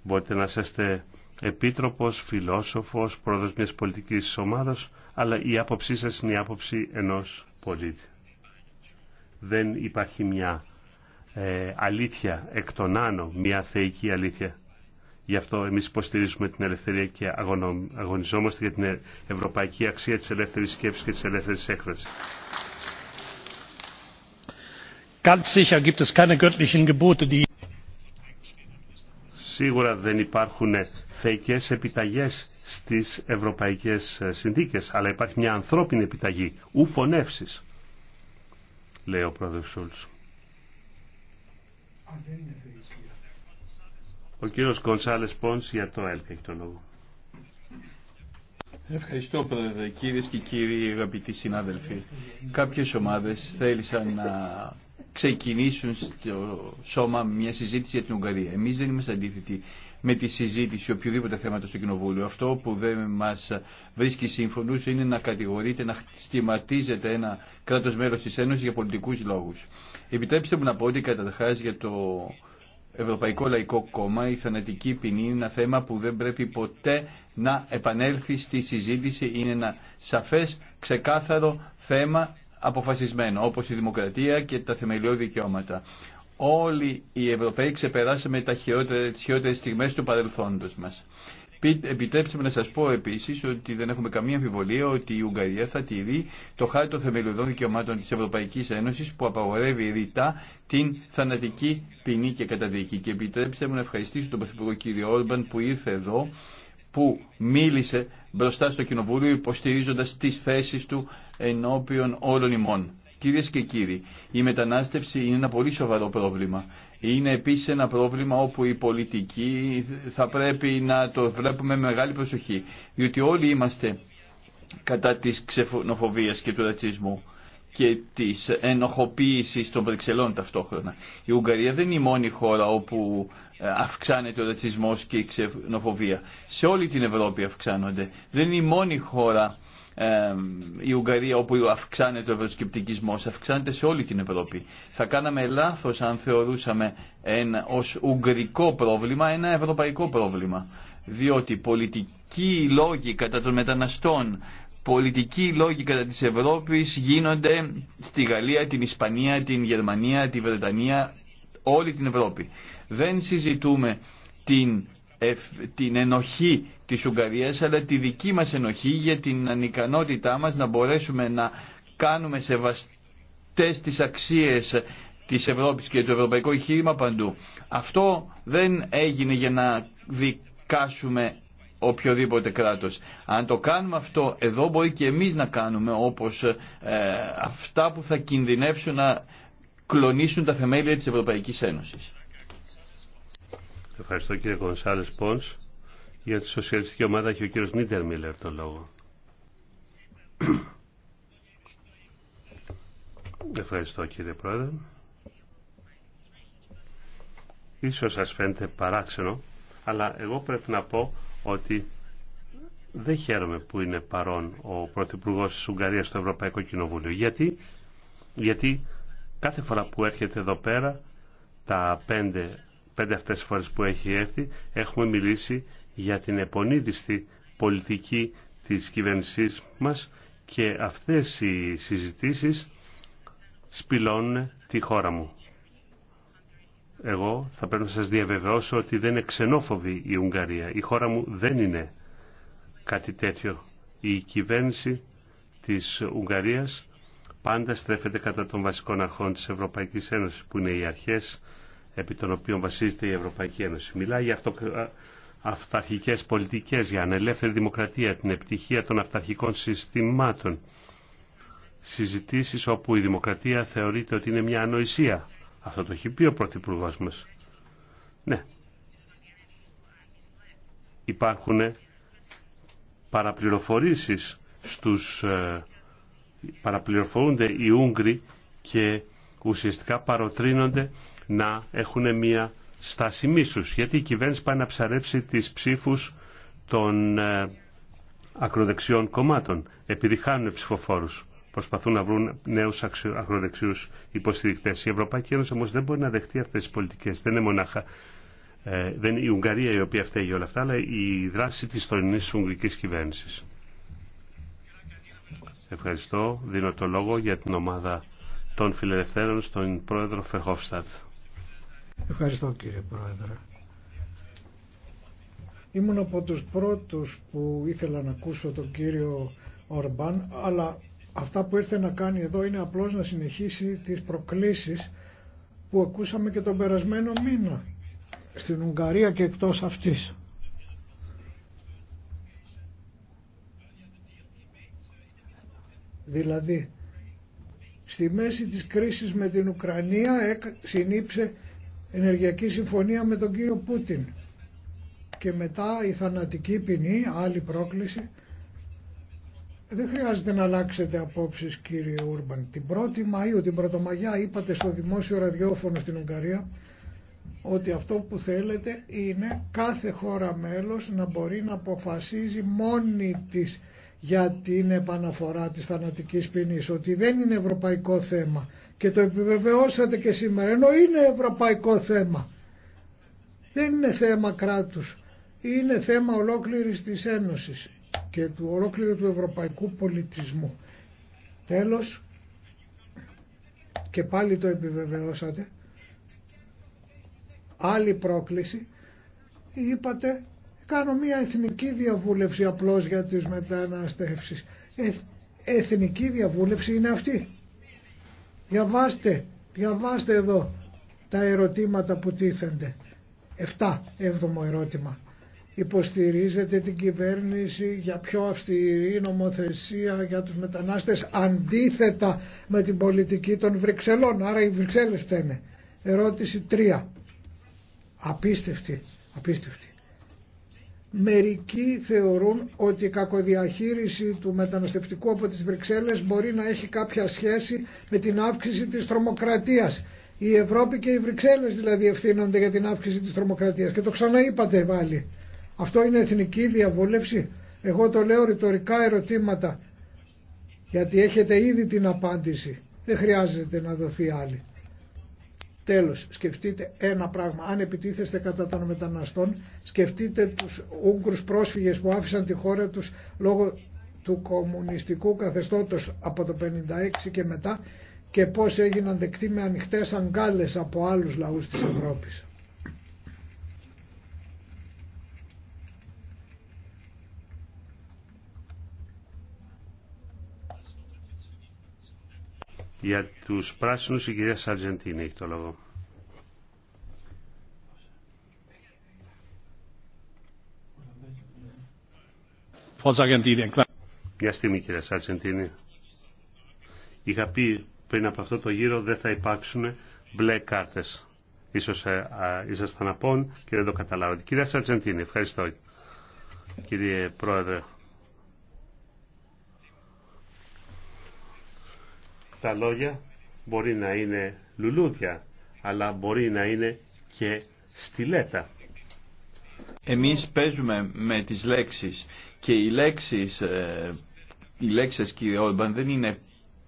Μπορείτε να είστε επίτροπος, φιλόσοφος, πρόεδρος μιας πολιτικής ομάδας, αλλά η άποψή σας είναι η άποψη ενός πολίτη. Δεν υπάρχει μια ε, αλήθεια εκ των άνω, μια θεϊκή αλήθεια. Γι' αυτό εμείς υποστηρίζουμε την ελευθερία και αγωνιζόμαστε για την ευρωπαϊκή αξία της ελεύθερης σκέψης και της ελεύθερης έκφρασης ganz sicher gibt es keine göttlichen gebote die Σίγουρα δεν υπάρχουν θεϊκές επιταγές στις ευρωπαϊκές ε, συνθήκες, αλλά υπάρχει μια ανθρώπινη επιταγή, ου φωνεύσεις, λέει ο πρόεδρος Σούλτς. Ο κύριος Κονσάλες Πόνς για το ΕΛΚ έχει το λόγο. Ευχαριστώ πρόεδρε, κύριε και κύριοι αγαπητοί συνάδελφοι. Κάποιες ομάδες θέλησαν να ξεκινήσουν στο σώμα μια συζήτηση για την Ουγγαρία. Εμεί δεν είμαστε αντίθετοι με τη συζήτηση οποιοδήποτε θέματος στο Κοινοβούλιο. Αυτό που δεν μας βρίσκει σύμφωνου είναι να κατηγορείται, να στιγματίζεται ένα κράτο μέλος τη Ένωση για πολιτικού λόγου. Επιτρέψτε μου να πω ότι καταρχά για το Ευρωπαϊκό Λαϊκό Κόμμα η θανατική ποινή είναι ένα θέμα που δεν πρέπει ποτέ να επανέλθει στη συζήτηση. Είναι ένα σαφέ ξεκάθαρο θέμα αποφασισμένο, όπως η δημοκρατία και τα θεμελιώδη δικαιώματα. Όλοι οι Ευρωπαίοι ξεπεράσαμε τα χειρότερε τις στιγμές του παρελθόντος μας. Επιτρέψτε μου να σας πω επίσης ότι δεν έχουμε καμία αμφιβολία ότι η Ουγγαρία θα τηρεί το χάρτη των θεμελιωδών δικαιωμάτων της Ευρωπαϊκής Ένωσης που απαγορεύει ρητά την θανατική ποινή και καταδίκη. Και επιτρέψτε μου να ευχαριστήσω τον Πρωθυπουργό κ. Όρμπαν που ήρθε εδώ, που μίλησε μπροστά στο Κοινοβούλιο υποστηρίζοντας τις θέσεις του ενώπιον όλων ημών. Κυρίε και κύριοι, η μετανάστευση είναι ένα πολύ σοβαρό πρόβλημα. Είναι επίση ένα πρόβλημα όπου οι πολιτικοί θα πρέπει να το βλέπουμε με μεγάλη προσοχή. Διότι όλοι είμαστε κατά της ξεφωνοφοβίας και του ρατσισμού και της ενοχοποίησης των Βρυξελών ταυτόχρονα. Η Ουγγαρία δεν είναι η μόνη χώρα όπου ε, αυξάνεται ο ρατσισμός και η ξενοφοβία. Σε όλη την Ευρώπη αυξάνονται. Δεν είναι η μόνη χώρα η Ουγγαρία όπου αυξάνεται ο ευρωσκεπτικισμός, αυξάνεται σε όλη την Ευρώπη. Θα κάναμε λάθος αν θεωρούσαμε ένα, ως ουγγρικό πρόβλημα ένα ευρωπαϊκό πρόβλημα. Διότι πολιτικοί λόγοι κατά των μεταναστών, πολιτικοί λόγοι κατά της Ευρώπης γίνονται στη Γαλλία, την Ισπανία, την Γερμανία, τη Βρετανία, όλη την Ευρώπη. Δεν συζητούμε την, ενοχή της Ουγγαρίας, αλλά τη δική μας ενοχή για την ανικανότητά μας να μπορέσουμε να κάνουμε σεβαστές τις αξίες της Ευρώπης και του ευρωπαϊκού εγχείρημα παντού. Αυτό δεν έγινε για να δικάσουμε οποιοδήποτε κράτος. Αν το κάνουμε αυτό εδώ μπορεί και εμείς να κάνουμε όπως ε, αυτά που θα κινδυνεύσουν να κλονίσουν τα θεμέλια της Ευρωπαϊκής Ένωσης. Ευχαριστώ κύριε Κονσάλε Πόνς. Για τη σοσιαλιστική ομάδα έχει ο κύριο Νίτερ Μίλλερ τον λόγο. Ευχαριστώ κύριε Πρόεδρε. Ίσως σας φαίνεται παράξενο, αλλά εγώ πρέπει να πω ότι δεν χαίρομαι που είναι παρόν ο Πρωθυπουργό τη Ουγγαρία στο Ευρωπαϊκό Κοινοβούλιο. Γιατί, γιατί κάθε φορά που έρχεται εδώ πέρα τα πέντε πέντε αυτές φορές που έχει έρθει έχουμε μιλήσει για την επονίδιστη πολιτική της κυβέρνησής μας και αυτές οι συζητήσεις σπηλώνουν τη χώρα μου. Εγώ θα πρέπει να σας διαβεβαιώσω ότι δεν είναι ξενόφοβη η Ουγγαρία. Η χώρα μου δεν είναι κάτι τέτοιο. Η κυβέρνηση της Ουγγαρίας πάντα στρέφεται κατά των βασικών αρχών της Ευρωπαϊκής Ένωσης που είναι οι αρχές επί των οποίων βασίζεται η Ευρωπαϊκή Ένωση. Μιλάει για αυτό, αυταρχικές πολιτικές, για ανελεύθερη δημοκρατία, την επιτυχία των αυταρχικών συστημάτων. Συζητήσεις όπου η δημοκρατία θεωρείται ότι είναι μια ανοησία. Αυτό το έχει πει ο Πρωθυπουργός μας. Ναι. Υπάρχουν ε, παραπληροφορήσεις στους... Ε, παραπληροφορούνται οι Ούγγροι και ουσιαστικά παροτρύνονται να έχουν μια στάση μίσους, γιατί η κυβέρνηση πάει να ψαρέψει τις ψήφους των ε, ακροδεξιών κομμάτων, επειδή χάνουν ψηφοφόρους. Προσπαθούν να βρουν νέους ακροδεξιούς υποστηρικτές. Η Ευρωπαϊκή Ένωση όμως δεν μπορεί να δεχτεί αυτές τις πολιτικές Δεν είναι μονάχα ε, δεν η Ουγγαρία η οποία φταίει όλα αυτά, αλλά η δράση της τωρινής Ουγγρικής κυβέρνησης. Ευχαριστώ. Δίνω το λόγο για την ομάδα των φιλελευθέρων στον πρόεδρο Φερχόφστατ. Ευχαριστώ κύριε Πρόεδρε. Ήμουν από τους πρώτους που ήθελα να ακούσω τον κύριο Ορμπάν, αλλά αυτά που ήρθε να κάνει εδώ είναι απλώς να συνεχίσει τις προκλήσεις που ακούσαμε και τον περασμένο μήνα στην Ουγγαρία και εκτός αυτής. Δηλαδή, στη μέση της κρίσης με την Ουκρανία συνήψε ενεργειακή συμφωνία με τον κύριο Πούτιν και μετά η θανατική ποινή, άλλη πρόκληση. Δεν χρειάζεται να αλλάξετε απόψεις κύριε Ούρμπαν. Την 1η Μαΐου, την Πρωτομαγιά είπατε στο δημόσιο ραδιόφωνο στην Ουγγαρία ότι αυτό που θέλετε είναι κάθε χώρα μέλος να μπορεί να αποφασίζει μόνη της για την επαναφορά της θανατικής ποινής, ότι δεν είναι ευρωπαϊκό θέμα και το επιβεβαιώσατε και σήμερα, ενώ είναι ευρωπαϊκό θέμα. Δεν είναι θέμα κράτους, είναι θέμα ολόκληρης της Ένωσης και του ολόκληρου του ευρωπαϊκού πολιτισμού. Τέλος, και πάλι το επιβεβαιώσατε, άλλη πρόκληση, είπατε κάνω μια εθνική διαβούλευση απλώς για τις μεταναστεύσεις. εθνική διαβούλευση είναι αυτή. Διαβάστε, διαβάστε εδώ τα ερωτήματα που τίθενται. 7. Έβδομο ερώτημα. Υποστηρίζετε την κυβέρνηση για πιο αυστηρή νομοθεσία για τους μετανάστες αντίθετα με την πολιτική των Βρυξελών. Άρα οι Βρυξέλλες φταίνε. Ερώτηση 3. Απίστευτη. Απίστευτη. Μερικοί θεωρούν ότι η κακοδιαχείριση του μεταναστευτικού από τις Βρυξέλλες μπορεί να έχει κάποια σχέση με την αύξηση της τρομοκρατίας. Η Ευρώπη και οι Βρυξέλλες δηλαδή ευθύνονται για την αύξηση της τρομοκρατίας και το ξαναείπατε πάλι. Αυτό είναι εθνική διαβούλευση. Εγώ το λέω ρητορικά ερωτήματα γιατί έχετε ήδη την απάντηση. Δεν χρειάζεται να δοθεί άλλη. Τέλος, σκεφτείτε ένα πράγμα. Αν επιτίθεστε κατά των μεταναστών, σκεφτείτε τους Ούγκρους πρόσφυγες που άφησαν τη χώρα τους λόγω του κομμουνιστικού καθεστώτος από το 1956 και μετά και πώς έγιναν δεκτοί με ανοιχτές αγκάλες από άλλους λαούς της Ευρώπης. Για τους πράσινους η κυρία Σαρτζεντίνη έχει το λόγο. Μια στιγμή κυρία Σαρτζεντίνη. Είχα πει πριν από αυτό το γύρο δεν θα υπάρξουν μπλε κάρτες. Ίσως ε, ε, ήσασταν απόν και δεν το καταλάβατε. Κυρία Σαρτζεντίνη, ευχαριστώ. Κύριε Πρόεδρε, τα λόγια μπορεί να είναι λουλούδια, αλλά μπορεί να είναι και στιλέτα. Εμείς παίζουμε με τις λέξεις και οι λέξεις, ε, οι λέξεις κύριε Όρμπαν δεν είναι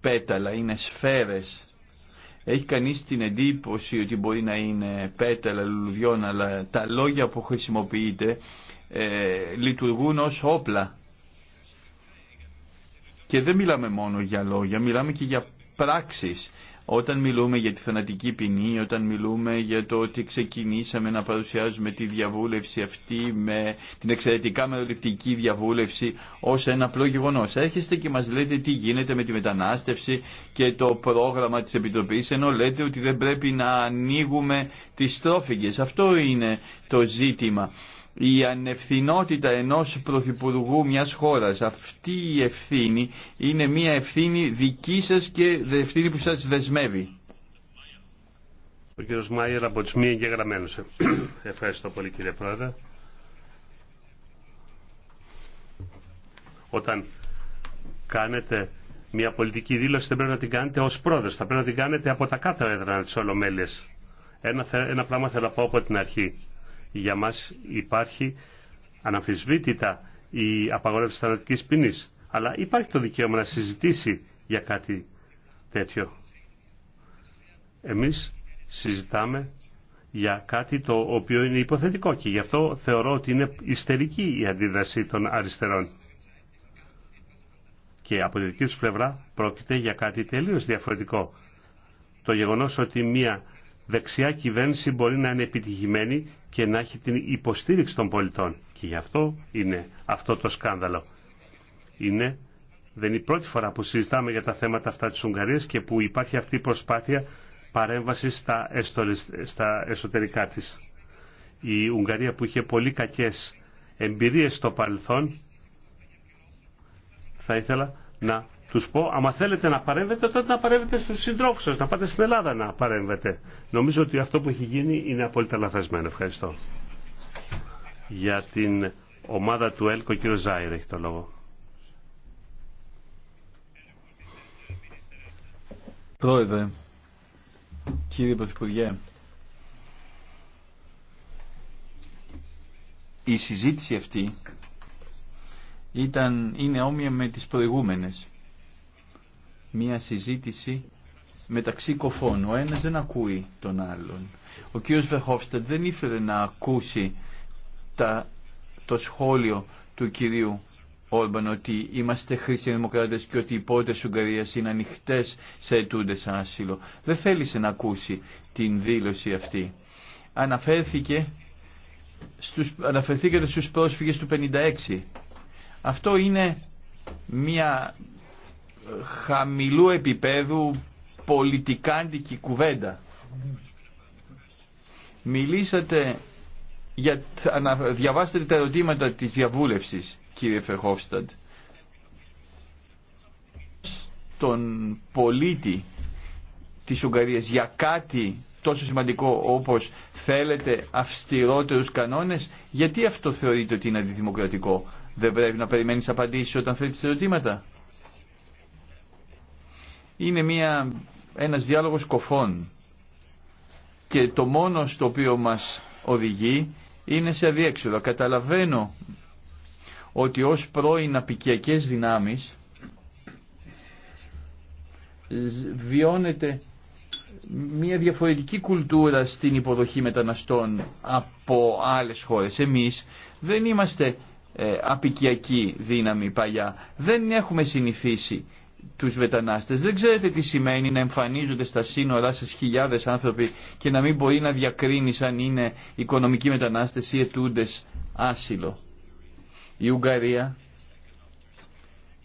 πέταλα, είναι σφαίρες. Έχει κανείς την εντύπωση ότι μπορεί να είναι πέταλα λουλουδιών, αλλά τα λόγια που χρησιμοποιείται ε, λειτουργούν ως όπλα. Και δεν μιλάμε μόνο για λόγια, μιλάμε και για πράξεις όταν μιλούμε για τη θανατική ποινή, όταν μιλούμε για το ότι ξεκινήσαμε να παρουσιάζουμε τη διαβούλευση αυτή με την εξαιρετικά μεροληπτική διαβούλευση ως ένα απλό γεγονό. Έρχεστε και μας λέτε τι γίνεται με τη μετανάστευση και το πρόγραμμα της Επιτροπής, ενώ λέτε ότι δεν πρέπει να ανοίγουμε τις τρόφιγγες. Αυτό είναι το ζήτημα η ανευθυνότητα ενός πρωθυπουργού μιας χώρας. Αυτή η ευθύνη είναι μια ευθύνη δική σας και ευθύνη που σας δεσμεύει. Ο κύριος Μάιερ από τις μια εγγεγραμμένος Ευχαριστώ πολύ κύριε Πρόεδρε. Όταν κάνετε μια πολιτική δήλωση δεν πρέπει να την κάνετε ως πρόεδρος, θα πρέπει να την κάνετε από τα κάτω έδρα της Ολομέλειας. Ένα, ένα πράγμα θέλω να πω από την αρχή για μας υπάρχει αναμφισβήτητα η απαγόρευση θανατικής ποινής. Αλλά υπάρχει το δικαίωμα να συζητήσει για κάτι τέτοιο. Εμείς συζητάμε για κάτι το οποίο είναι υποθετικό και γι' αυτό θεωρώ ότι είναι ιστερική η αντίδραση των αριστερών. Και από τη δική τους πλευρά πρόκειται για κάτι τελείως διαφορετικό. Το γεγονός ότι μια δεξιά κυβέρνηση μπορεί να είναι επιτυχημένη και να έχει την υποστήριξη των πολιτών. Και γι' αυτό είναι αυτό το σκάνδαλο. Είναι, δεν είναι η πρώτη φορά που συζητάμε για τα θέματα αυτά της Ουγγαρίας και που υπάρχει αυτή η προσπάθεια παρέμβασης στα, στα εσωτερικά της. Η Ουγγαρία που είχε πολύ κακές εμπειρίες στο παρελθόν θα ήθελα να τους πω, άμα θέλετε να παρέμβετε, τότε να παρέμβετε στους συντρόφους σας, να πάτε στην Ελλάδα να παρέμβετε. Νομίζω ότι αυτό που έχει γίνει είναι απόλυτα λαθασμένο. Ευχαριστώ. Για την ομάδα του ΕΛΚΟ, κύριο Ζάιρ έχει το λόγο. Πρόεδρε, κύριε Πρωθυπουργέ, η συζήτηση αυτή ήταν, είναι όμοια με τις προηγούμενες μια συζήτηση μεταξύ κοφών. Ο ένας δεν ακούει τον άλλον. Ο κύριος Βεχόφστατ δεν ήθελε να ακούσει τα, το σχόλιο του κυρίου Όρμπαν ότι είμαστε δημοκράτες και ότι οι πόρτες Ουγγαρίας είναι ανοιχτέ σε αιτούντες άσυλο. Δεν θέλησε να ακούσει την δήλωση αυτή. Αναφέρθηκε στους, αναφερθήκατε στους πρόσφυγες του 56. Αυτό είναι μια χαμηλού επίπεδου πολιτικάντικη κουβέντα. Μιλήσατε για, διαβάσετε τα ερωτήματα της διαβούλευσης, κύριε Φερχόφσταντ. τον πολίτη της Ουγγαρίας για κάτι τόσο σημαντικό όπως θέλετε αυστηρότερους κανόνες, γιατί αυτό θεωρείτε ότι είναι αντιδημοκρατικό. Δεν πρέπει να περιμένεις απαντήσεις όταν θέτεις ερωτήματα είναι μια, ένας διάλογος κοφών και το μόνο στο οποίο μας οδηγεί είναι σε αδιέξοδο. Καταλαβαίνω ότι ως πρώην απικιακές δυνάμεις βιώνεται μια διαφορετική κουλτούρα στην υποδοχή μεταναστών από άλλες χώρες. Εμείς δεν είμαστε ε, απικιακή δύναμη παλιά. Δεν έχουμε συνηθίσει τους μετανάστες. Δεν ξέρετε τι σημαίνει να εμφανίζονται στα σύνορά σε χιλιάδες άνθρωποι και να μην μπορεί να διακρίνει αν είναι οικονομικοί μετανάστες ή ετούντες άσυλο. Η Ουγγαρία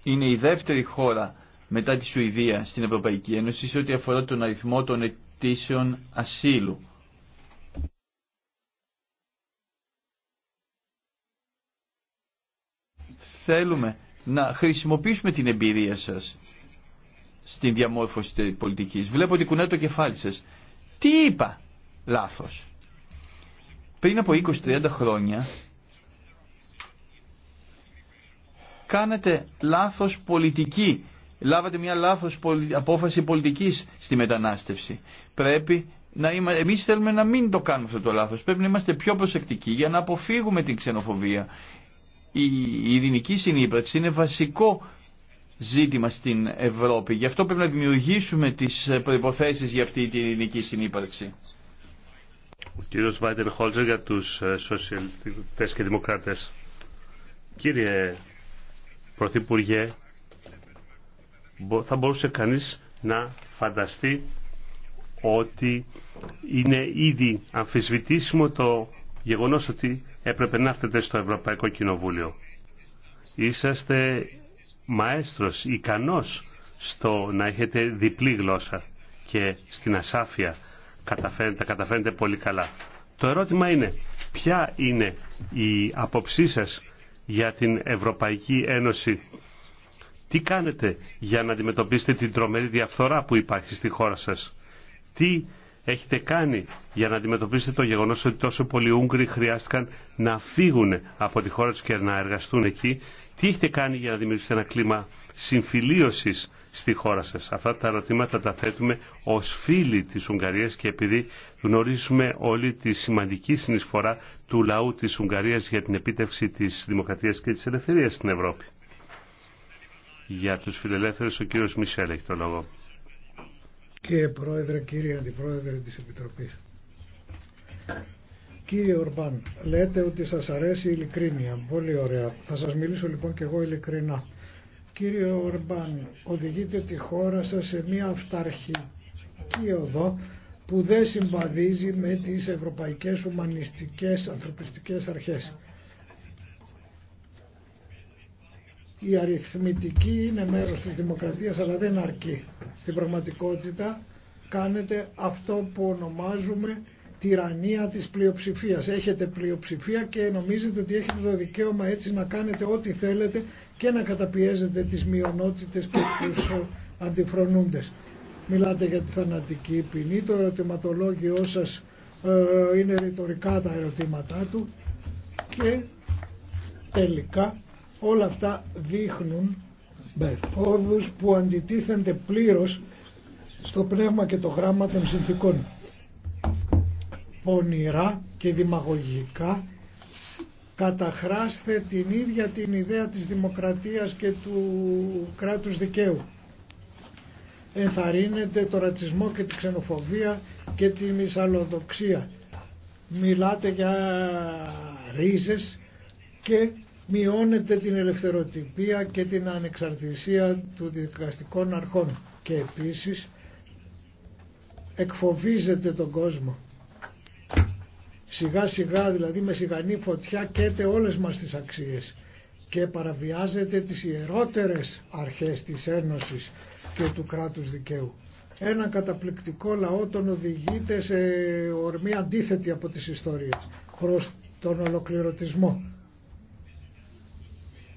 είναι η δεύτερη χώρα μετά τη Σουηδία στην Ευρωπαϊκή Ένωση σε ό,τι αφορά τον αριθμό των αιτήσεων ασύλου. Θέλουμε να χρησιμοποιήσουμε την εμπειρία σας στην διαμόρφωση της πολιτικής. Βλέπω ότι κουνάει το κεφάλι σας. Τι είπα λάθος. Πριν από 20-30 χρόνια κάνετε λάθος πολιτική. Λάβατε μια λάθος απόφαση πολιτικής στη μετανάστευση. Πρέπει να είμα... Εμείς θέλουμε να μην το κάνουμε αυτό το λάθος. Πρέπει να είμαστε πιο προσεκτικοί για να αποφύγουμε την ξενοφοβία. Η, η ειρηνική συνύπαρξη είναι βασικό ζήτημα στην Ευρώπη. Γι' αυτό πρέπει να δημιουργήσουμε τις προϋποθέσεις για αυτή την ελληνική συνύπαρξη. Ο κύριος Βάιντεν Χόλτζερ για τους ε, σοσιαλιστές και δημοκράτες. Κύριε Πρωθυπουργέ, θα μπορούσε κανείς να φανταστεί ότι είναι ήδη αμφισβητήσιμο το γεγονός ότι έπρεπε να έρθετε στο Ευρωπαϊκό Κοινοβούλιο. Είσαστε μαέστρος ικανός στο να έχετε διπλή γλώσσα και στην ασάφεια καταφέρετε, καταφέρετε πολύ καλά. Το ερώτημα είναι ποια είναι η απόψή σας για την Ευρωπαϊκή Ένωση. Τι κάνετε για να αντιμετωπίσετε την τρομερή διαφθορά που υπάρχει στη χώρα σας. Τι έχετε κάνει για να αντιμετωπίσετε το γεγονός ότι τόσο πολλοί Ούγγροι χρειάστηκαν να φύγουν από τη χώρα τους και να εργαστούν εκεί τι έχετε κάνει για να δημιουργήσετε ένα κλίμα συμφιλίωσης στη χώρα σας. Αυτά τα ερωτήματα τα θέτουμε ως φίλοι της Ουγγαρίας και επειδή γνωρίζουμε όλη τη σημαντική συνεισφορά του λαού της Ουγγαρίας για την επίτευξη της δημοκρατίας και της ελευθερίας στην Ευρώπη. Για τους φιλελεύθερους ο κύριος Μισελ έχει το λόγο. Κύριε Πρόεδρε, κύριε Αντιπρόεδρε της Επιτροπής. Κύριε Ορμπάν, λέτε ότι σας αρέσει η ειλικρίνεια. Πολύ ωραία. Θα σας μιλήσω λοιπόν και εγώ ειλικρινά. Κύριε Ορμπάν, οδηγείτε τη χώρα σας σε μια αυταρχική οδό που δεν συμβαδίζει με τις ευρωπαϊκές ουμανιστικές ανθρωπιστικές αρχές. Η αριθμητική είναι μέρος της δημοκρατίας αλλά δεν αρκεί. Στην πραγματικότητα κάνετε αυτό που ονομάζουμε τυραννία της πλειοψηφίας. Έχετε πλειοψηφία και νομίζετε ότι έχετε το δικαίωμα έτσι να κάνετε ό,τι θέλετε και να καταπιέζετε τις μειονότητες και τους ε, αντιφρονούντες. Μιλάτε για τη θανατική ποινή, το ερωτηματολόγιο σας ε, είναι ρητορικά τα ερωτήματά του και τελικά όλα αυτά δείχνουν μεθόδους που αντιτίθενται πλήρως στο πνεύμα και το γράμμα των συνθήκων πονηρά και δημαγωγικά καταχράστε την ίδια την ιδέα της δημοκρατίας και του κράτους δικαίου. Ενθαρρύνετε το ρατσισμό και τη ξενοφοβία και τη μυσαλλοδοξία. Μιλάτε για ρίζες και μειώνετε την ελευθεροτυπία και την ανεξαρτησία του δικαστικών αρχών και επίσης εκφοβίζεται τον κόσμο. Σιγά σιγά δηλαδή με σιγανή φωτιά καίτε όλες μας τις αξίες και παραβιάζεται τις ιερότερες αρχές της Ένωσης και του κράτους δικαίου. Ένα καταπληκτικό λαό τον οδηγείται σε ορμή αντίθετη από τις ιστορίες προς τον ολοκληρωτισμό.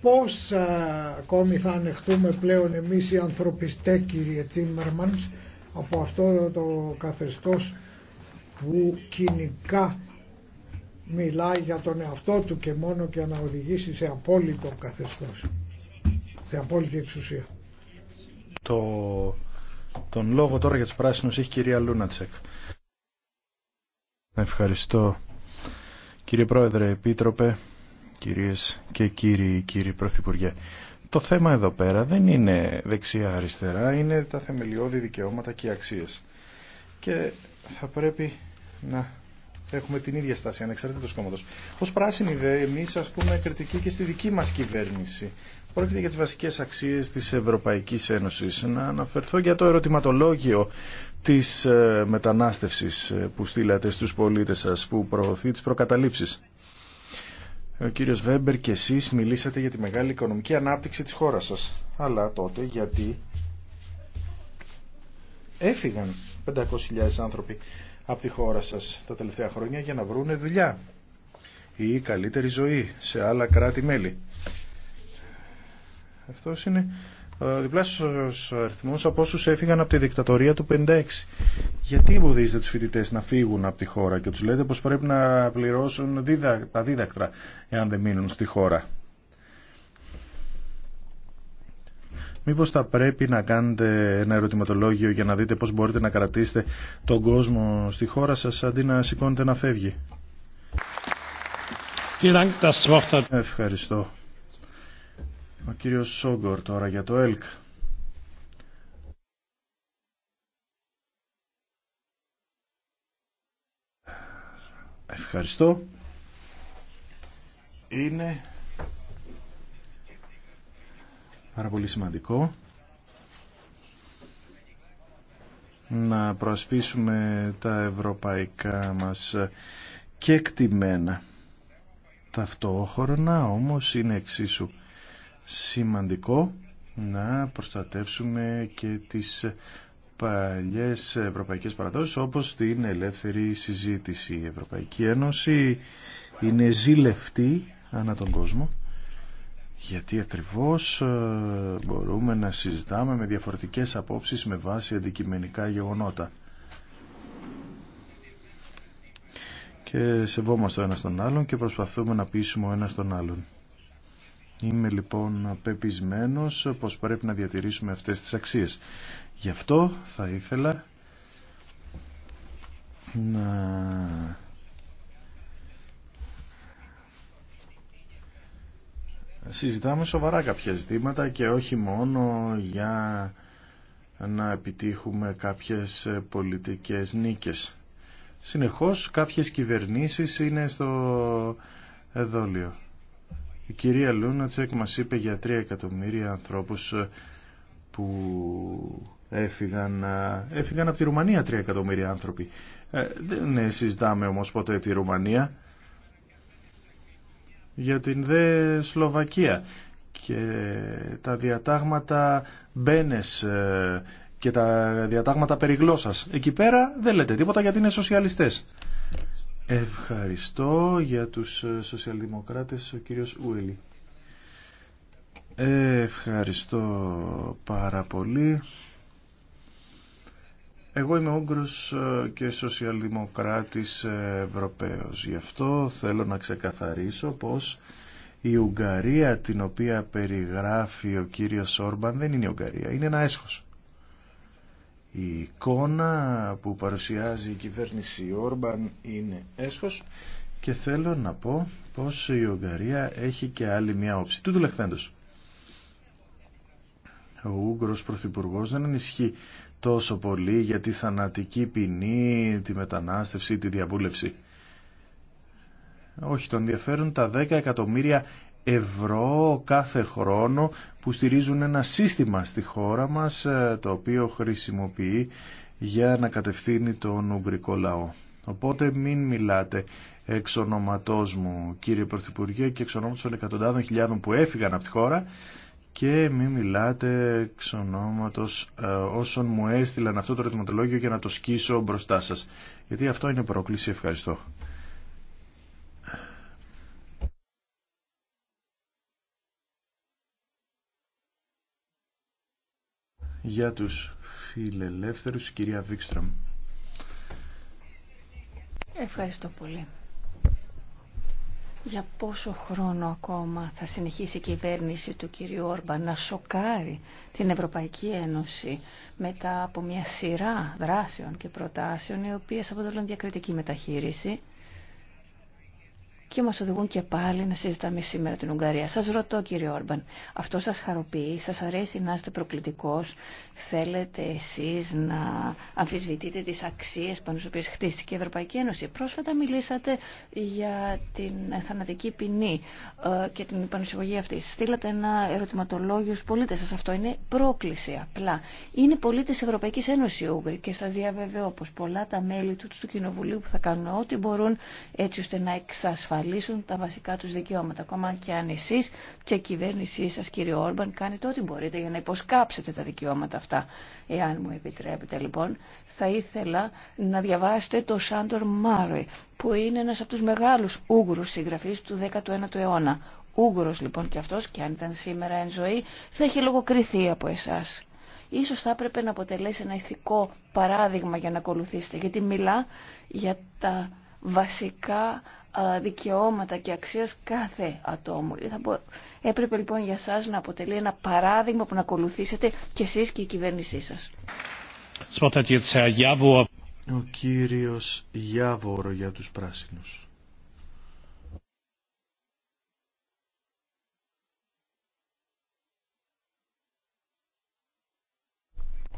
Πώς ακόμη θα ανεχτούμε πλέον εμείς οι ανθρωπιστέ κύριε Τίμερμανς από αυτό το καθεστώς που κοινικά μιλάει για τον εαυτό του και μόνο και να οδηγήσει σε απόλυτο καθεστώς, σε απόλυτη εξουσία. Το, τον λόγο τώρα για τους πράσινους έχει κυρία Λούνατσεκ. Ευχαριστώ κύριε Πρόεδρε Επίτροπε, κυρίες και κύριοι, κύριοι Πρωθυπουργέ. Το θέμα εδώ πέρα δεν είναι δεξιά-αριστερά, είναι τα θεμελιώδη δικαιώματα και αξίες. Και θα πρέπει να έχουμε την ίδια στάση ανεξαρτήτως κόμματος. Ως πράσινη δε εμείς πούμε κριτική και στη δική μας κυβέρνηση. Πρόκειται για τις βασικές αξίες της Ευρωπαϊκής Ένωσης. Να αναφερθώ για το ερωτηματολόγιο της ε, μετανάστευσης ε, που στείλατε στους πολίτες σας που προωθεί τις προκαταλήψεις. Ο κύριος Βέμπερ και εσείς μιλήσατε για τη μεγάλη οικονομική ανάπτυξη της χώρας σας. Αλλά τότε γιατί έφυγαν 500.000 άνθρωποι από τη χώρα σας τα τελευταία χρόνια για να βρούνε δουλειά ή καλύτερη ζωή σε άλλα κράτη-μέλη. Αυτός είναι ο ε, διπλάσιος αριθμός από όσους έφυγαν από τη δικτατορία του 56. Γιατί εμποδίζετε τους φοιτητές να φύγουν από τη χώρα και τους λέτε πως πρέπει να πληρώσουν τα δίδακτρα εάν δεν μείνουν στη χώρα. Μήπως θα πρέπει να κάνετε ένα ερωτηματολόγιο για να δείτε πώς μπορείτε να κρατήσετε τον κόσμο στη χώρα σας αντί να σηκώνετε να φεύγει. Ευχαριστώ. Ο κύριος Σόγκορ τώρα για το ΕΛΚ. Ευχαριστώ. Είναι πάρα πολύ σημαντικό να προασπίσουμε τα ευρωπαϊκά μας κεκτημένα. Ταυτόχρονα όμως είναι εξίσου σημαντικό να προστατεύσουμε και τις παλιές ευρωπαϊκές παραδόσεις όπως την ελεύθερη συζήτηση. Η Ευρωπαϊκή Ένωση είναι ζήλευτη ανά τον κόσμο γιατί ακριβώς ε, μπορούμε να συζητάμε με διαφορετικές απόψεις με βάση αντικειμενικά γεγονότα. Και σεβόμαστε ο ένας τον άλλον και προσπαθούμε να πείσουμε ο ένας τον άλλον. Είμαι λοιπόν πεπισμένος πως πρέπει να διατηρήσουμε αυτές τις αξίες. Γι' αυτό θα ήθελα να συζητάμε σοβαρά κάποια ζητήματα και όχι μόνο για να επιτύχουμε κάποιες πολιτικές νίκες. Συνεχώς κάποιες κυβερνήσεις είναι στο εδόλιο. Η κυρία Λούνατσεκ μας είπε για 3 εκατομμύρια ανθρώπους που έφυγαν, έφυγαν από τη Ρουμανία 3 εκατομμύρια άνθρωποι. Ε, δεν ε, συζητάμε όμως ποτέ τη Ρουμανία για την δε Σλοβακία και τα διατάγματα Μπένες ε, και τα διατάγματα περί Εκεί πέρα δεν λέτε τίποτα γιατί είναι σοσιαλιστές. Ευχαριστώ για τους ε, σοσιαλδημοκράτες ο κύριος Ουέλη. Ε, ευχαριστώ πάρα πολύ. Εγώ είμαι Ούγγρος ε, και σοσιαλδημοκράτης ε, Ευρωπαίος. Γι' αυτό θέλω να ξεκαθαρίσω πως η Ουγγαρία την οποία περιγράφει ο κύριος Όρμπαν δεν είναι η Ουγγαρία, είναι ένα έσχος. Η εικόνα που παρουσιάζει η κυβέρνηση Όρμπαν είναι έσχος και θέλω να πω πως η Ουγγαρία έχει και άλλη μια όψη. Τούτου λεχθέντος. Ο Ούγγρος Πρωθυπουργός δεν ανησυχεί τόσο πολύ για τη θανατική ποινή, τη μετανάστευση, τη διαβούλευση. Όχι, τον ενδιαφέρουν τα 10 εκατομμύρια ευρώ κάθε χρόνο που στηρίζουν ένα σύστημα στη χώρα μας ε, το οποίο χρησιμοποιεί για να κατευθύνει τον Ουγγρικό λαό. Οπότε μην μιλάτε εξ ονοματός μου κύριε Πρωθυπουργέ και εξ ονόματος των εκατοντάδων χιλιάδων που έφυγαν από τη χώρα και μη μιλάτε εξ ονόματος ε, όσων μου έστειλαν αυτό το ρετματολόγιο για να το σκίσω μπροστά σας. Γιατί αυτό είναι πρόκληση. Ευχαριστώ. Για τους φιλελεύθερους, κυρία Βίξτρομ. Ευχαριστώ πολύ. Για πόσο χρόνο ακόμα θα συνεχίσει η κυβέρνηση του κυρίου Όρμπα να σοκάρει την Ευρωπαϊκή Ένωση μετά από μια σειρά δράσεων και προτάσεων οι οποίες αποτελούν διακριτική μεταχείριση και μας οδηγούν και πάλι να συζητάμε σήμερα την Ουγγαρία. Σας ρωτώ κύριε Όρμπαν, αυτό σας χαροποιεί, σας αρέσει να είστε προκλητικός, θέλετε εσείς να αμφισβητείτε τις αξίες πάνω στις οποίες χτίστηκε η Ευρωπαϊκή Ένωση. Πρόσφατα μιλήσατε για την θανατική ποινή ε, και την επανεισαγωγή αυτή. Στείλατε ένα ερωτηματολόγιο στους πολίτες σας. Αυτό είναι πρόκληση απλά. Είναι πολίτες Ευρωπαϊκής Ένωσης οι Ούγγροι και σας διαβεβαιώ πως πολλά τα μέλη του, του Κοινοβουλίου που θα κάνουν ό,τι μπορούν έτσι ώστε να εξασφαλίσουν διασφαλίσουν τα βασικά τους δικαιώματα. Ακόμα και αν εσείς και η κυβέρνησή σας κύριε Όρμπαν κάνετε ό,τι μπορείτε για να υποσκάψετε τα δικαιώματα αυτά. Εάν μου επιτρέπετε λοιπόν θα ήθελα να διαβάσετε το Σάντορ Μάρε που είναι ένας από τους μεγάλους Ούγγρους συγγραφείς του 19ου αιώνα. Ούγγρος λοιπόν και αυτός και αν ήταν σήμερα εν ζωή θα έχει λογοκριθεί από εσάς ίσως θα έπρεπε να αποτελέσει ένα ηθικό παράδειγμα για να ακολουθήσετε, γιατί μιλά για τα βασικά δικαιώματα και αξίες κάθε ατόμου. Ε, θα Έπρεπε λοιπόν για σας να αποτελεί ένα παράδειγμα που να ακολουθήσετε και εσείς και η κυβέρνησή σας. Ο κύριος Γιάβορο για τους πράσινους.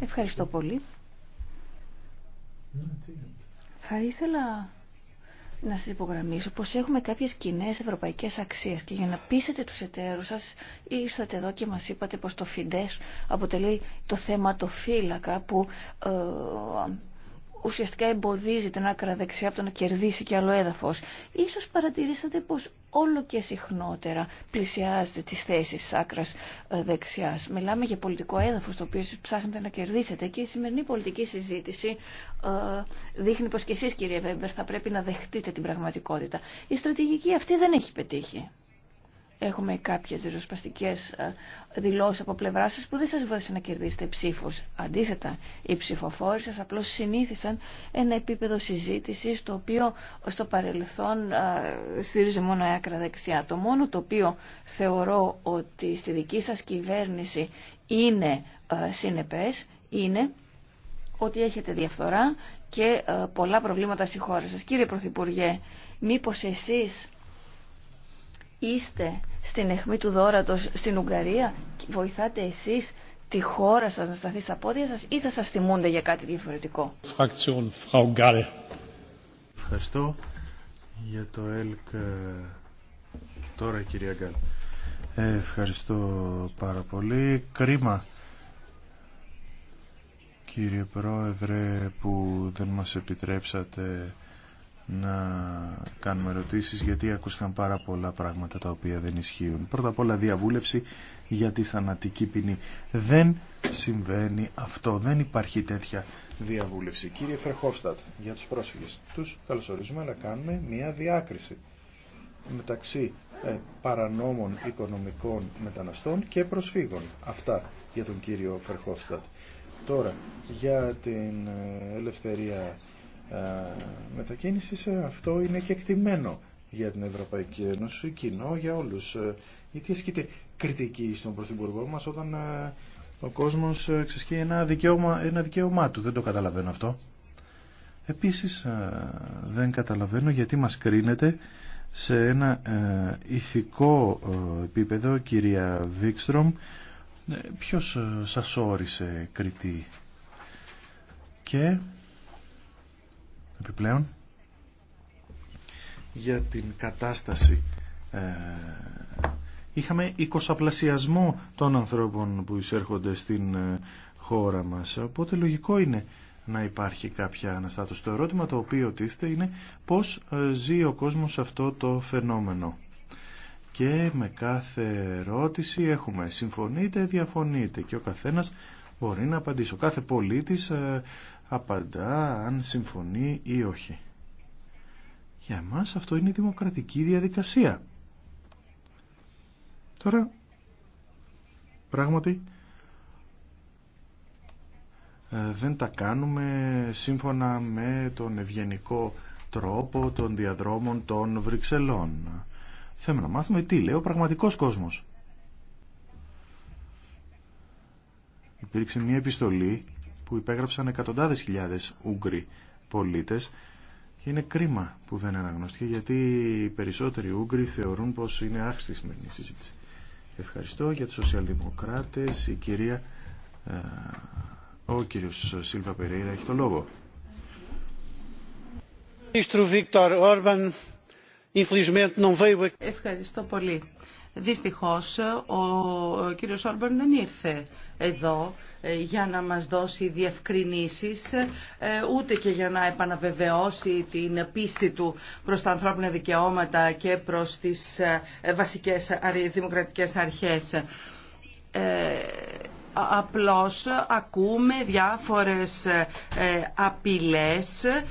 Ευχαριστώ πολύ. Θα ήθελα να σα υπογραμμίσω πως έχουμε κάποιες κοινέ ευρωπαϊκές αξίες και για να πείσετε τους εταίρους σα ήρθατε εδώ και μας είπατε πως το ΦΙΝΤΕΣ αποτελεί το θέμα το φύλακα που ε, ουσιαστικά εμποδίζει την άκρα δεξιά από το να κερδίσει και άλλο έδαφος. Ίσως παρατηρήσατε πως όλο και συχνότερα πλησιάζετε τις θέσεις της άκρας ε, δεξιάς. Μιλάμε για πολιτικό έδαφος το οποίο ψάχνετε να κερδίσετε και η σημερινή πολιτική συζήτηση ε, δείχνει πως και εσείς κύριε Βέμπερ θα πρέπει να δεχτείτε την πραγματικότητα. Η στρατηγική αυτή δεν έχει πετύχει. Έχουμε κάποιες ριζοσπαστικές ε, δηλώσεις από πλευρά σας που δεν σας βοήθησαν να κερδίσετε ψήφους. Αντίθετα, οι ψηφοφόροι σας απλώς συνήθισαν ένα επίπεδο συζήτησης το οποίο στο παρελθόν ε, στήριζε μόνο άκρα δεξιά. Το μόνο το οποίο θεωρώ ότι στη δική σας κυβέρνηση είναι ε, συνεπές είναι ότι έχετε διαφθορά και πολλά προβλήματα στη χώρα σας. Κύριε Πρωθυπουργέ, μήπως εσείς είστε στην αιχμή του δόρατος στην Ουγγαρία και βοηθάτε εσείς τη χώρα σας να σταθεί στα πόδια σας ή θα σας θυμούνται για κάτι διαφορετικό. Ευχαριστώ για το ΕΛΚ ε, τώρα κυρία Γκάλ. Ε, ευχαριστώ πάρα πολύ. Κρίμα κύριε Πρόεδρε που δεν μας επιτρέψατε να κάνουμε ερωτήσεις γιατί ακούστηκαν πάρα πολλά πράγματα τα οποία δεν ισχύουν. Πρώτα απ' όλα διαβούλευση για τη θανατική ποινή. Δεν συμβαίνει αυτό. Δεν υπάρχει τέτοια διαβούλευση. Κύριε Φερχόφστατ, για τους πρόσφυγες. Τους καλωσορίζουμε να κάνουμε μια διάκριση μεταξύ ε, παρανόμων οικονομικών μεταναστών και προσφύγων. Αυτά για τον κύριο Φερχόφστατ. Τώρα, για την ε, ελευθερία ε, μετακίνησης, ε, αυτό είναι και εκτιμένο για την Ευρωπαϊκή Ένωση, κοινό για όλους. Ε, γιατί ασκείται κριτική στον Πρωθυπουργό μας όταν ο κόσμος εξασκεί ένα δικαίωμα, ένα δικαίωμά του. Δεν το καταλαβαίνω αυτό. Επίσης δεν καταλαβαίνω γιατί μας κρίνεται σε ένα ηθικό επίπεδο, κυρία Βίξτρομ, ποιος σας όρισε κριτή. Και επιπλέον για την κατάσταση. Ε, είχαμε οικοσαπλασιασμό των ανθρώπων που εισέρχονται στην ε, χώρα μας. Οπότε λογικό είναι να υπάρχει κάποια αναστάτωση. Το ερώτημα το οποίο τίθεται είναι πώς ε, ζει ο κόσμος αυτό το φαινόμενο. Και με κάθε ερώτηση έχουμε συμφωνείτε, διαφωνείτε και ο καθένας μπορεί να απαντήσει. Ο κάθε πολίτης απαντά αν συμφωνεί ή όχι. Για μας αυτό είναι η δημοκρατική διαδικασία. Τώρα, πράγματι, ε, δεν τα κάνουμε σύμφωνα με τον ευγενικό τρόπο των διαδρόμων των Βρυξελών. Θέλουμε να μάθουμε τι λέει ο πραγματικός κόσμος. Υπήρξε μια επιστολή που υπέγραψαν εκατοντάδες χιλιάδες Ούγγροι πολίτες και είναι κρίμα που δεν αναγνωστεί γιατί οι περισσότεροι Ούγγροι θεωρούν πως είναι άχρηστη η συζήτηση. Ευχαριστώ για τους σοσιαλδημοκράτες. Η κυρία, ε, ο κύριος Σίλβα Περέιρα έχει το λόγο. Ευχαριστώ πολύ. Δυστυχώς ο κύριος Όρμπερν δεν ήρθε εδώ ε, για να μας δώσει διευκρινήσεις ε, ούτε και για να επαναβεβαιώσει την πίστη του προς τα ανθρώπινα δικαιώματα και προς τις ε, βασικές δημοκρατικές αρχές απλώς ακούμε διάφορες ε, απειλές ε,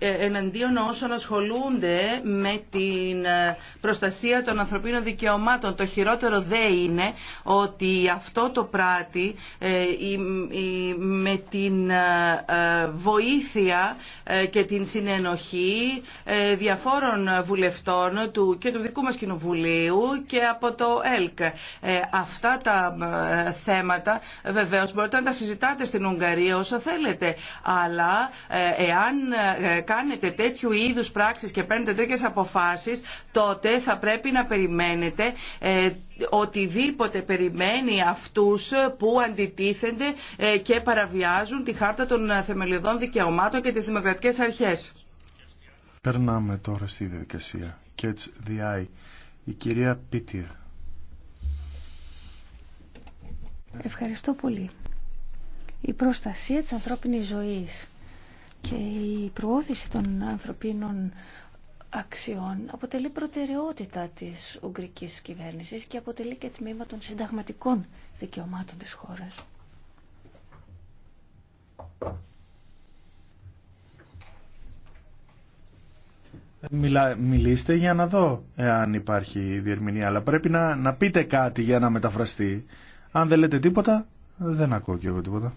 ε, εναντίον όσων ασχολούνται με την προστασία των ανθρωπίνων δικαιωμάτων. Το χειρότερο δε είναι ότι αυτό το πράττει με την βοήθεια και την συνενοχή διαφόρων βουλευτών του και του δικού μας Κοινοβουλίου και από το ΕΛΚ. Αυτά τα θέματα θέματα βεβαίως μπορείτε να τα συζητάτε στην Ουγγαρία όσο θέλετε αλλά ε, εάν ε, κάνετε τέτοιου είδους πράξεις και παίρνετε τέτοιες αποφάσεις τότε θα πρέπει να περιμένετε ε, οτιδήποτε περιμένει αυτούς που αντιτίθενται και παραβιάζουν τη χάρτα των θεμελιωδών δικαιωμάτων και τις δημοκρατικές αρχές. Περνάμε τώρα στη διαδικασία. ΚΕΤΣ Η κυρία Πίτυρ. Ευχαριστώ πολύ. Η προστασία της ανθρώπινης ζωής και η προώθηση των ανθρωπίνων αξιών αποτελεί προτεραιότητα της Ουγγρικής κυβέρνησης και αποτελεί και τμήμα των συνταγματικών δικαιωμάτων της χώρας. μιλήστε για να δω εάν υπάρχει διερμηνία, αλλά πρέπει να, να πείτε κάτι για να μεταφραστεί. Αν δεν λέτε τίποτα, δεν ακούω κι εγώ τίποτα.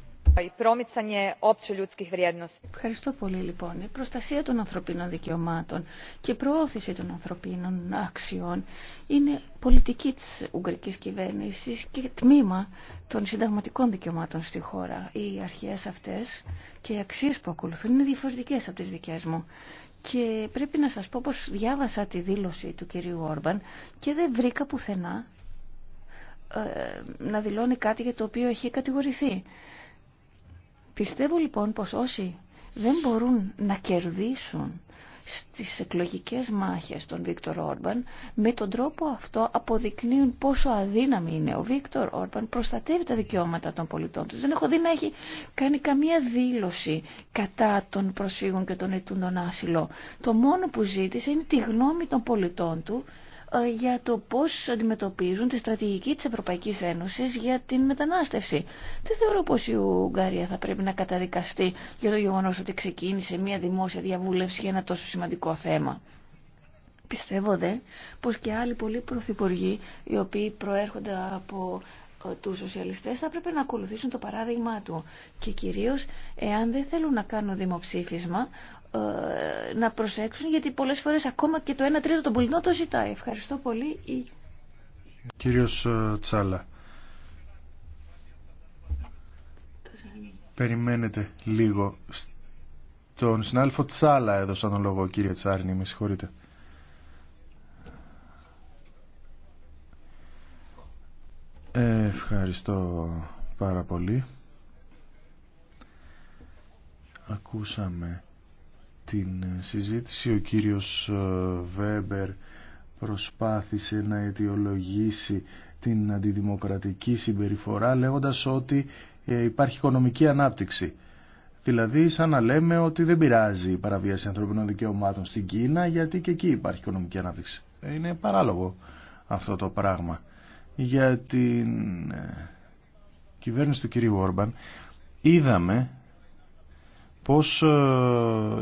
Ευχαριστώ πολύ λοιπόν. Η προστασία των ανθρωπίνων δικαιωμάτων και η προώθηση των ανθρωπίνων αξιών είναι πολιτική της Ουγγρικής κυβέρνησης και τμήμα των συνταγματικών δικαιωμάτων στη χώρα. Οι αρχές αυτές και οι αξίες που ακολουθούν είναι διαφορετικές από τις δικές μου. Και πρέπει να σας πω πως διάβασα τη δήλωση του κυρίου Όρμπαν και δεν βρήκα πουθενά ε, να δηλώνει κάτι για το οποίο έχει κατηγορηθεί. Πιστεύω λοιπόν πως όσοι δεν μπορούν να κερδίσουν στις εκλογικές μάχες των Βίκτορ Όρμπαν με τον τρόπο αυτό αποδεικνύουν πόσο αδύναμη είναι. Ο Βίκτορ Όρμπαν προστατεύει τα δικαιώματα των πολιτών του. Δεν έχω δει να έχει κάνει καμία δήλωση κατά των προσφύγων και των ετούντων άσυλο. Το μόνο που ζήτησε είναι τη γνώμη των πολιτών του ε, για το πώς αντιμετωπίζουν τη στρατηγική της Ευρωπαϊκής Ένωσης για την μετανάστευση. Δεν θεωρώ πως η Ουγγαρία θα πρέπει να καταδικαστεί για το γεγονός ότι ξεκίνησε μια δημόσια διαβούλευση για ένα τόσο σημαντικό θέμα. Πιστεύω δε πως και άλλοι πολλοί πρωθυπουργοί οι οποίοι προέρχονται από ε, τους σοσιαλιστές θα πρέπει να ακολουθήσουν το παράδειγμα του και κυρίως εάν δεν θέλουν να κάνουν δημοψήφισμα ε, να προσέξουν γιατί πολλές φορές ακόμα και το 1 τρίτο των πολιτών το ζητάει. Ευχαριστώ πολύ. Κύριος ε, Τσάλα. Περιμένετε λίγο. Τον συνάδελφο Τσάλα έδωσα τον λόγο, κύριε Τσάρνη, με συγχωρείτε. Ε, ευχαριστώ πάρα πολύ. Ακούσαμε την ε, συζήτηση. Ο κύριος ε, Βέμπερ προσπάθησε να αιτιολογήσει την αντιδημοκρατική συμπεριφορά λέγοντας ότι ε, υπάρχει οικονομική ανάπτυξη. Δηλαδή σαν να λέμε ότι δεν πειράζει η παραβίαση ανθρωπινών δικαιωμάτων στην Κίνα γιατί και εκεί υπάρχει οικονομική ανάπτυξη. Είναι παράλογο αυτό το πράγμα. Για την κυβέρνηση του κυρίου Όρμπαν είδαμε πώς ε,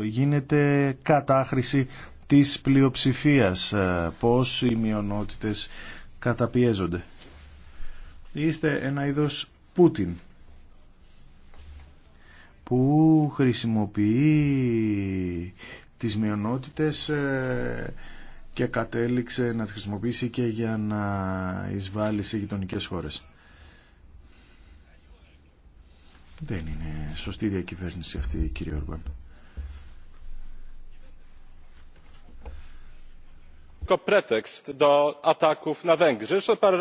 γίνεται κατάχρηση της πλειοψηφίας, ε, πώς οι μειονότητες καταπιέζονται. Είστε ένα είδος Πούτιν που χρησιμοποιεί τις μειονότητες ε, και κατέληξε να τις χρησιμοποιήσει και για να εισβάλλει σε γειτονικές χώρες. Δεν είναι σωστή διακυβέρνηση αυτή, κύριε Ορμπάν.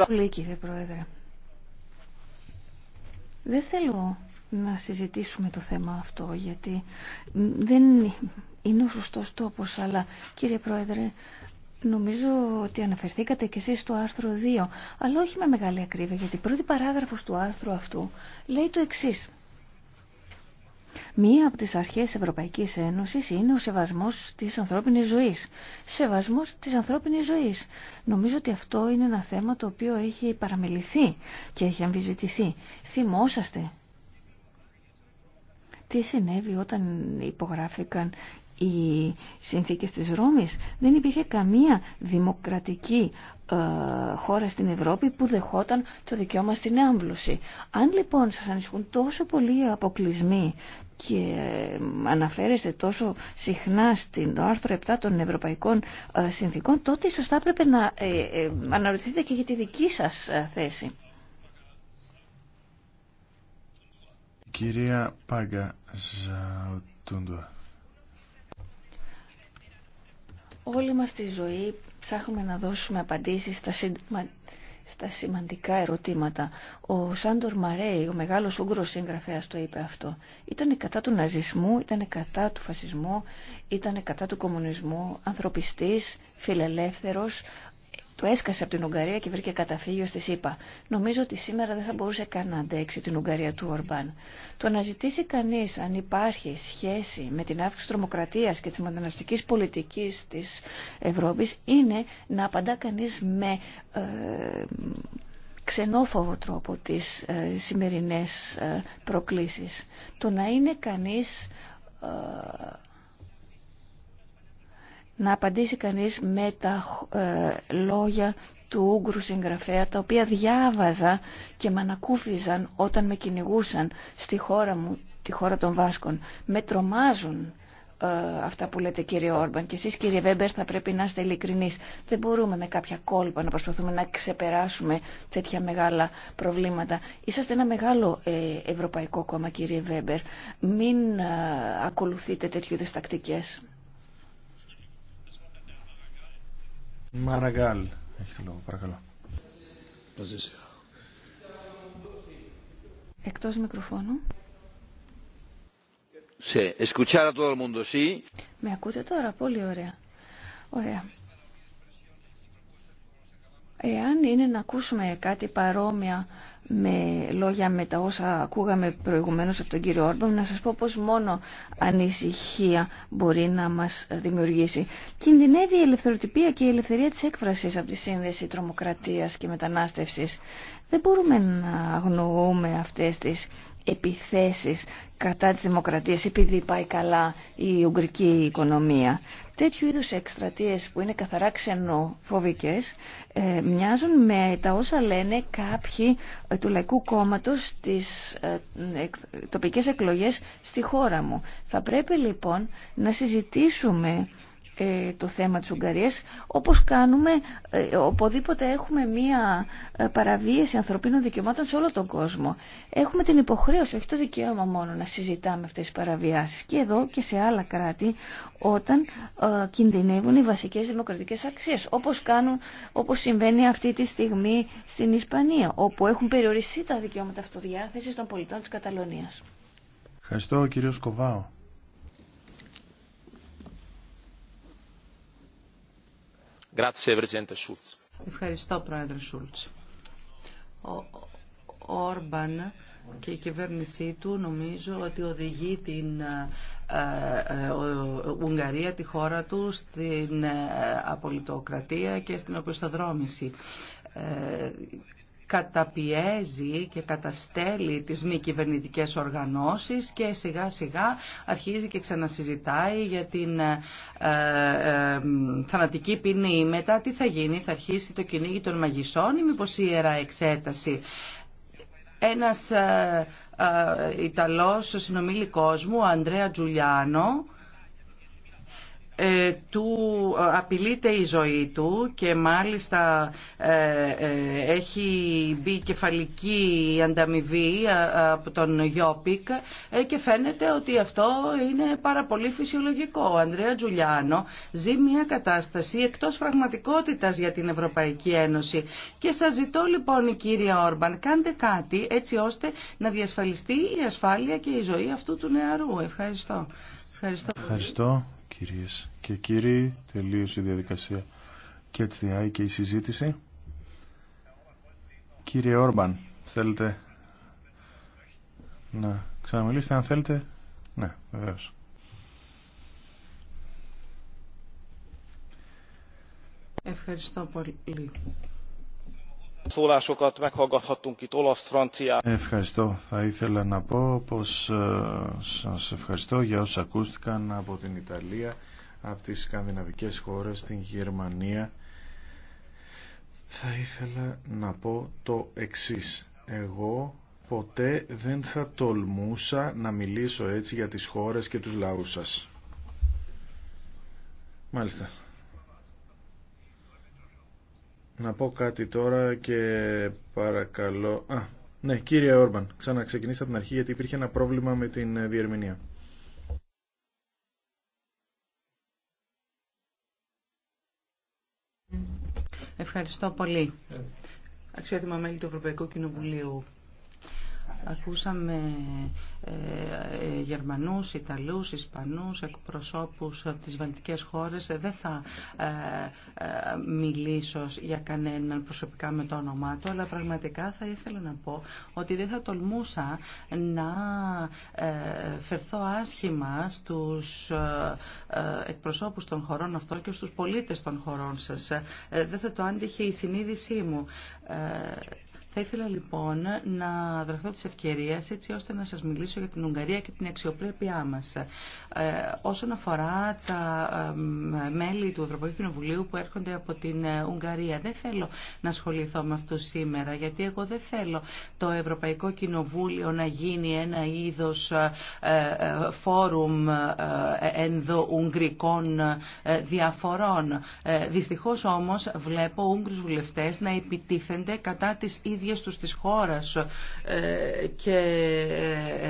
Πολύ, κύριε Πρόεδρε. Δεν θέλω να συζητήσουμε το θέμα αυτό, γιατί δεν είναι ο σωστός τόπος, αλλά κύριε Πρόεδρε, Νομίζω ότι αναφερθήκατε και εσείς στο άρθρο 2, αλλά όχι με μεγάλη ακρίβεια, γιατί η πρώτη παράγραφος του άρθρου αυτού λέει το εξής. Μία από τις αρχές της Ευρωπαϊκής Ένωσης είναι ο σεβασμός της ανθρώπινης ζωής. Σεβασμός της ανθρώπινης ζωής. Νομίζω ότι αυτό είναι ένα θέμα το οποίο έχει παραμεληθεί και έχει αμφισβητηθεί. Θυμόσαστε τι συνέβη όταν υπογράφηκαν οι συνθήκες της Ρώμης. Δεν υπήρχε καμία δημοκρατική ε, χώρα στην Ευρώπη που δεχόταν το δικαίωμα στην άμβλωση. Αν λοιπόν σας ανησυχούν τόσο πολλοί αποκλεισμοί και ε, αναφέρεστε τόσο συχνά στην άρθρο 7 των Ευρωπαϊκών ε, Συνθήκων, τότε ίσως θα έπρεπε να αναρωτηθείτε και για τη δική σας θέση. Κυρία Πάγκα Όλη μας τη ζωή ψάχνουμε να δώσουμε απαντήσεις στα, στα σημαντικά ερωτήματα. Ο Σάντορ Μαρέι, ο μεγάλος Ούγγρος συγγραφέας, το είπε αυτό. Ήταν κατά του ναζισμού, ήταν κατά του φασισμού, ήταν κατά του κομμουνισμού, ανθρωπιστής, φιλελεύθερος, που έσκασε από την Ουγγαρία και βρήκε καταφύγιο στη ΣΥΠΑ. Νομίζω ότι σήμερα δεν θα μπορούσε καν να αντέξει την Ουγγαρία του Ορμπάν. Το να ζητήσει κανεί αν υπάρχει σχέση με την αύξηση τρομοκρατία και τη μεταναστική πολιτική τη Ευρώπη είναι να απαντά κανεί με. Ε, ξενόφοβο τρόπο τις ε, σημερινές ε, προκλήσεις. Το να είναι κανείς ε, να απαντήσει κανείς με τα ε, λόγια του Ούγκρου συγγραφέα, τα οποία διάβαζα και με ανακούφιζαν όταν με κυνηγούσαν στη χώρα μου, τη χώρα των Βάσκων. Με τρομάζουν ε, αυτά που λέτε κύριε Όρμπαν και εσείς κύριε Βέμπερ θα πρέπει να είστε ειλικρινείς. Δεν μπορούμε με κάποια κόλπα να προσπαθούμε να ξεπεράσουμε τέτοια μεγάλα προβλήματα. Είσαστε ένα μεγάλο ε, ευρωπαϊκό κόμμα κύριε Βέμπερ. Μην ακολουθείτε τέτοιου Μαραγκάλ, έχει το λόγο, παρακαλώ. Εκτός μικροφώνου. Σε, escuchar a todo el Με ακούτε τώρα, πολύ ωραία. Ωραία. Εάν είναι να ακούσουμε κάτι παρόμοια με λόγια με τα όσα ακούγαμε προηγουμένως από τον κύριο Όρμπαμ να σας πω πως μόνο ανησυχία μπορεί να μας δημιουργήσει. Κινδυνεύει η ελευθεροτυπία και η ελευθερία της έκφρασης από τη σύνδεση τρομοκρατίας και μετανάστευσης. Δεν μπορούμε να αγνοούμε αυτές τις επιθέσεις κατά της δημοκρατίας επειδή πάει καλά η ουγγρική οικονομία τέτοιου είδους εκστρατείες που είναι καθαρά ξενοφοβικές ε, μοιάζουν με τα όσα λένε κάποιοι ε, του Λαϊκού Κόμματος στις ε, τοπικές εκλογές στη χώρα μου. Θα πρέπει λοιπόν να συζητήσουμε ε, το θέμα της Ουγγαρίας όπως κάνουμε ε, οποδήποτε έχουμε μία ε, παραβίαση ανθρωπίνων δικαιωμάτων σε όλο τον κόσμο. Έχουμε την υποχρέωση, όχι το δικαίωμα μόνο να συζητάμε αυτές τις παραβιάσεις και εδώ και σε άλλα κράτη όταν κινδυνεύουν οι βασικές δημοκρατικές αξίες όπως, κάνουν, όπως συμβαίνει αυτή τη στιγμή στην Ισπανία όπου έχουν περιοριστεί τα δικαιώματα αυτοδιάθεσης των πολιτών της Καταλωνίας. Ευχαριστώ κύριο Σκοβάο Ευχαριστώ, Πρόεδρε Σούλτς. Ο Όρμπαν και η κυβέρνησή του νομίζω ότι οδηγεί την ε, ε, Ουγγαρία, τη χώρα του, στην ε, απολυτοκρατία και στην οπισθοδρόμηση καταπιέζει και καταστέλει τις μη κυβερνητικέ οργανώσεις και σιγά σιγά αρχίζει και ξανασυζητάει για την ε, ε, ε, θανατική ποινή. Μετά τι θα γίνει, θα αρχίσει το κυνήγι των μαγισσών ή μήπως η ιερά εξέταση. Ένας ε, Ιταλός συνομιλικός μου, ο Αντρέα Τζουλιάνο, ε, του ε, απειλείται η ζωή του και μάλιστα ε, έχει μπει κεφαλική ανταμοιβή από τον Γιώπικ και φαίνεται ότι αυτό είναι πάρα πολύ φυσιολογικό. Ο Ανδρέα Τζουλιάνο ζει μια κατάσταση εκτός πραγματικότητας για την Ευρωπαϊκή Ένωση και σας ζητώ λοιπόν η κύριε Όρμπαν κάντε κάτι έτσι ώστε να διασφαλιστεί η ασφάλεια και η ζωή αυτού του νεαρού. Ευχαριστώ. Κυρίες και κύριοι, τελείωσε η διαδικασία και έτσι και η συζήτηση. Κύριε Όρμπαν, θέλετε να ξαναμιλήσετε αν θέλετε. Ναι, βεβαίως. Ευχαριστώ πολύ. Ευχαριστώ. Θα ήθελα να πω πως ε, σας ευχαριστώ για όσα ακούστηκαν από την Ιταλία, από τις σκανδιναβικές χώρες, την Γερμανία. Θα ήθελα να πω το εξής. Εγώ ποτέ δεν θα τολμούσα να μιλήσω έτσι για τις χώρες και τους λαούς σας. Μάλιστα να πω κάτι τώρα και παρακαλώ... Α, ναι, κύριε Όρμπαν, ξαναξεκινήστε από την αρχή γιατί υπήρχε ένα πρόβλημα με την ε, διερμηνία. Ευχαριστώ πολύ. Αξιότιμα μέλη του Ευρωπαϊκού Κοινοβουλίου. Ακούσαμε ε, ε, Γερμανούς, Ιταλούς, Ισπανούς, εκπροσώπους από τις βαλτικές χώρες. Δεν θα ε, μιλήσω για κανέναν προσωπικά με το όνομά του, αλλά πραγματικά θα ήθελα να πω ότι δεν θα τολμούσα να φερθώ άσχημα στους εκπροσώπους των χωρών αυτών και στους πολίτες των χωρών σας. Δεν θα το άντυχε η συνείδησή μου. Θα ήθελα λοιπόν να δραχθώ τη ευκαιρία έτσι ώστε να σας μιλήσω για την Ουγγαρία και την αξιοπρέπειά μα. Ε, όσον αφορά τα μέλη του Ευρωπαϊκού Κοινοβουλίου που έρχονται από την ε, Ουγγαρία, δεν θέλω να ασχοληθώ με αυτό σήμερα, γιατί εγώ δεν θέλω το Ευρωπαϊκό Κοινοβούλιο να γίνει ένα είδος ε, ε φόρουμ ενδοουγγρικών διαφορών. Δυστυχώ όμω, βλέπω Ούγγρου βουλευτές να επιτίθενται κατά τη ίδια ίδιες τους της χώρας ε, και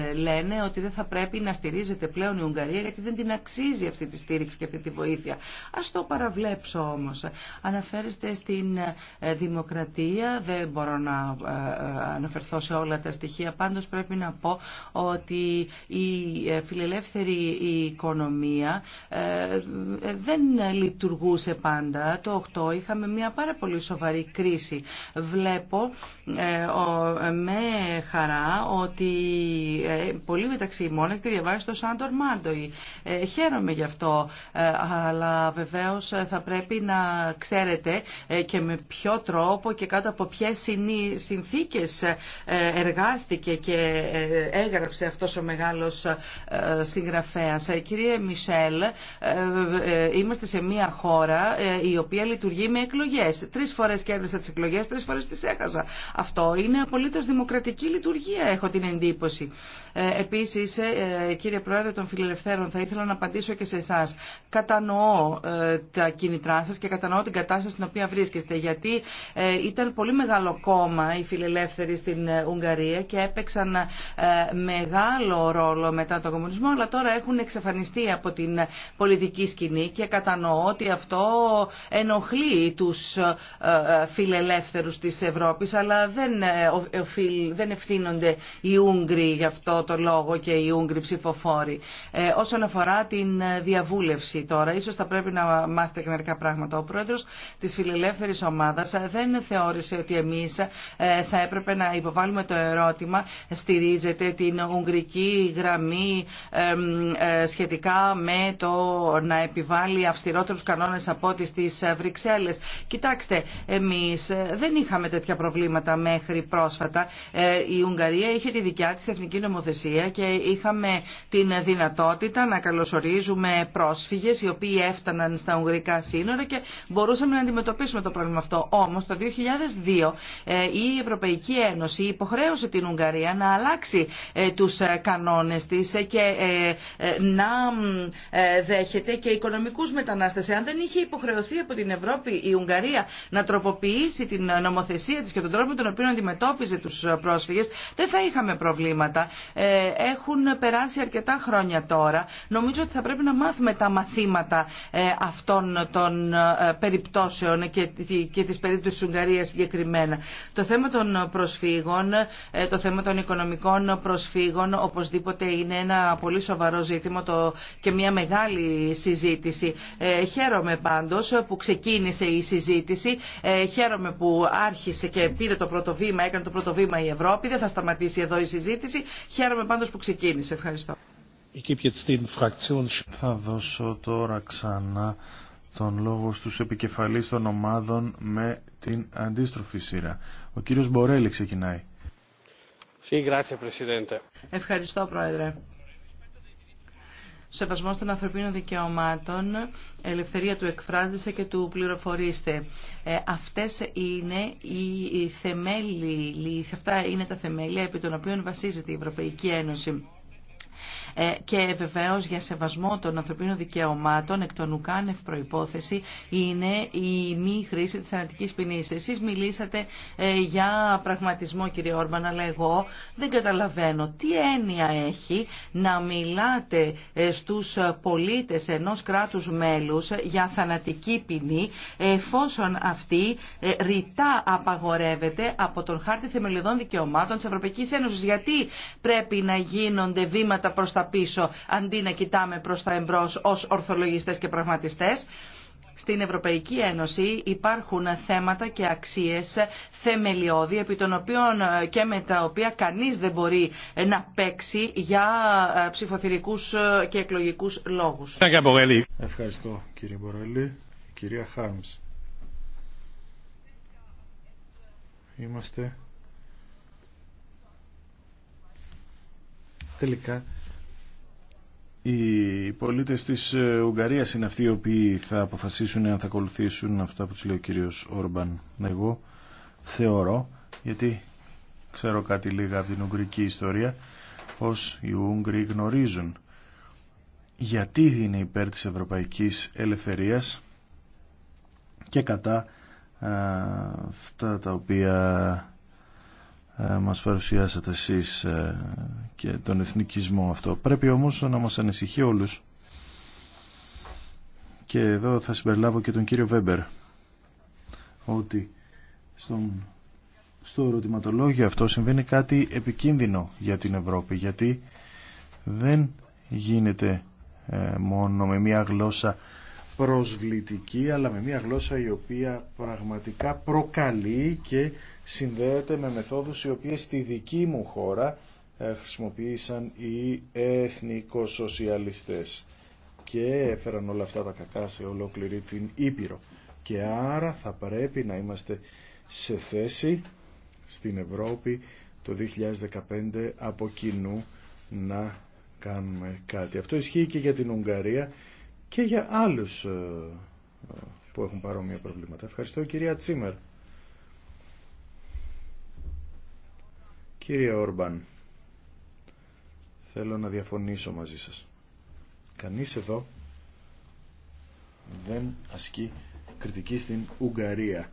ε, λένε ότι δεν θα πρέπει να στηρίζεται πλέον η Ουγγαρία γιατί δεν την αξίζει αυτή τη στήριξη και αυτή τη βοήθεια. Ας το παραβλέψω όμως. Αναφέρεστε στην ε, δημοκρατία, δεν μπορώ να αναφερθώ σε όλα τα στοιχεία, πάντως πρέπει να πω ότι η φιλελεύθερη οικονομία δεν λειτουργούσε πάντα. Το 8 είχαμε μια πάρα πολύ σοβαρή κρίση. Βλέπω ε, ε, με χαρά ότι ε, πολλοί μεταξύ μόνοι έχετε διαβάσει το Σάντορ Μάντοι. Χαίρομαι γι' αυτό, αλλά βεβαίως θα πρέπει να ξέρετε και με ποιο τρόπο και κάτω από ποιες συνθήκες εργάστηκε και έγραψε αυτός ο μεγάλος συγγραφέας. Κύριε Μισελ, είμαστε σε μια χώρα η οποία λειτουργεί με εκλογές. Τρεις φορές κέρδισα τις εκλογές, τρεις φορές τις έχασα. Αυτό είναι απολύτω δημοκρατική λειτουργία, έχω την εντύπωση. Ε, επίσης, ε, κύριε Πρόεδρε των Φιλελευθέρων, θα ήθελα να απαντήσω και σε εσά. Κατανοώ ε, τα κίνητρά σα και κατανοώ την κατάσταση στην οποία βρίσκεστε, γιατί ε, ήταν πολύ μεγάλο κόμμα οι φιλελεύθεροι στην Ουγγαρία και έπαιξαν μεγάλο ρόλο μετά τον κομμουνισμό, αλλά τώρα έχουν εξαφανιστεί από την πολιτική σκηνή και κατανοώ ότι αυτό ενοχλεί τους φιλελεύθερους της Ευρώπης, αλλά δεν, ε, οφείλ, δεν ευθύνονται οι Ούγγροι γι' αυτό το λόγο και οι Ούγγροι ψηφοφόροι. Ε, όσον αφορά την ε, διαβούλευση τώρα, ίσως θα πρέπει να μάθετε και μερικά πράγματα. Ο πρόεδρος της φιλελεύθερης ομάδας δεν θεώρησε ότι εμείς θα έπρεπε να υποβάλουμε το ερώτημα στηρίζεται την Ουγγρική γραμμή σχετικά με το να επιβάλλει αυστηρότερους κανόνες από ό,τι Βρυξέλλες. Κοιτάξτε, εμείς δεν είχαμε τέτοια προβλήματα μέχρι πρόσφατα. Ε, η Ουγγαρία είχε τη δικιά της εθνική νομοθεσία και είχαμε την δυνατότητα να καλωσορίζουμε πρόσφυγες οι οποίοι έφταναν στα Ουγγρικά σύνορα και μπορούσαμε να αντιμετωπίσουμε το πρόβλημα αυτό. Όμως το 2002 ε, η Ευρωπαϊκή Ένωση υποχρέωσε την Ουγγαρία να αλλάξει ε, τους κανόνες της και να δέχεται και οικονομικούς μετανάστες. Αν δεν είχε υποχρεωθεί από την Ευρώπη η Ουγγαρία να τροποποιήσει την νομοθεσία της και τον τρόπο τον οποίο αντιμετώπιζε τους ε, πρόσφυγες, δεν θα είχαμε προβλήματα. Ε, έχουν περάσει αρκετά χρόνια τώρα. Νομίζω ότι θα πρέπει να μάθουμε τα μαθήματα ε, αυτών των περιπτώσεων και της περίπτωσης της Ουγγαρίας συγκεκριμένα. Το θέμα των προσφύγων, το θέμα των οικονομικών προσφύγων οπωσδήποτε είναι ένα πολύ σοβαρό ζήτημα το... και μια μεγάλη συζήτηση. Χαίρομαι πάντως που ξεκίνησε η συζήτηση. Χαίρομαι που άρχισε και πήρε το πρώτο βήμα, έκανε το πρώτο βήμα η Ευρώπη. Δεν θα σταματήσει εδώ η συζήτηση. Χαίρομαι πάντως που ξεκίνησε. Ευχαριστώ. Θα δώσω τώρα ξανά τον λόγο στους επικεφαλείς των ομάδων με την αντίστροφη σειρά. Ο κύριος Μπορέλη ξεκινάει. Ευχαριστώ, Πρόεδρε σεβασμός των ανθρωπίνων δικαιωμάτων, ελευθερία του εκφράζεσαι και του πληροφορήστε. Ε, αυτές είναι οι θεμέλοι, αυτά είναι τα θεμέλια επί των οποίων βασίζεται η Ευρωπαϊκή Ένωση. Ε, και βεβαίω για σεβασμό των ανθρωπίνων δικαιωμάτων εκ των ουκάνευ προϋπόθεση είναι η μη χρήση της θανατικής ποινή. Εσείς μιλήσατε ε, για πραγματισμό κύριε Όρμπαν, αλλά εγώ δεν καταλαβαίνω τι έννοια έχει να μιλάτε ε, στους πολίτες ενός κράτους μέλους για θανατική ποινή εφόσον αυτή ρητά απαγορεύεται από τον Χάρτη Θεμελιωδών Δικαιωμάτων τη Ευρωπαϊκή Ένωση. Γιατί πρέπει να γίνονται βήματα προς τα πίσω αντί να κοιτάμε προς τα εμπρός ως ορθολογιστές και πραγματιστές. Στην Ευρωπαϊκή Ένωση υπάρχουν θέματα και αξίες θεμελιώδη επί των οποίων ε, και με τα οποία κανείς δεν μπορεί ε, να παίξει για ε, ψηφοθυρικούς και εκλογικούς λόγους. Ευχαριστώ κύριε Μπορέλη. Κυρία Χάρμς. Είμαστε τελικά οι πολίτες της ε, Ουγγαρίας είναι αυτοί οι οποίοι θα αποφασίσουν αν θα ακολουθήσουν αυτά που τους λέει ο κύριος Όρμπαν. Εγώ θεωρώ, γιατί ξέρω κάτι λίγα από την Ουγγρική ιστορία, πως οι Ούγγροι γνωρίζουν γιατί είναι υπέρ της ευρωπαϊκής ελευθερίας και κατά αυτά τα οποία ε, μας παρουσιάσατε εσείς ε, και τον εθνικισμό αυτό. Πρέπει όμως να μας ανησυχεί όλους. Και εδώ θα συμπεριλάβω και τον κύριο Βέμπερ. Ότι στον, στο ερωτηματολόγιο αυτό συμβαίνει κάτι επικίνδυνο για την Ευρώπη. Γιατί δεν γίνεται ε, μόνο με μια γλώσσα προσβλητική αλλά με μια γλώσσα η οποία πραγματικά προκαλεί και συνδέεται με μεθόδους οι οποίες στη δική μου χώρα ε, χρησιμοποίησαν οι εθνικοσοσιαλιστές και έφεραν όλα αυτά τα κακά σε ολόκληρη την Ήπειρο. Και άρα θα πρέπει να είμαστε σε θέση στην Ευρώπη το 2015 από κοινού να κάνουμε κάτι. Αυτό ισχύει και για την Ουγγαρία και για άλλους ε, ε, που έχουν παρόμοια προβλήματα. Ευχαριστώ κυρία Τσίμερ. Κύριε Όρμπαν, θέλω να διαφωνήσω μαζί σας. Κανείς εδώ δεν ασκεί κριτική στην Ουγγαρία.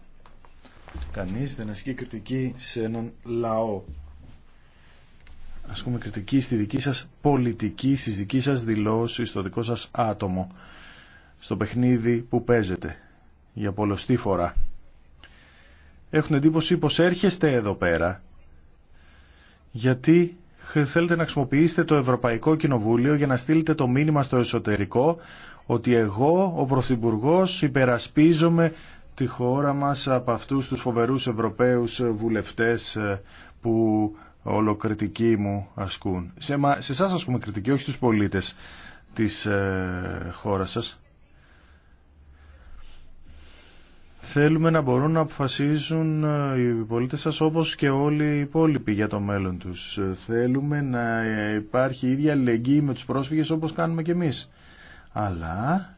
Κανείς δεν ασκεί κριτική σε έναν λαό. Ασκούμε κριτική στη δική σας πολιτική, στις δική σας δηλώσεις, στο δικό σας άτομο, στο παιχνίδι που παίζετε για πολλωστή φορά. Έχουν εντύπωση πως έρχεστε εδώ πέρα γιατί θέλετε να χρησιμοποιήσετε το Ευρωπαϊκό Κοινοβούλιο για να στείλετε το μήνυμα στο εσωτερικό ότι εγώ, ο Πρωθυπουργό, υπερασπίζομαι τη χώρα μας από αυτούς τους φοβερούς Ευρωπαίους βουλευτές ε, που ολοκριτική μου ασκούν. Σε, σε εσάς ασκούμε κριτική, όχι στους πολίτες της ε, χώρας σας. Θέλουμε να μπορούν να αποφασίζουν ε, οι πολίτες σας όπως και όλοι οι υπόλοιποι για το μέλλον τους. Θέλουμε να ε, υπάρχει η ίδια αλληλεγγύη με τους πρόσφυγες όπως κάνουμε και εμείς. Αλλά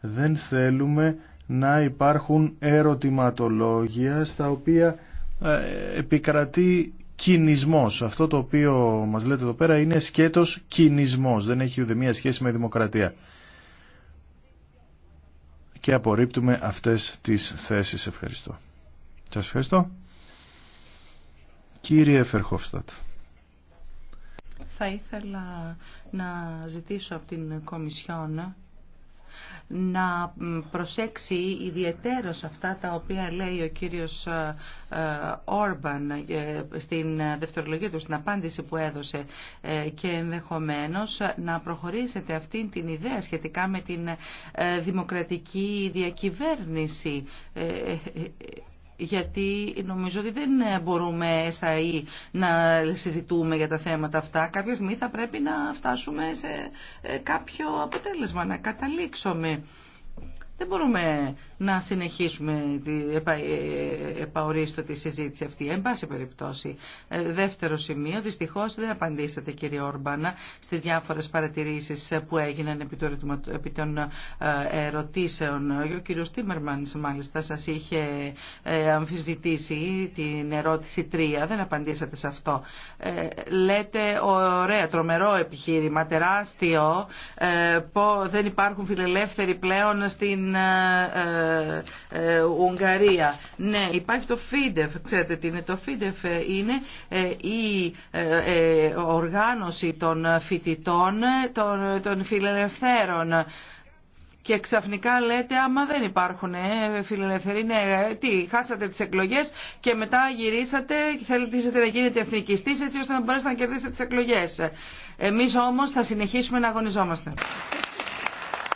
δεν θέλουμε να υπάρχουν ερωτηματολόγια στα οποία ε, επικρατεί κινησμός. Αυτό το οποίο μας λέτε εδώ πέρα είναι σκέτος κινησμός. Δεν έχει ούτε μία σχέση με δημοκρατία και απορρίπτουμε αυτές τις θέσεις. Ευχαριστώ. Σας ευχαριστώ. Κύριε Φερχόφστατ. Θα ήθελα να ζητήσω από την Κομισιόν να προσέξει ιδιαιτέρως αυτά τα οποία λέει ο κύριος ε, ε, Όρμπαν ε, στην δευτερολογία του, στην απάντηση που έδωσε και ενδεχομένως να προχωρήσετε αυτή την ιδέα σχετικά με την δημοκρατική διακυβέρνηση γιατί νομίζω ότι δεν μπορούμε ΣΑΗ να συζητούμε για τα θέματα αυτά. Κάποια στιγμή θα πρέπει να φτάσουμε σε ε, κάποιο αποτέλεσμα, να καταλήξουμε. Δεν μπορούμε να συνεχίσουμε επα, ε, επαορίστο τη συζήτηση αυτή. Εν πάση περιπτώσει, ε, δεύτερο σημείο, Δυστυχώ, δεν απαντήσατε κύριε Όρμπανα στις διάφορες παρατηρήσεις που έγιναν επί, των ε, ερωτήσεων. Ο κύριο Τίμερμαν, μάλιστα σα είχε αμφισβητήσει την ερώτηση 3, δεν απαντήσατε σε αυτό. Λέτε ωραία, τρομερό επιχείρημα, τεράστιο, δεν υπάρχουν φιλελεύθεροι πλέον στην ε, ε, Ουγγαρία. Ναι, υπάρχει το ΦΙΔΕΦ. ξέρετε τι είναι το ΦΙΔΕΦ ε, είναι η οργάνωση των φοιτητών, των φιλελευθέρων. Και ξαφνικά λέτε, άμα δεν υπάρχουν φιλελευθεροί, τι, χάσατε τις εκλογές και μετά γυρίσατε και θέλετε να γίνετε εθνικιστής έτσι ώστε να μπορέσετε να κερδίσετε τις εκλογές. Εμείς όμως θα συνεχίσουμε να αγωνιζόμαστε.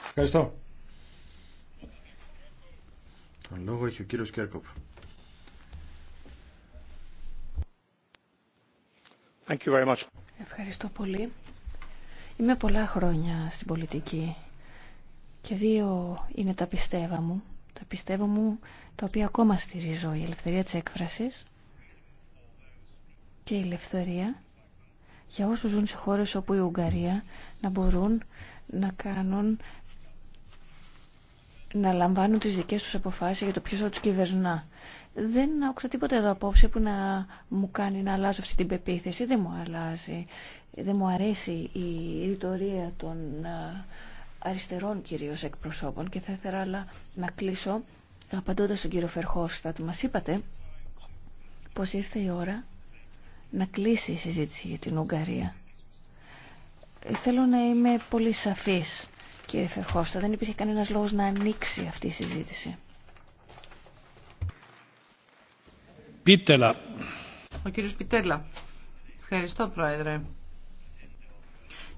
Ευχαριστώ. Τον λόγο έχει ο κύριος Κέρκοπ. Ευχαριστώ πολύ. Είμαι πολλά χρόνια στην πολιτική και δύο είναι τα πιστεύα μου. Τα πιστεύω μου τα οποία ακόμα στηρίζω. Η ελευθερία της έκφρασης και η ελευθερία για όσους ζουν σε χώρες όπου η Ουγγαρία να μπορούν να κάνουν να λαμβάνουν τις δικές τους αποφάσεις για το ποιος θα τους κυβερνά. Δεν άκουσα τίποτα εδώ απόψε που να μου κάνει να αλλάζω αυτή την πεποίθηση. Δεν μου αλλάζει. Δεν μου αρέσει η ρητορία των ε, αριστερών κυρίως εκπροσώπων και θα ήθελα να κλείσω απαντώντας στον κύριο Φερχόφστατ. Μας είπατε πως ήρθε η ώρα να κλείσει η συζήτηση για την Ουγγαρία. Θέλω να είμαι πολύ σαφής κύριε Φερχόφστα. Δεν υπήρχε κανένας λόγος να ανοίξει αυτή η συζήτηση. Πίτελα. Ο κύριος Πιτέλα. Ευχαριστώ, Πρόεδρε.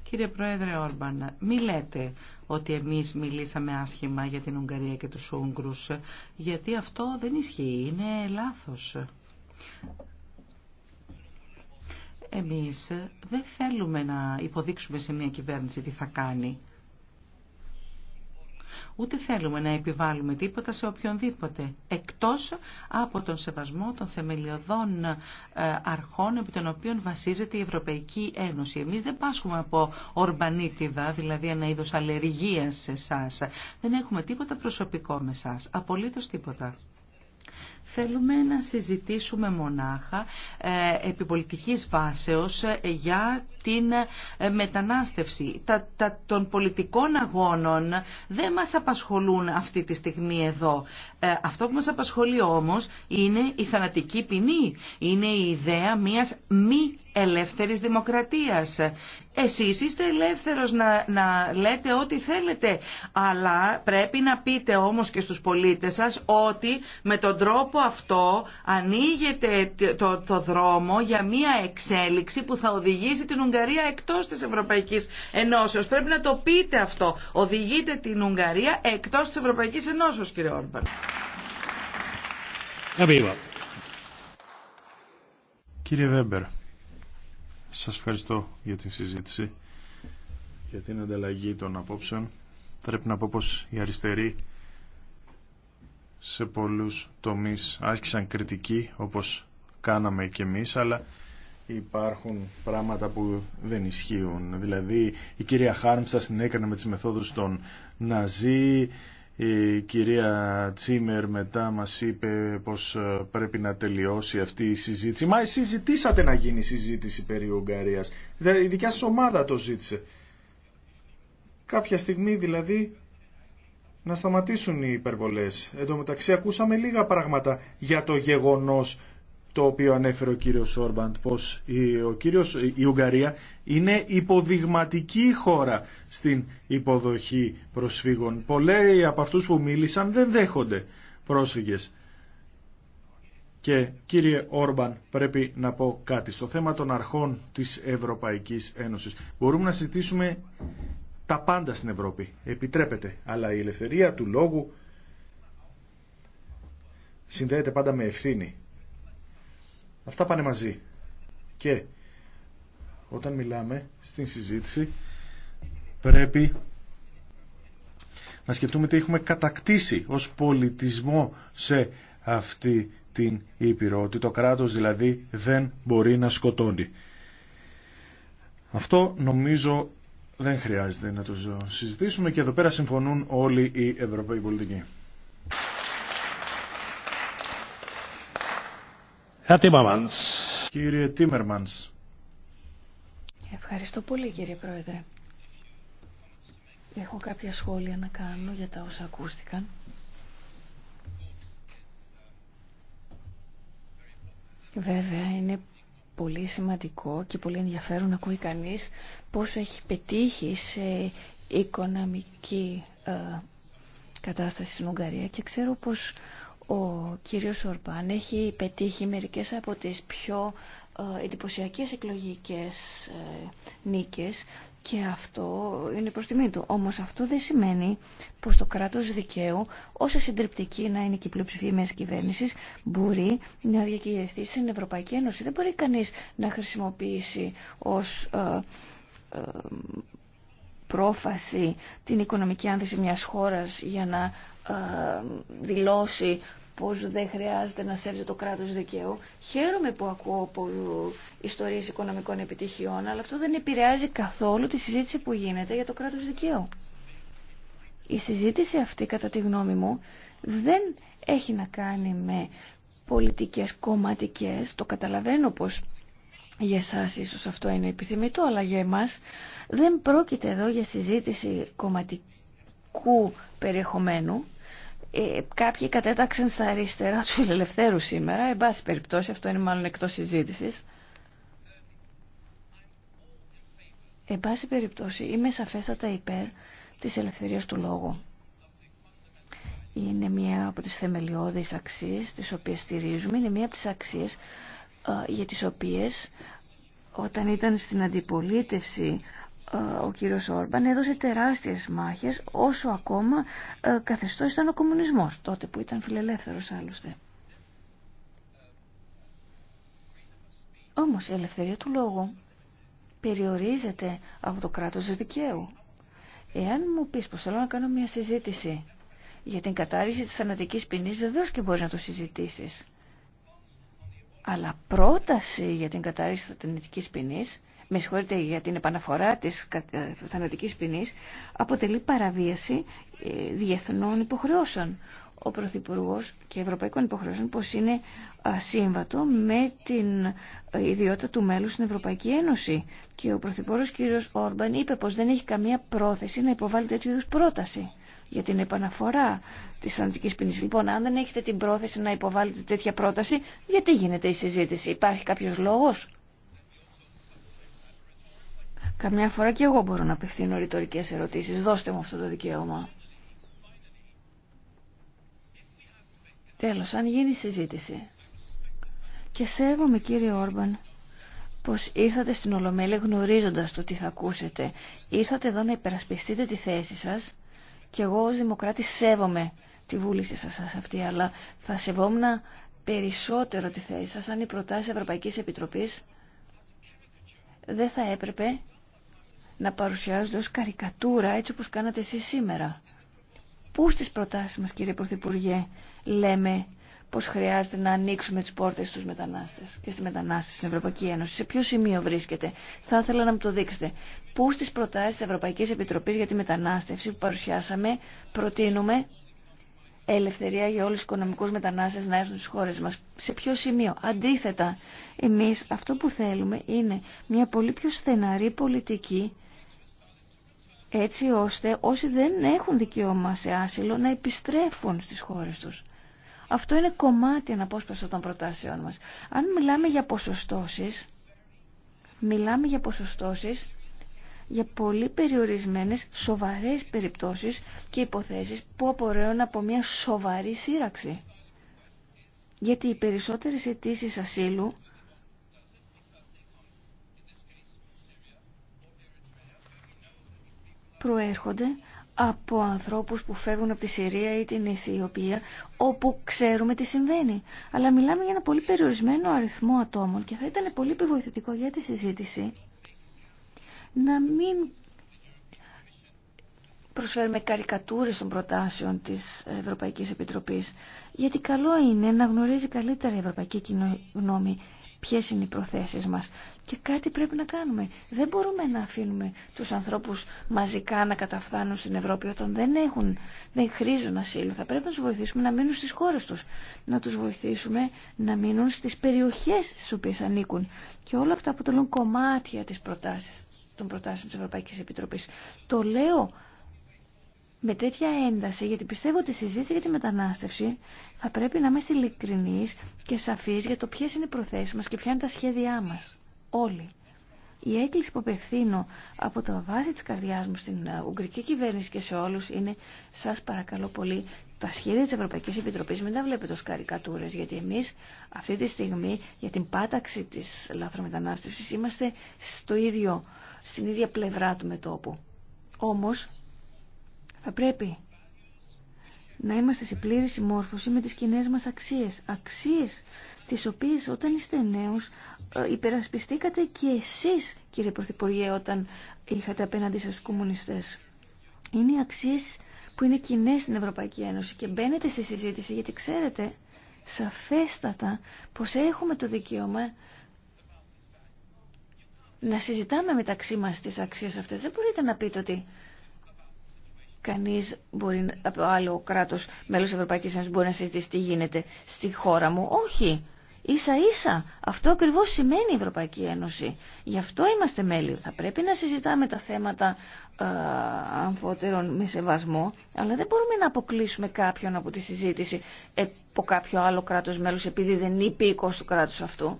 Κύριε Πρόεδρε Όρμπαν, μη λέτε ότι εμείς μιλήσαμε άσχημα για την Ουγγαρία και τους Ούγγρους, γιατί αυτό δεν ισχύει, είναι λάθος. Εμείς δεν θέλουμε να υποδείξουμε σε μια κυβέρνηση τι θα κάνει. Ούτε θέλουμε να επιβάλλουμε τίποτα σε οποιονδήποτε, εκτός από τον σεβασμό των θεμελιωδών ε, αρχών επί των οποίων βασίζεται η Ευρωπαϊκή Ένωση. Εμείς δεν πάσχουμε από ορμπανίτιδα, δηλαδή ένα είδος αλλεργίας σε εσά. Δεν έχουμε τίποτα προσωπικό με εσά, απολύτως τίποτα. Θέλουμε να συζητήσουμε μονάχα ε, επί πολιτικής βάσεως ε, για την ε, μετανάστευση. Τα, τα των πολιτικών αγώνων δεν μας απασχολούν αυτή τη στιγμή εδώ. Αυτό που μας απασχολεί όμως είναι η θανατική ποινή. Είναι η ιδέα μιας μη ελεύθερης δημοκρατίας. Εσείς είστε ελεύθερος να, λέτε ό,τι θέλετε, αλλά πρέπει να πείτε όμως και στους πολίτες σας ότι με τον τρόπο αυτό ανοίγετε το, το δρόμο για μια εξέλιξη που θα οδηγήσει την Ουγγαρία εκτός της Ευρωπαϊκής Ενώσεως. Πρέπει να το πείτε αυτό. Οδηγείτε την Ουγγαρία εκτός της Ευρωπαϊκής Ενώσεως, κύριε Όρμπαν. Κύριε Βέμπερ, σας ευχαριστώ για την συζήτηση, για την ανταλλαγή των απόψεων. Πρέπει να πω πως οι αριστεροί σε πολλούς τομείς άσκησαν κριτική, όπως κάναμε και εμείς, αλλά υπάρχουν πράγματα που δεν ισχύουν. Δηλαδή η κυρία Χάρμς την έκανε με τις μεθόδους των Ναζί, η κυρία Τσίμερ μετά μας είπε πως ε, πρέπει να τελειώσει αυτή η συζήτηση. Μα εσείς ζητήσατε να γίνει συζήτηση περί Ουγγαρίας. Η δικιά σας ομάδα το ζήτησε. Κάποια στιγμή δηλαδή να σταματήσουν οι υπερβολές. Εν τω μεταξύ ακούσαμε λίγα πράγματα για το γεγονός το οποίο ανέφερε ο κύριος Όρμπαντ, πως η, ο κύριος, η Ουγγαρία είναι υποδειγματική χώρα στην υποδοχή προσφύγων. Πολλοί από αυτούς που μίλησαν δεν δέχονται πρόσφυγες. Και κύριε Όρμπαν πρέπει να πω κάτι στο θέμα των αρχών της Ευρωπαϊκής Ένωσης. Μπορούμε να συζητήσουμε τα πάντα στην Ευρώπη. Επιτρέπεται. Αλλά η ελευθερία του λόγου συνδέεται πάντα με ευθύνη. Αυτά πάνε μαζί. Και όταν μιλάμε στην συζήτηση πρέπει να σκεφτούμε τι έχουμε κατακτήσει ως πολιτισμό σε αυτή την Ήπειρο, ότι το κράτος δηλαδή δεν μπορεί να σκοτώνει. Αυτό νομίζω δεν χρειάζεται να το συζητήσουμε και εδώ πέρα συμφωνούν όλοι οι Ευρωπαίοι πολιτικοί. Κύριε Τίμερμανς. Ευχαριστώ πολύ κύριε Πρόεδρε. Έχω κάποια σχόλια να κάνω για τα όσα ακούστηκαν. Βέβαια είναι πολύ σημαντικό και πολύ ενδιαφέρον να ακούει κανείς πόσο έχει πετύχει σε οικονομική ε, κατάσταση στην Ουγγαρία και ξέρω πως ο κύριος Ορμπάν έχει πετύχει μερικές από τις πιο ε, εντυπωσιακέ εκλογικές ε, νίκες και αυτό είναι προς τιμή του. Όμως αυτό δεν σημαίνει πως το κράτος δικαίου, όσο συντριπτική να είναι και η πλειοψηφία μιας κυβέρνησης, μπορεί να διακυριευτεί στην Ευρωπαϊκή Ένωση. Δεν μπορεί κανείς να χρησιμοποιήσει ως ε, πρόφαση την οικονομική άνθηση μιας χώρας για να ε, δηλώσει πως δεν χρειάζεται να σέβεται το κράτος δικαίου. Χαίρομαι που ακούω από ιστορίες οικονομικών επιτυχιών, αλλά αυτό δεν επηρεάζει καθόλου τη συζήτηση που γίνεται για το κράτος δικαίου. Η συζήτηση αυτή, κατά τη γνώμη μου, δεν έχει να κάνει με πολιτικές κομματικές. Το καταλαβαίνω πως για εσάς ίσως αυτό είναι επιθυμητό, αλλά για εμάς δεν πρόκειται εδώ για συζήτηση κομματικού περιεχομένου. Ε, κάποιοι κατέταξαν στα αριστερά του φιλελευθέρου σήμερα, εν πάση περιπτώσει, αυτό είναι μάλλον εκτός συζήτησης. Εν πάση περιπτώσει, είμαι σαφέστατα υπέρ της ελευθερίας του λόγου. Είναι μία από τις θεμελιώδεις αξίες, τις οποίες στηρίζουμε, είναι μία από τις αξίες ε, για τις οποίες όταν ήταν στην αντιπολίτευση ε, ο κύριος Όρμπαν έδωσε τεράστιες μάχες όσο ακόμα ε, καθεστώς ήταν ο κομμουνισμός τότε που ήταν φιλελεύθερος άλλωστε. Όμως η ελευθερία του λόγου περιορίζεται από το κράτος δικαίου. Εάν μου πεις πως θέλω να κάνω μια συζήτηση για την κατάργηση της θανατικής ποινής βεβαίως και μπορεί να το συζητήσεις αλλά πρόταση για την κατάρρευση θανατικής ποινής, με συγχωρείτε για την επαναφορά της ε, θανατικής ποινής, αποτελεί παραβίαση ε, διεθνών υποχρεώσεων. Ο Πρωθυπουργό και Ευρωπαϊκών Υποχρεώσεων πως είναι σύμβατο με την ε, ιδιότητα του μέλου στην Ευρωπαϊκή Ένωση. Και ο Πρωθυπουργό κ. Όρμπαν είπε πως δεν έχει καμία πρόθεση να υποβάλει τέτοιου είδου πρόταση για την επαναφορά της Αντικής ποινής. Λοιπόν, αν δεν έχετε την πρόθεση να υποβάλλετε τέτοια πρόταση, γιατί γίνεται η συζήτηση. Υπάρχει κάποιος λόγος. Καμιά φορά και εγώ μπορώ να απευθύνω ρητορικέ ερωτήσεις. Δώστε μου αυτό το δικαίωμα. Τέλος, αν γίνει συζήτηση. Και σέβομαι κύριε Όρμπαν πως ήρθατε στην Ολομέλη γνωρίζοντας το τι θα ακούσετε. Ήρθατε εδώ να υπερασπιστείτε τη θέση σας και εγώ ως Δημοκράτη σέβομαι τη βούληση σας αυτή, αλλά θα σεβόμουν περισσότερο τη θέση σας αν οι προτάσεις Ευρωπαϊκής Επιτροπής δεν θα έπρεπε να παρουσιάζονται ως καρικατούρα έτσι όπως κάνατε εσείς σήμερα. Πού στις προτάσεις μας κύριε Πρωθυπουργέ λέμε πως χρειάζεται να ανοίξουμε τις πόρτες στους μετανάστες και στη μετανάστες στην Ευρωπαϊκή Ένωση. Σε ποιο σημείο βρίσκεται. Θα ήθελα να μου το δείξετε. Πού στις προτάσεις της Ευρωπαϊκής Επιτροπής για τη μετανάστευση που παρουσιάσαμε προτείνουμε ελευθερία για όλους τους οικονομικούς μετανάστες να έρθουν στις χώρες μας. Σε ποιο σημείο. Αντίθετα, εμείς αυτό που θέλουμε είναι μια πολύ πιο στεναρή πολιτική έτσι ώστε όσοι δεν έχουν δικαίωμα σε άσυλο να επιστρέφουν στις χώρες τους. Αυτό είναι κομμάτι αναπόσπαστο των προτάσεών μας. Αν μιλάμε για ποσοστώσεις, μιλάμε για ποσοστώσεις για πολύ περιορισμένες σοβαρές περιπτώσεις και υποθέσεις που απορρέουν από μια σοβαρή σύραξη. Γιατί οι περισσότερες αιτήσει ασύλου προέρχονται από ανθρώπους που φεύγουν από τη Συρία ή την Αιθιοπία όπου ξέρουμε τι συμβαίνει. Αλλά μιλάμε για ένα πολύ περιορισμένο αριθμό ατόμων και θα ήταν πολύ επιβοηθητικό για τη συζήτηση να μην προσφέρουμε καρικατούρες των προτάσεων της Ευρωπαϊκής Επιτροπής γιατί καλό είναι να γνωρίζει καλύτερα η Ευρωπαϊκή Κοινωνία ποιες είναι οι προθέσεις μας. Και κάτι πρέπει να κάνουμε. Δεν μπορούμε να αφήνουμε τους ανθρώπους μαζικά να καταφθάνουν στην Ευρώπη όταν δεν έχουν, δεν χρήζουν ασύλου. Θα πρέπει να τους βοηθήσουμε να μείνουν στις χώρες τους. Να τους βοηθήσουμε να μείνουν στις περιοχές στις οποίες ανήκουν. Και όλα αυτά αποτελούν κομμάτια της προτάσης, των προτάσεων της Ευρωπαϊκής Επιτροπής. Το λέω με τέτοια ένταση, γιατί πιστεύω ότι η συζήτηση για τη μετανάστευση θα πρέπει να είμαστε ειλικρινεί και σαφεί για το ποιε είναι οι προθέσει μα και ποια είναι τα σχέδιά μα. Όλοι. Η έκκληση που απευθύνω από το βάθη τη καρδιά μου στην ε, Ουγγρική κυβέρνηση και σε όλου είναι σα παρακαλώ πολύ, τα σχέδια τη Ευρωπαϊκή Επιτροπή μην τα βλέπετε ω καρικατούρε, γιατί εμεί, αυτή τη στιγμή για την πάταξη τη λαθρομετανάστευση, είμαστε στο ίδιο, στην ίδια πλευρά του μετόπου. Όμως, θα πρέπει να είμαστε σε πλήρη συμμόρφωση με τις κοινέ μας αξίες. Αξίες τις οποίες όταν είστε νέος ε, υπερασπιστήκατε και εσείς κύριε Πρωθυπουργέ όταν είχατε απέναντι σας κομμουνιστές. Είναι οι αξίες που είναι κοινέ στην Ευρωπαϊκή Ένωση και μπαίνετε στη συζήτηση γιατί ξέρετε σαφέστατα πως έχουμε το δικαίωμα να συζητάμε μεταξύ μας τις αξίες αυτές. Δεν μπορείτε να πείτε ότι κανείς μπορεί, από άλλο κράτος μέλος Ευρωπαϊκής Ένωσης μπορεί να συζητήσει τι γίνεται στη χώρα μου. Όχι. Ίσα ίσα. Αυτό ακριβώς σημαίνει η Ευρωπαϊκή Ένωση. Γι' αυτό είμαστε μέλη. Θα πρέπει να συζητάμε τα θέματα αμφότερων με σεβασμό, αλλά δεν μπορούμε να αποκλείσουμε κάποιον από τη συζήτηση ε, από κάποιο άλλο κράτος μέλος επειδή δεν είναι υπήκο του κράτους αυτού.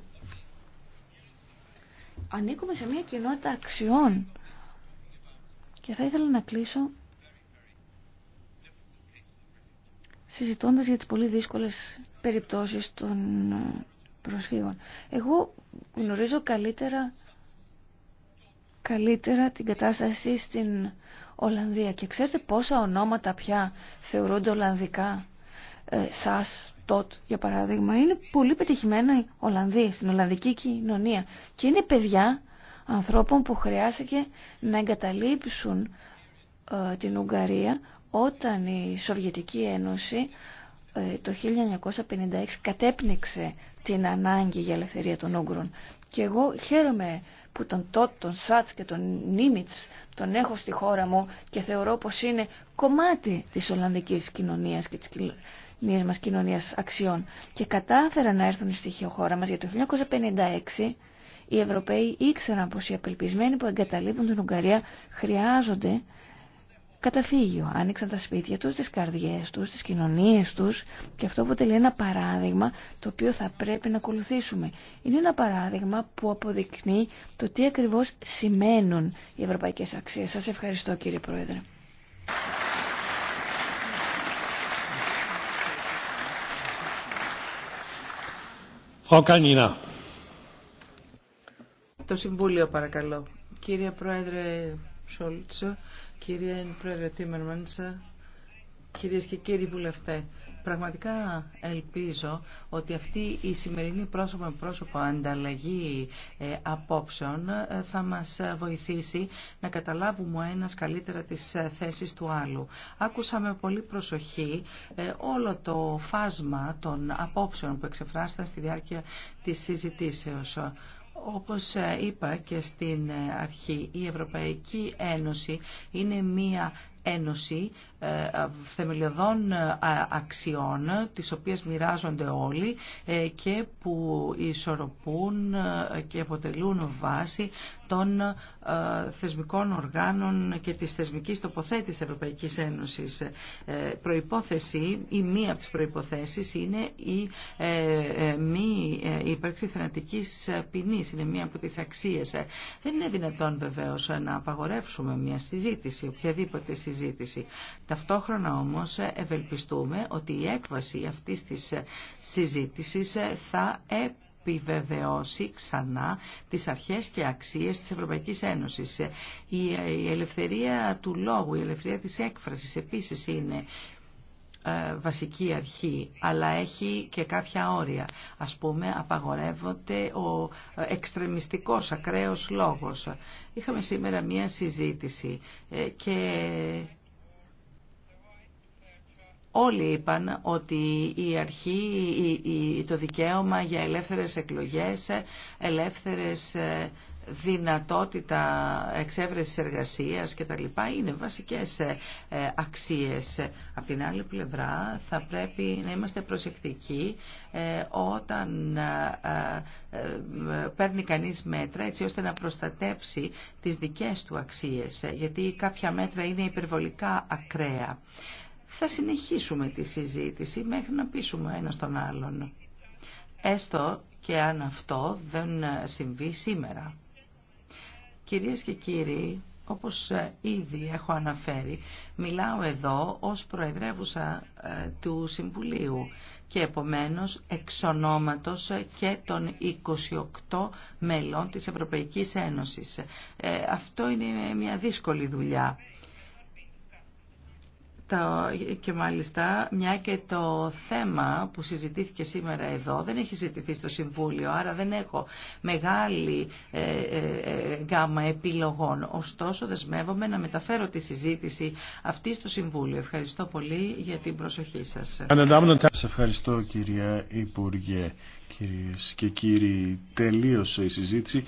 Ανήκουμε σε μια κοινότητα αξιών. Και θα ήθελα να κλείσω συζητώντας για τις πολύ δύσκολες περιπτώσεις των ε, προσφύγων. Εγώ γνωρίζω καλύτερα, καλύτερα την κατάσταση στην Ολλανδία και ξέρετε πόσα ονόματα πια θεωρούνται Ολλανδικά. Ε, σας, τότ, για παράδειγμα, είναι πολύ πετυχημένα οι Ολλανδοί στην Ολλανδική κοινωνία και είναι παιδιά ανθρώπων που χρειάστηκε να εγκαταλείψουν ε, την Ουγγαρία όταν η Σοβιετική Ένωση ε, το 1956 κατέπνιξε την ανάγκη για ελευθερία των Ούγγρων και εγώ χαίρομαι που τον Τότ, τον Σάτς και τον Νίμιτς τον έχω στη χώρα μου και θεωρώ πως είναι κομμάτι της Ολλανδικής κοινωνίας και της κοινωνίας μας κοινωνίας αξιών και κατάφεραν να έρθουν στη χώρα μας για το 1956 οι Ευρωπαίοι ήξεραν πως οι απελπισμένοι που εγκαταλείπουν την Ουγγαρία χρειάζονται καταφύγιο. Άνοιξαν τα σπίτια τους, τις καρδιές τους, τις κοινωνίες τους και αυτό αποτελεί ένα παράδειγμα το οποίο θα πρέπει να ακολουθήσουμε. Είναι ένα παράδειγμα που αποδεικνύει το τι ακριβώς σημαίνουν οι ευρωπαϊκές αξίες. Σας ευχαριστώ κύριε Πρόεδρε. Το Συμβούλιο παρακαλώ. Κύριε Πρόεδρε Σόλτσο. Κύριε Πρόεδρε Τίμερμαντς, κυρίες και κύριοι Βουλευτέ, πραγματικά ελπίζω ότι αυτή η σημερινή πρόσωπο με πρόσωπο ανταλλαγή ε, απόψεων ε, θα μας βοηθήσει να καταλάβουμε ο ένας καλύτερα τις ε, θέσεις του άλλου. Άκουσα με πολύ προσοχή όλο το φάσμα των απόψεων που εξεφράστηκαν στη διάρκεια της συζητήσεως. Όπως ε, είπα και στην ε, αρχή, η Ευρωπαϊκή Ένωση είναι μία ένωση ε, ε, θεμελιωδών ε, αξιών, τις οποίες μοιράζονται όλοι και που ισορροπούν και αποτελούν βάση των θεσμικών οργάνων και της θεσμικής τοποθέτησης Ευρωπαϊκής Ένωσης. Προϋπόθεση ή μία από τις προϋποθέσεις είναι η μη ύπαρξη θανατικής ποινής. θενατικης αξίες. Δεν είναι δυνατόν βεβαίως να απαγορεύσουμε μια συζήτηση, οποιαδήποτε συζήτηση συζήτηση. Ταυτόχρονα όμως ευελπιστούμε ότι η έκβαση αυτής της συζήτησης θα επιβεβαιώσει ξανά τις αρχές και αξίες της Ευρωπαϊκής Ένωσης. Η ελευθερία του λόγου, η ελευθερία της έκφρασης επίσης είναι ε, βασική αρχή, αλλά έχει και κάποια όρια. Ας πούμε, απαγορεύονται ο ε, εξτρεμιστικός, ακραίος λόγος. Είχαμε σήμερα μία συζήτηση ε, και Όλοι είπαν ότι η αρχή, το δικαίωμα για ελεύθερες εκλογές, ελεύθερες δυνατότητα εξέβρεση εργασίας και τα λοιπά είναι βασικές ε, ε, αξίες. Από την άλλη πλευρά θα πρέπει να είμαστε προσεκτικοί ε, όταν παίρνει κανείς μέτρα έτσι ώστε να προστατέψει τις δικές του αξίες γιατί κάποια μέτρα είναι υπερβολικά ακραία. Θα συνεχίσουμε τη συζήτηση μέχρι να πείσουμε ένα τον άλλον. Έστω και αν αυτό δεν συμβεί σήμερα. Κυρίες και κύριοι, όπως ε, ήδη έχω αναφέρει, μιλάω εδώ ως Προεδρεύουσα ε, του Συμβουλίου και επομένως εξ ε, και των 28 μελών της Ευρωπαϊκής Ένωσης. Αυτό είναι μια δύσκολη δουλειά και μάλιστα μια και το θέμα που συζητήθηκε σήμερα εδώ δεν έχει συζητηθεί στο Συμβούλιο, άρα δεν έχω μεγάλη ε, ε, ε, γκάμα επιλογών. Ωστόσο δεσμεύομαι να μεταφέρω τη συζήτηση αυτή στο Συμβούλιο. Ευχαριστώ πολύ για την προσοχή σας. Σας ευχαριστώ κυρία Υπουργέ. Κυρίες και κύριοι, τελείωσε η συζήτηση.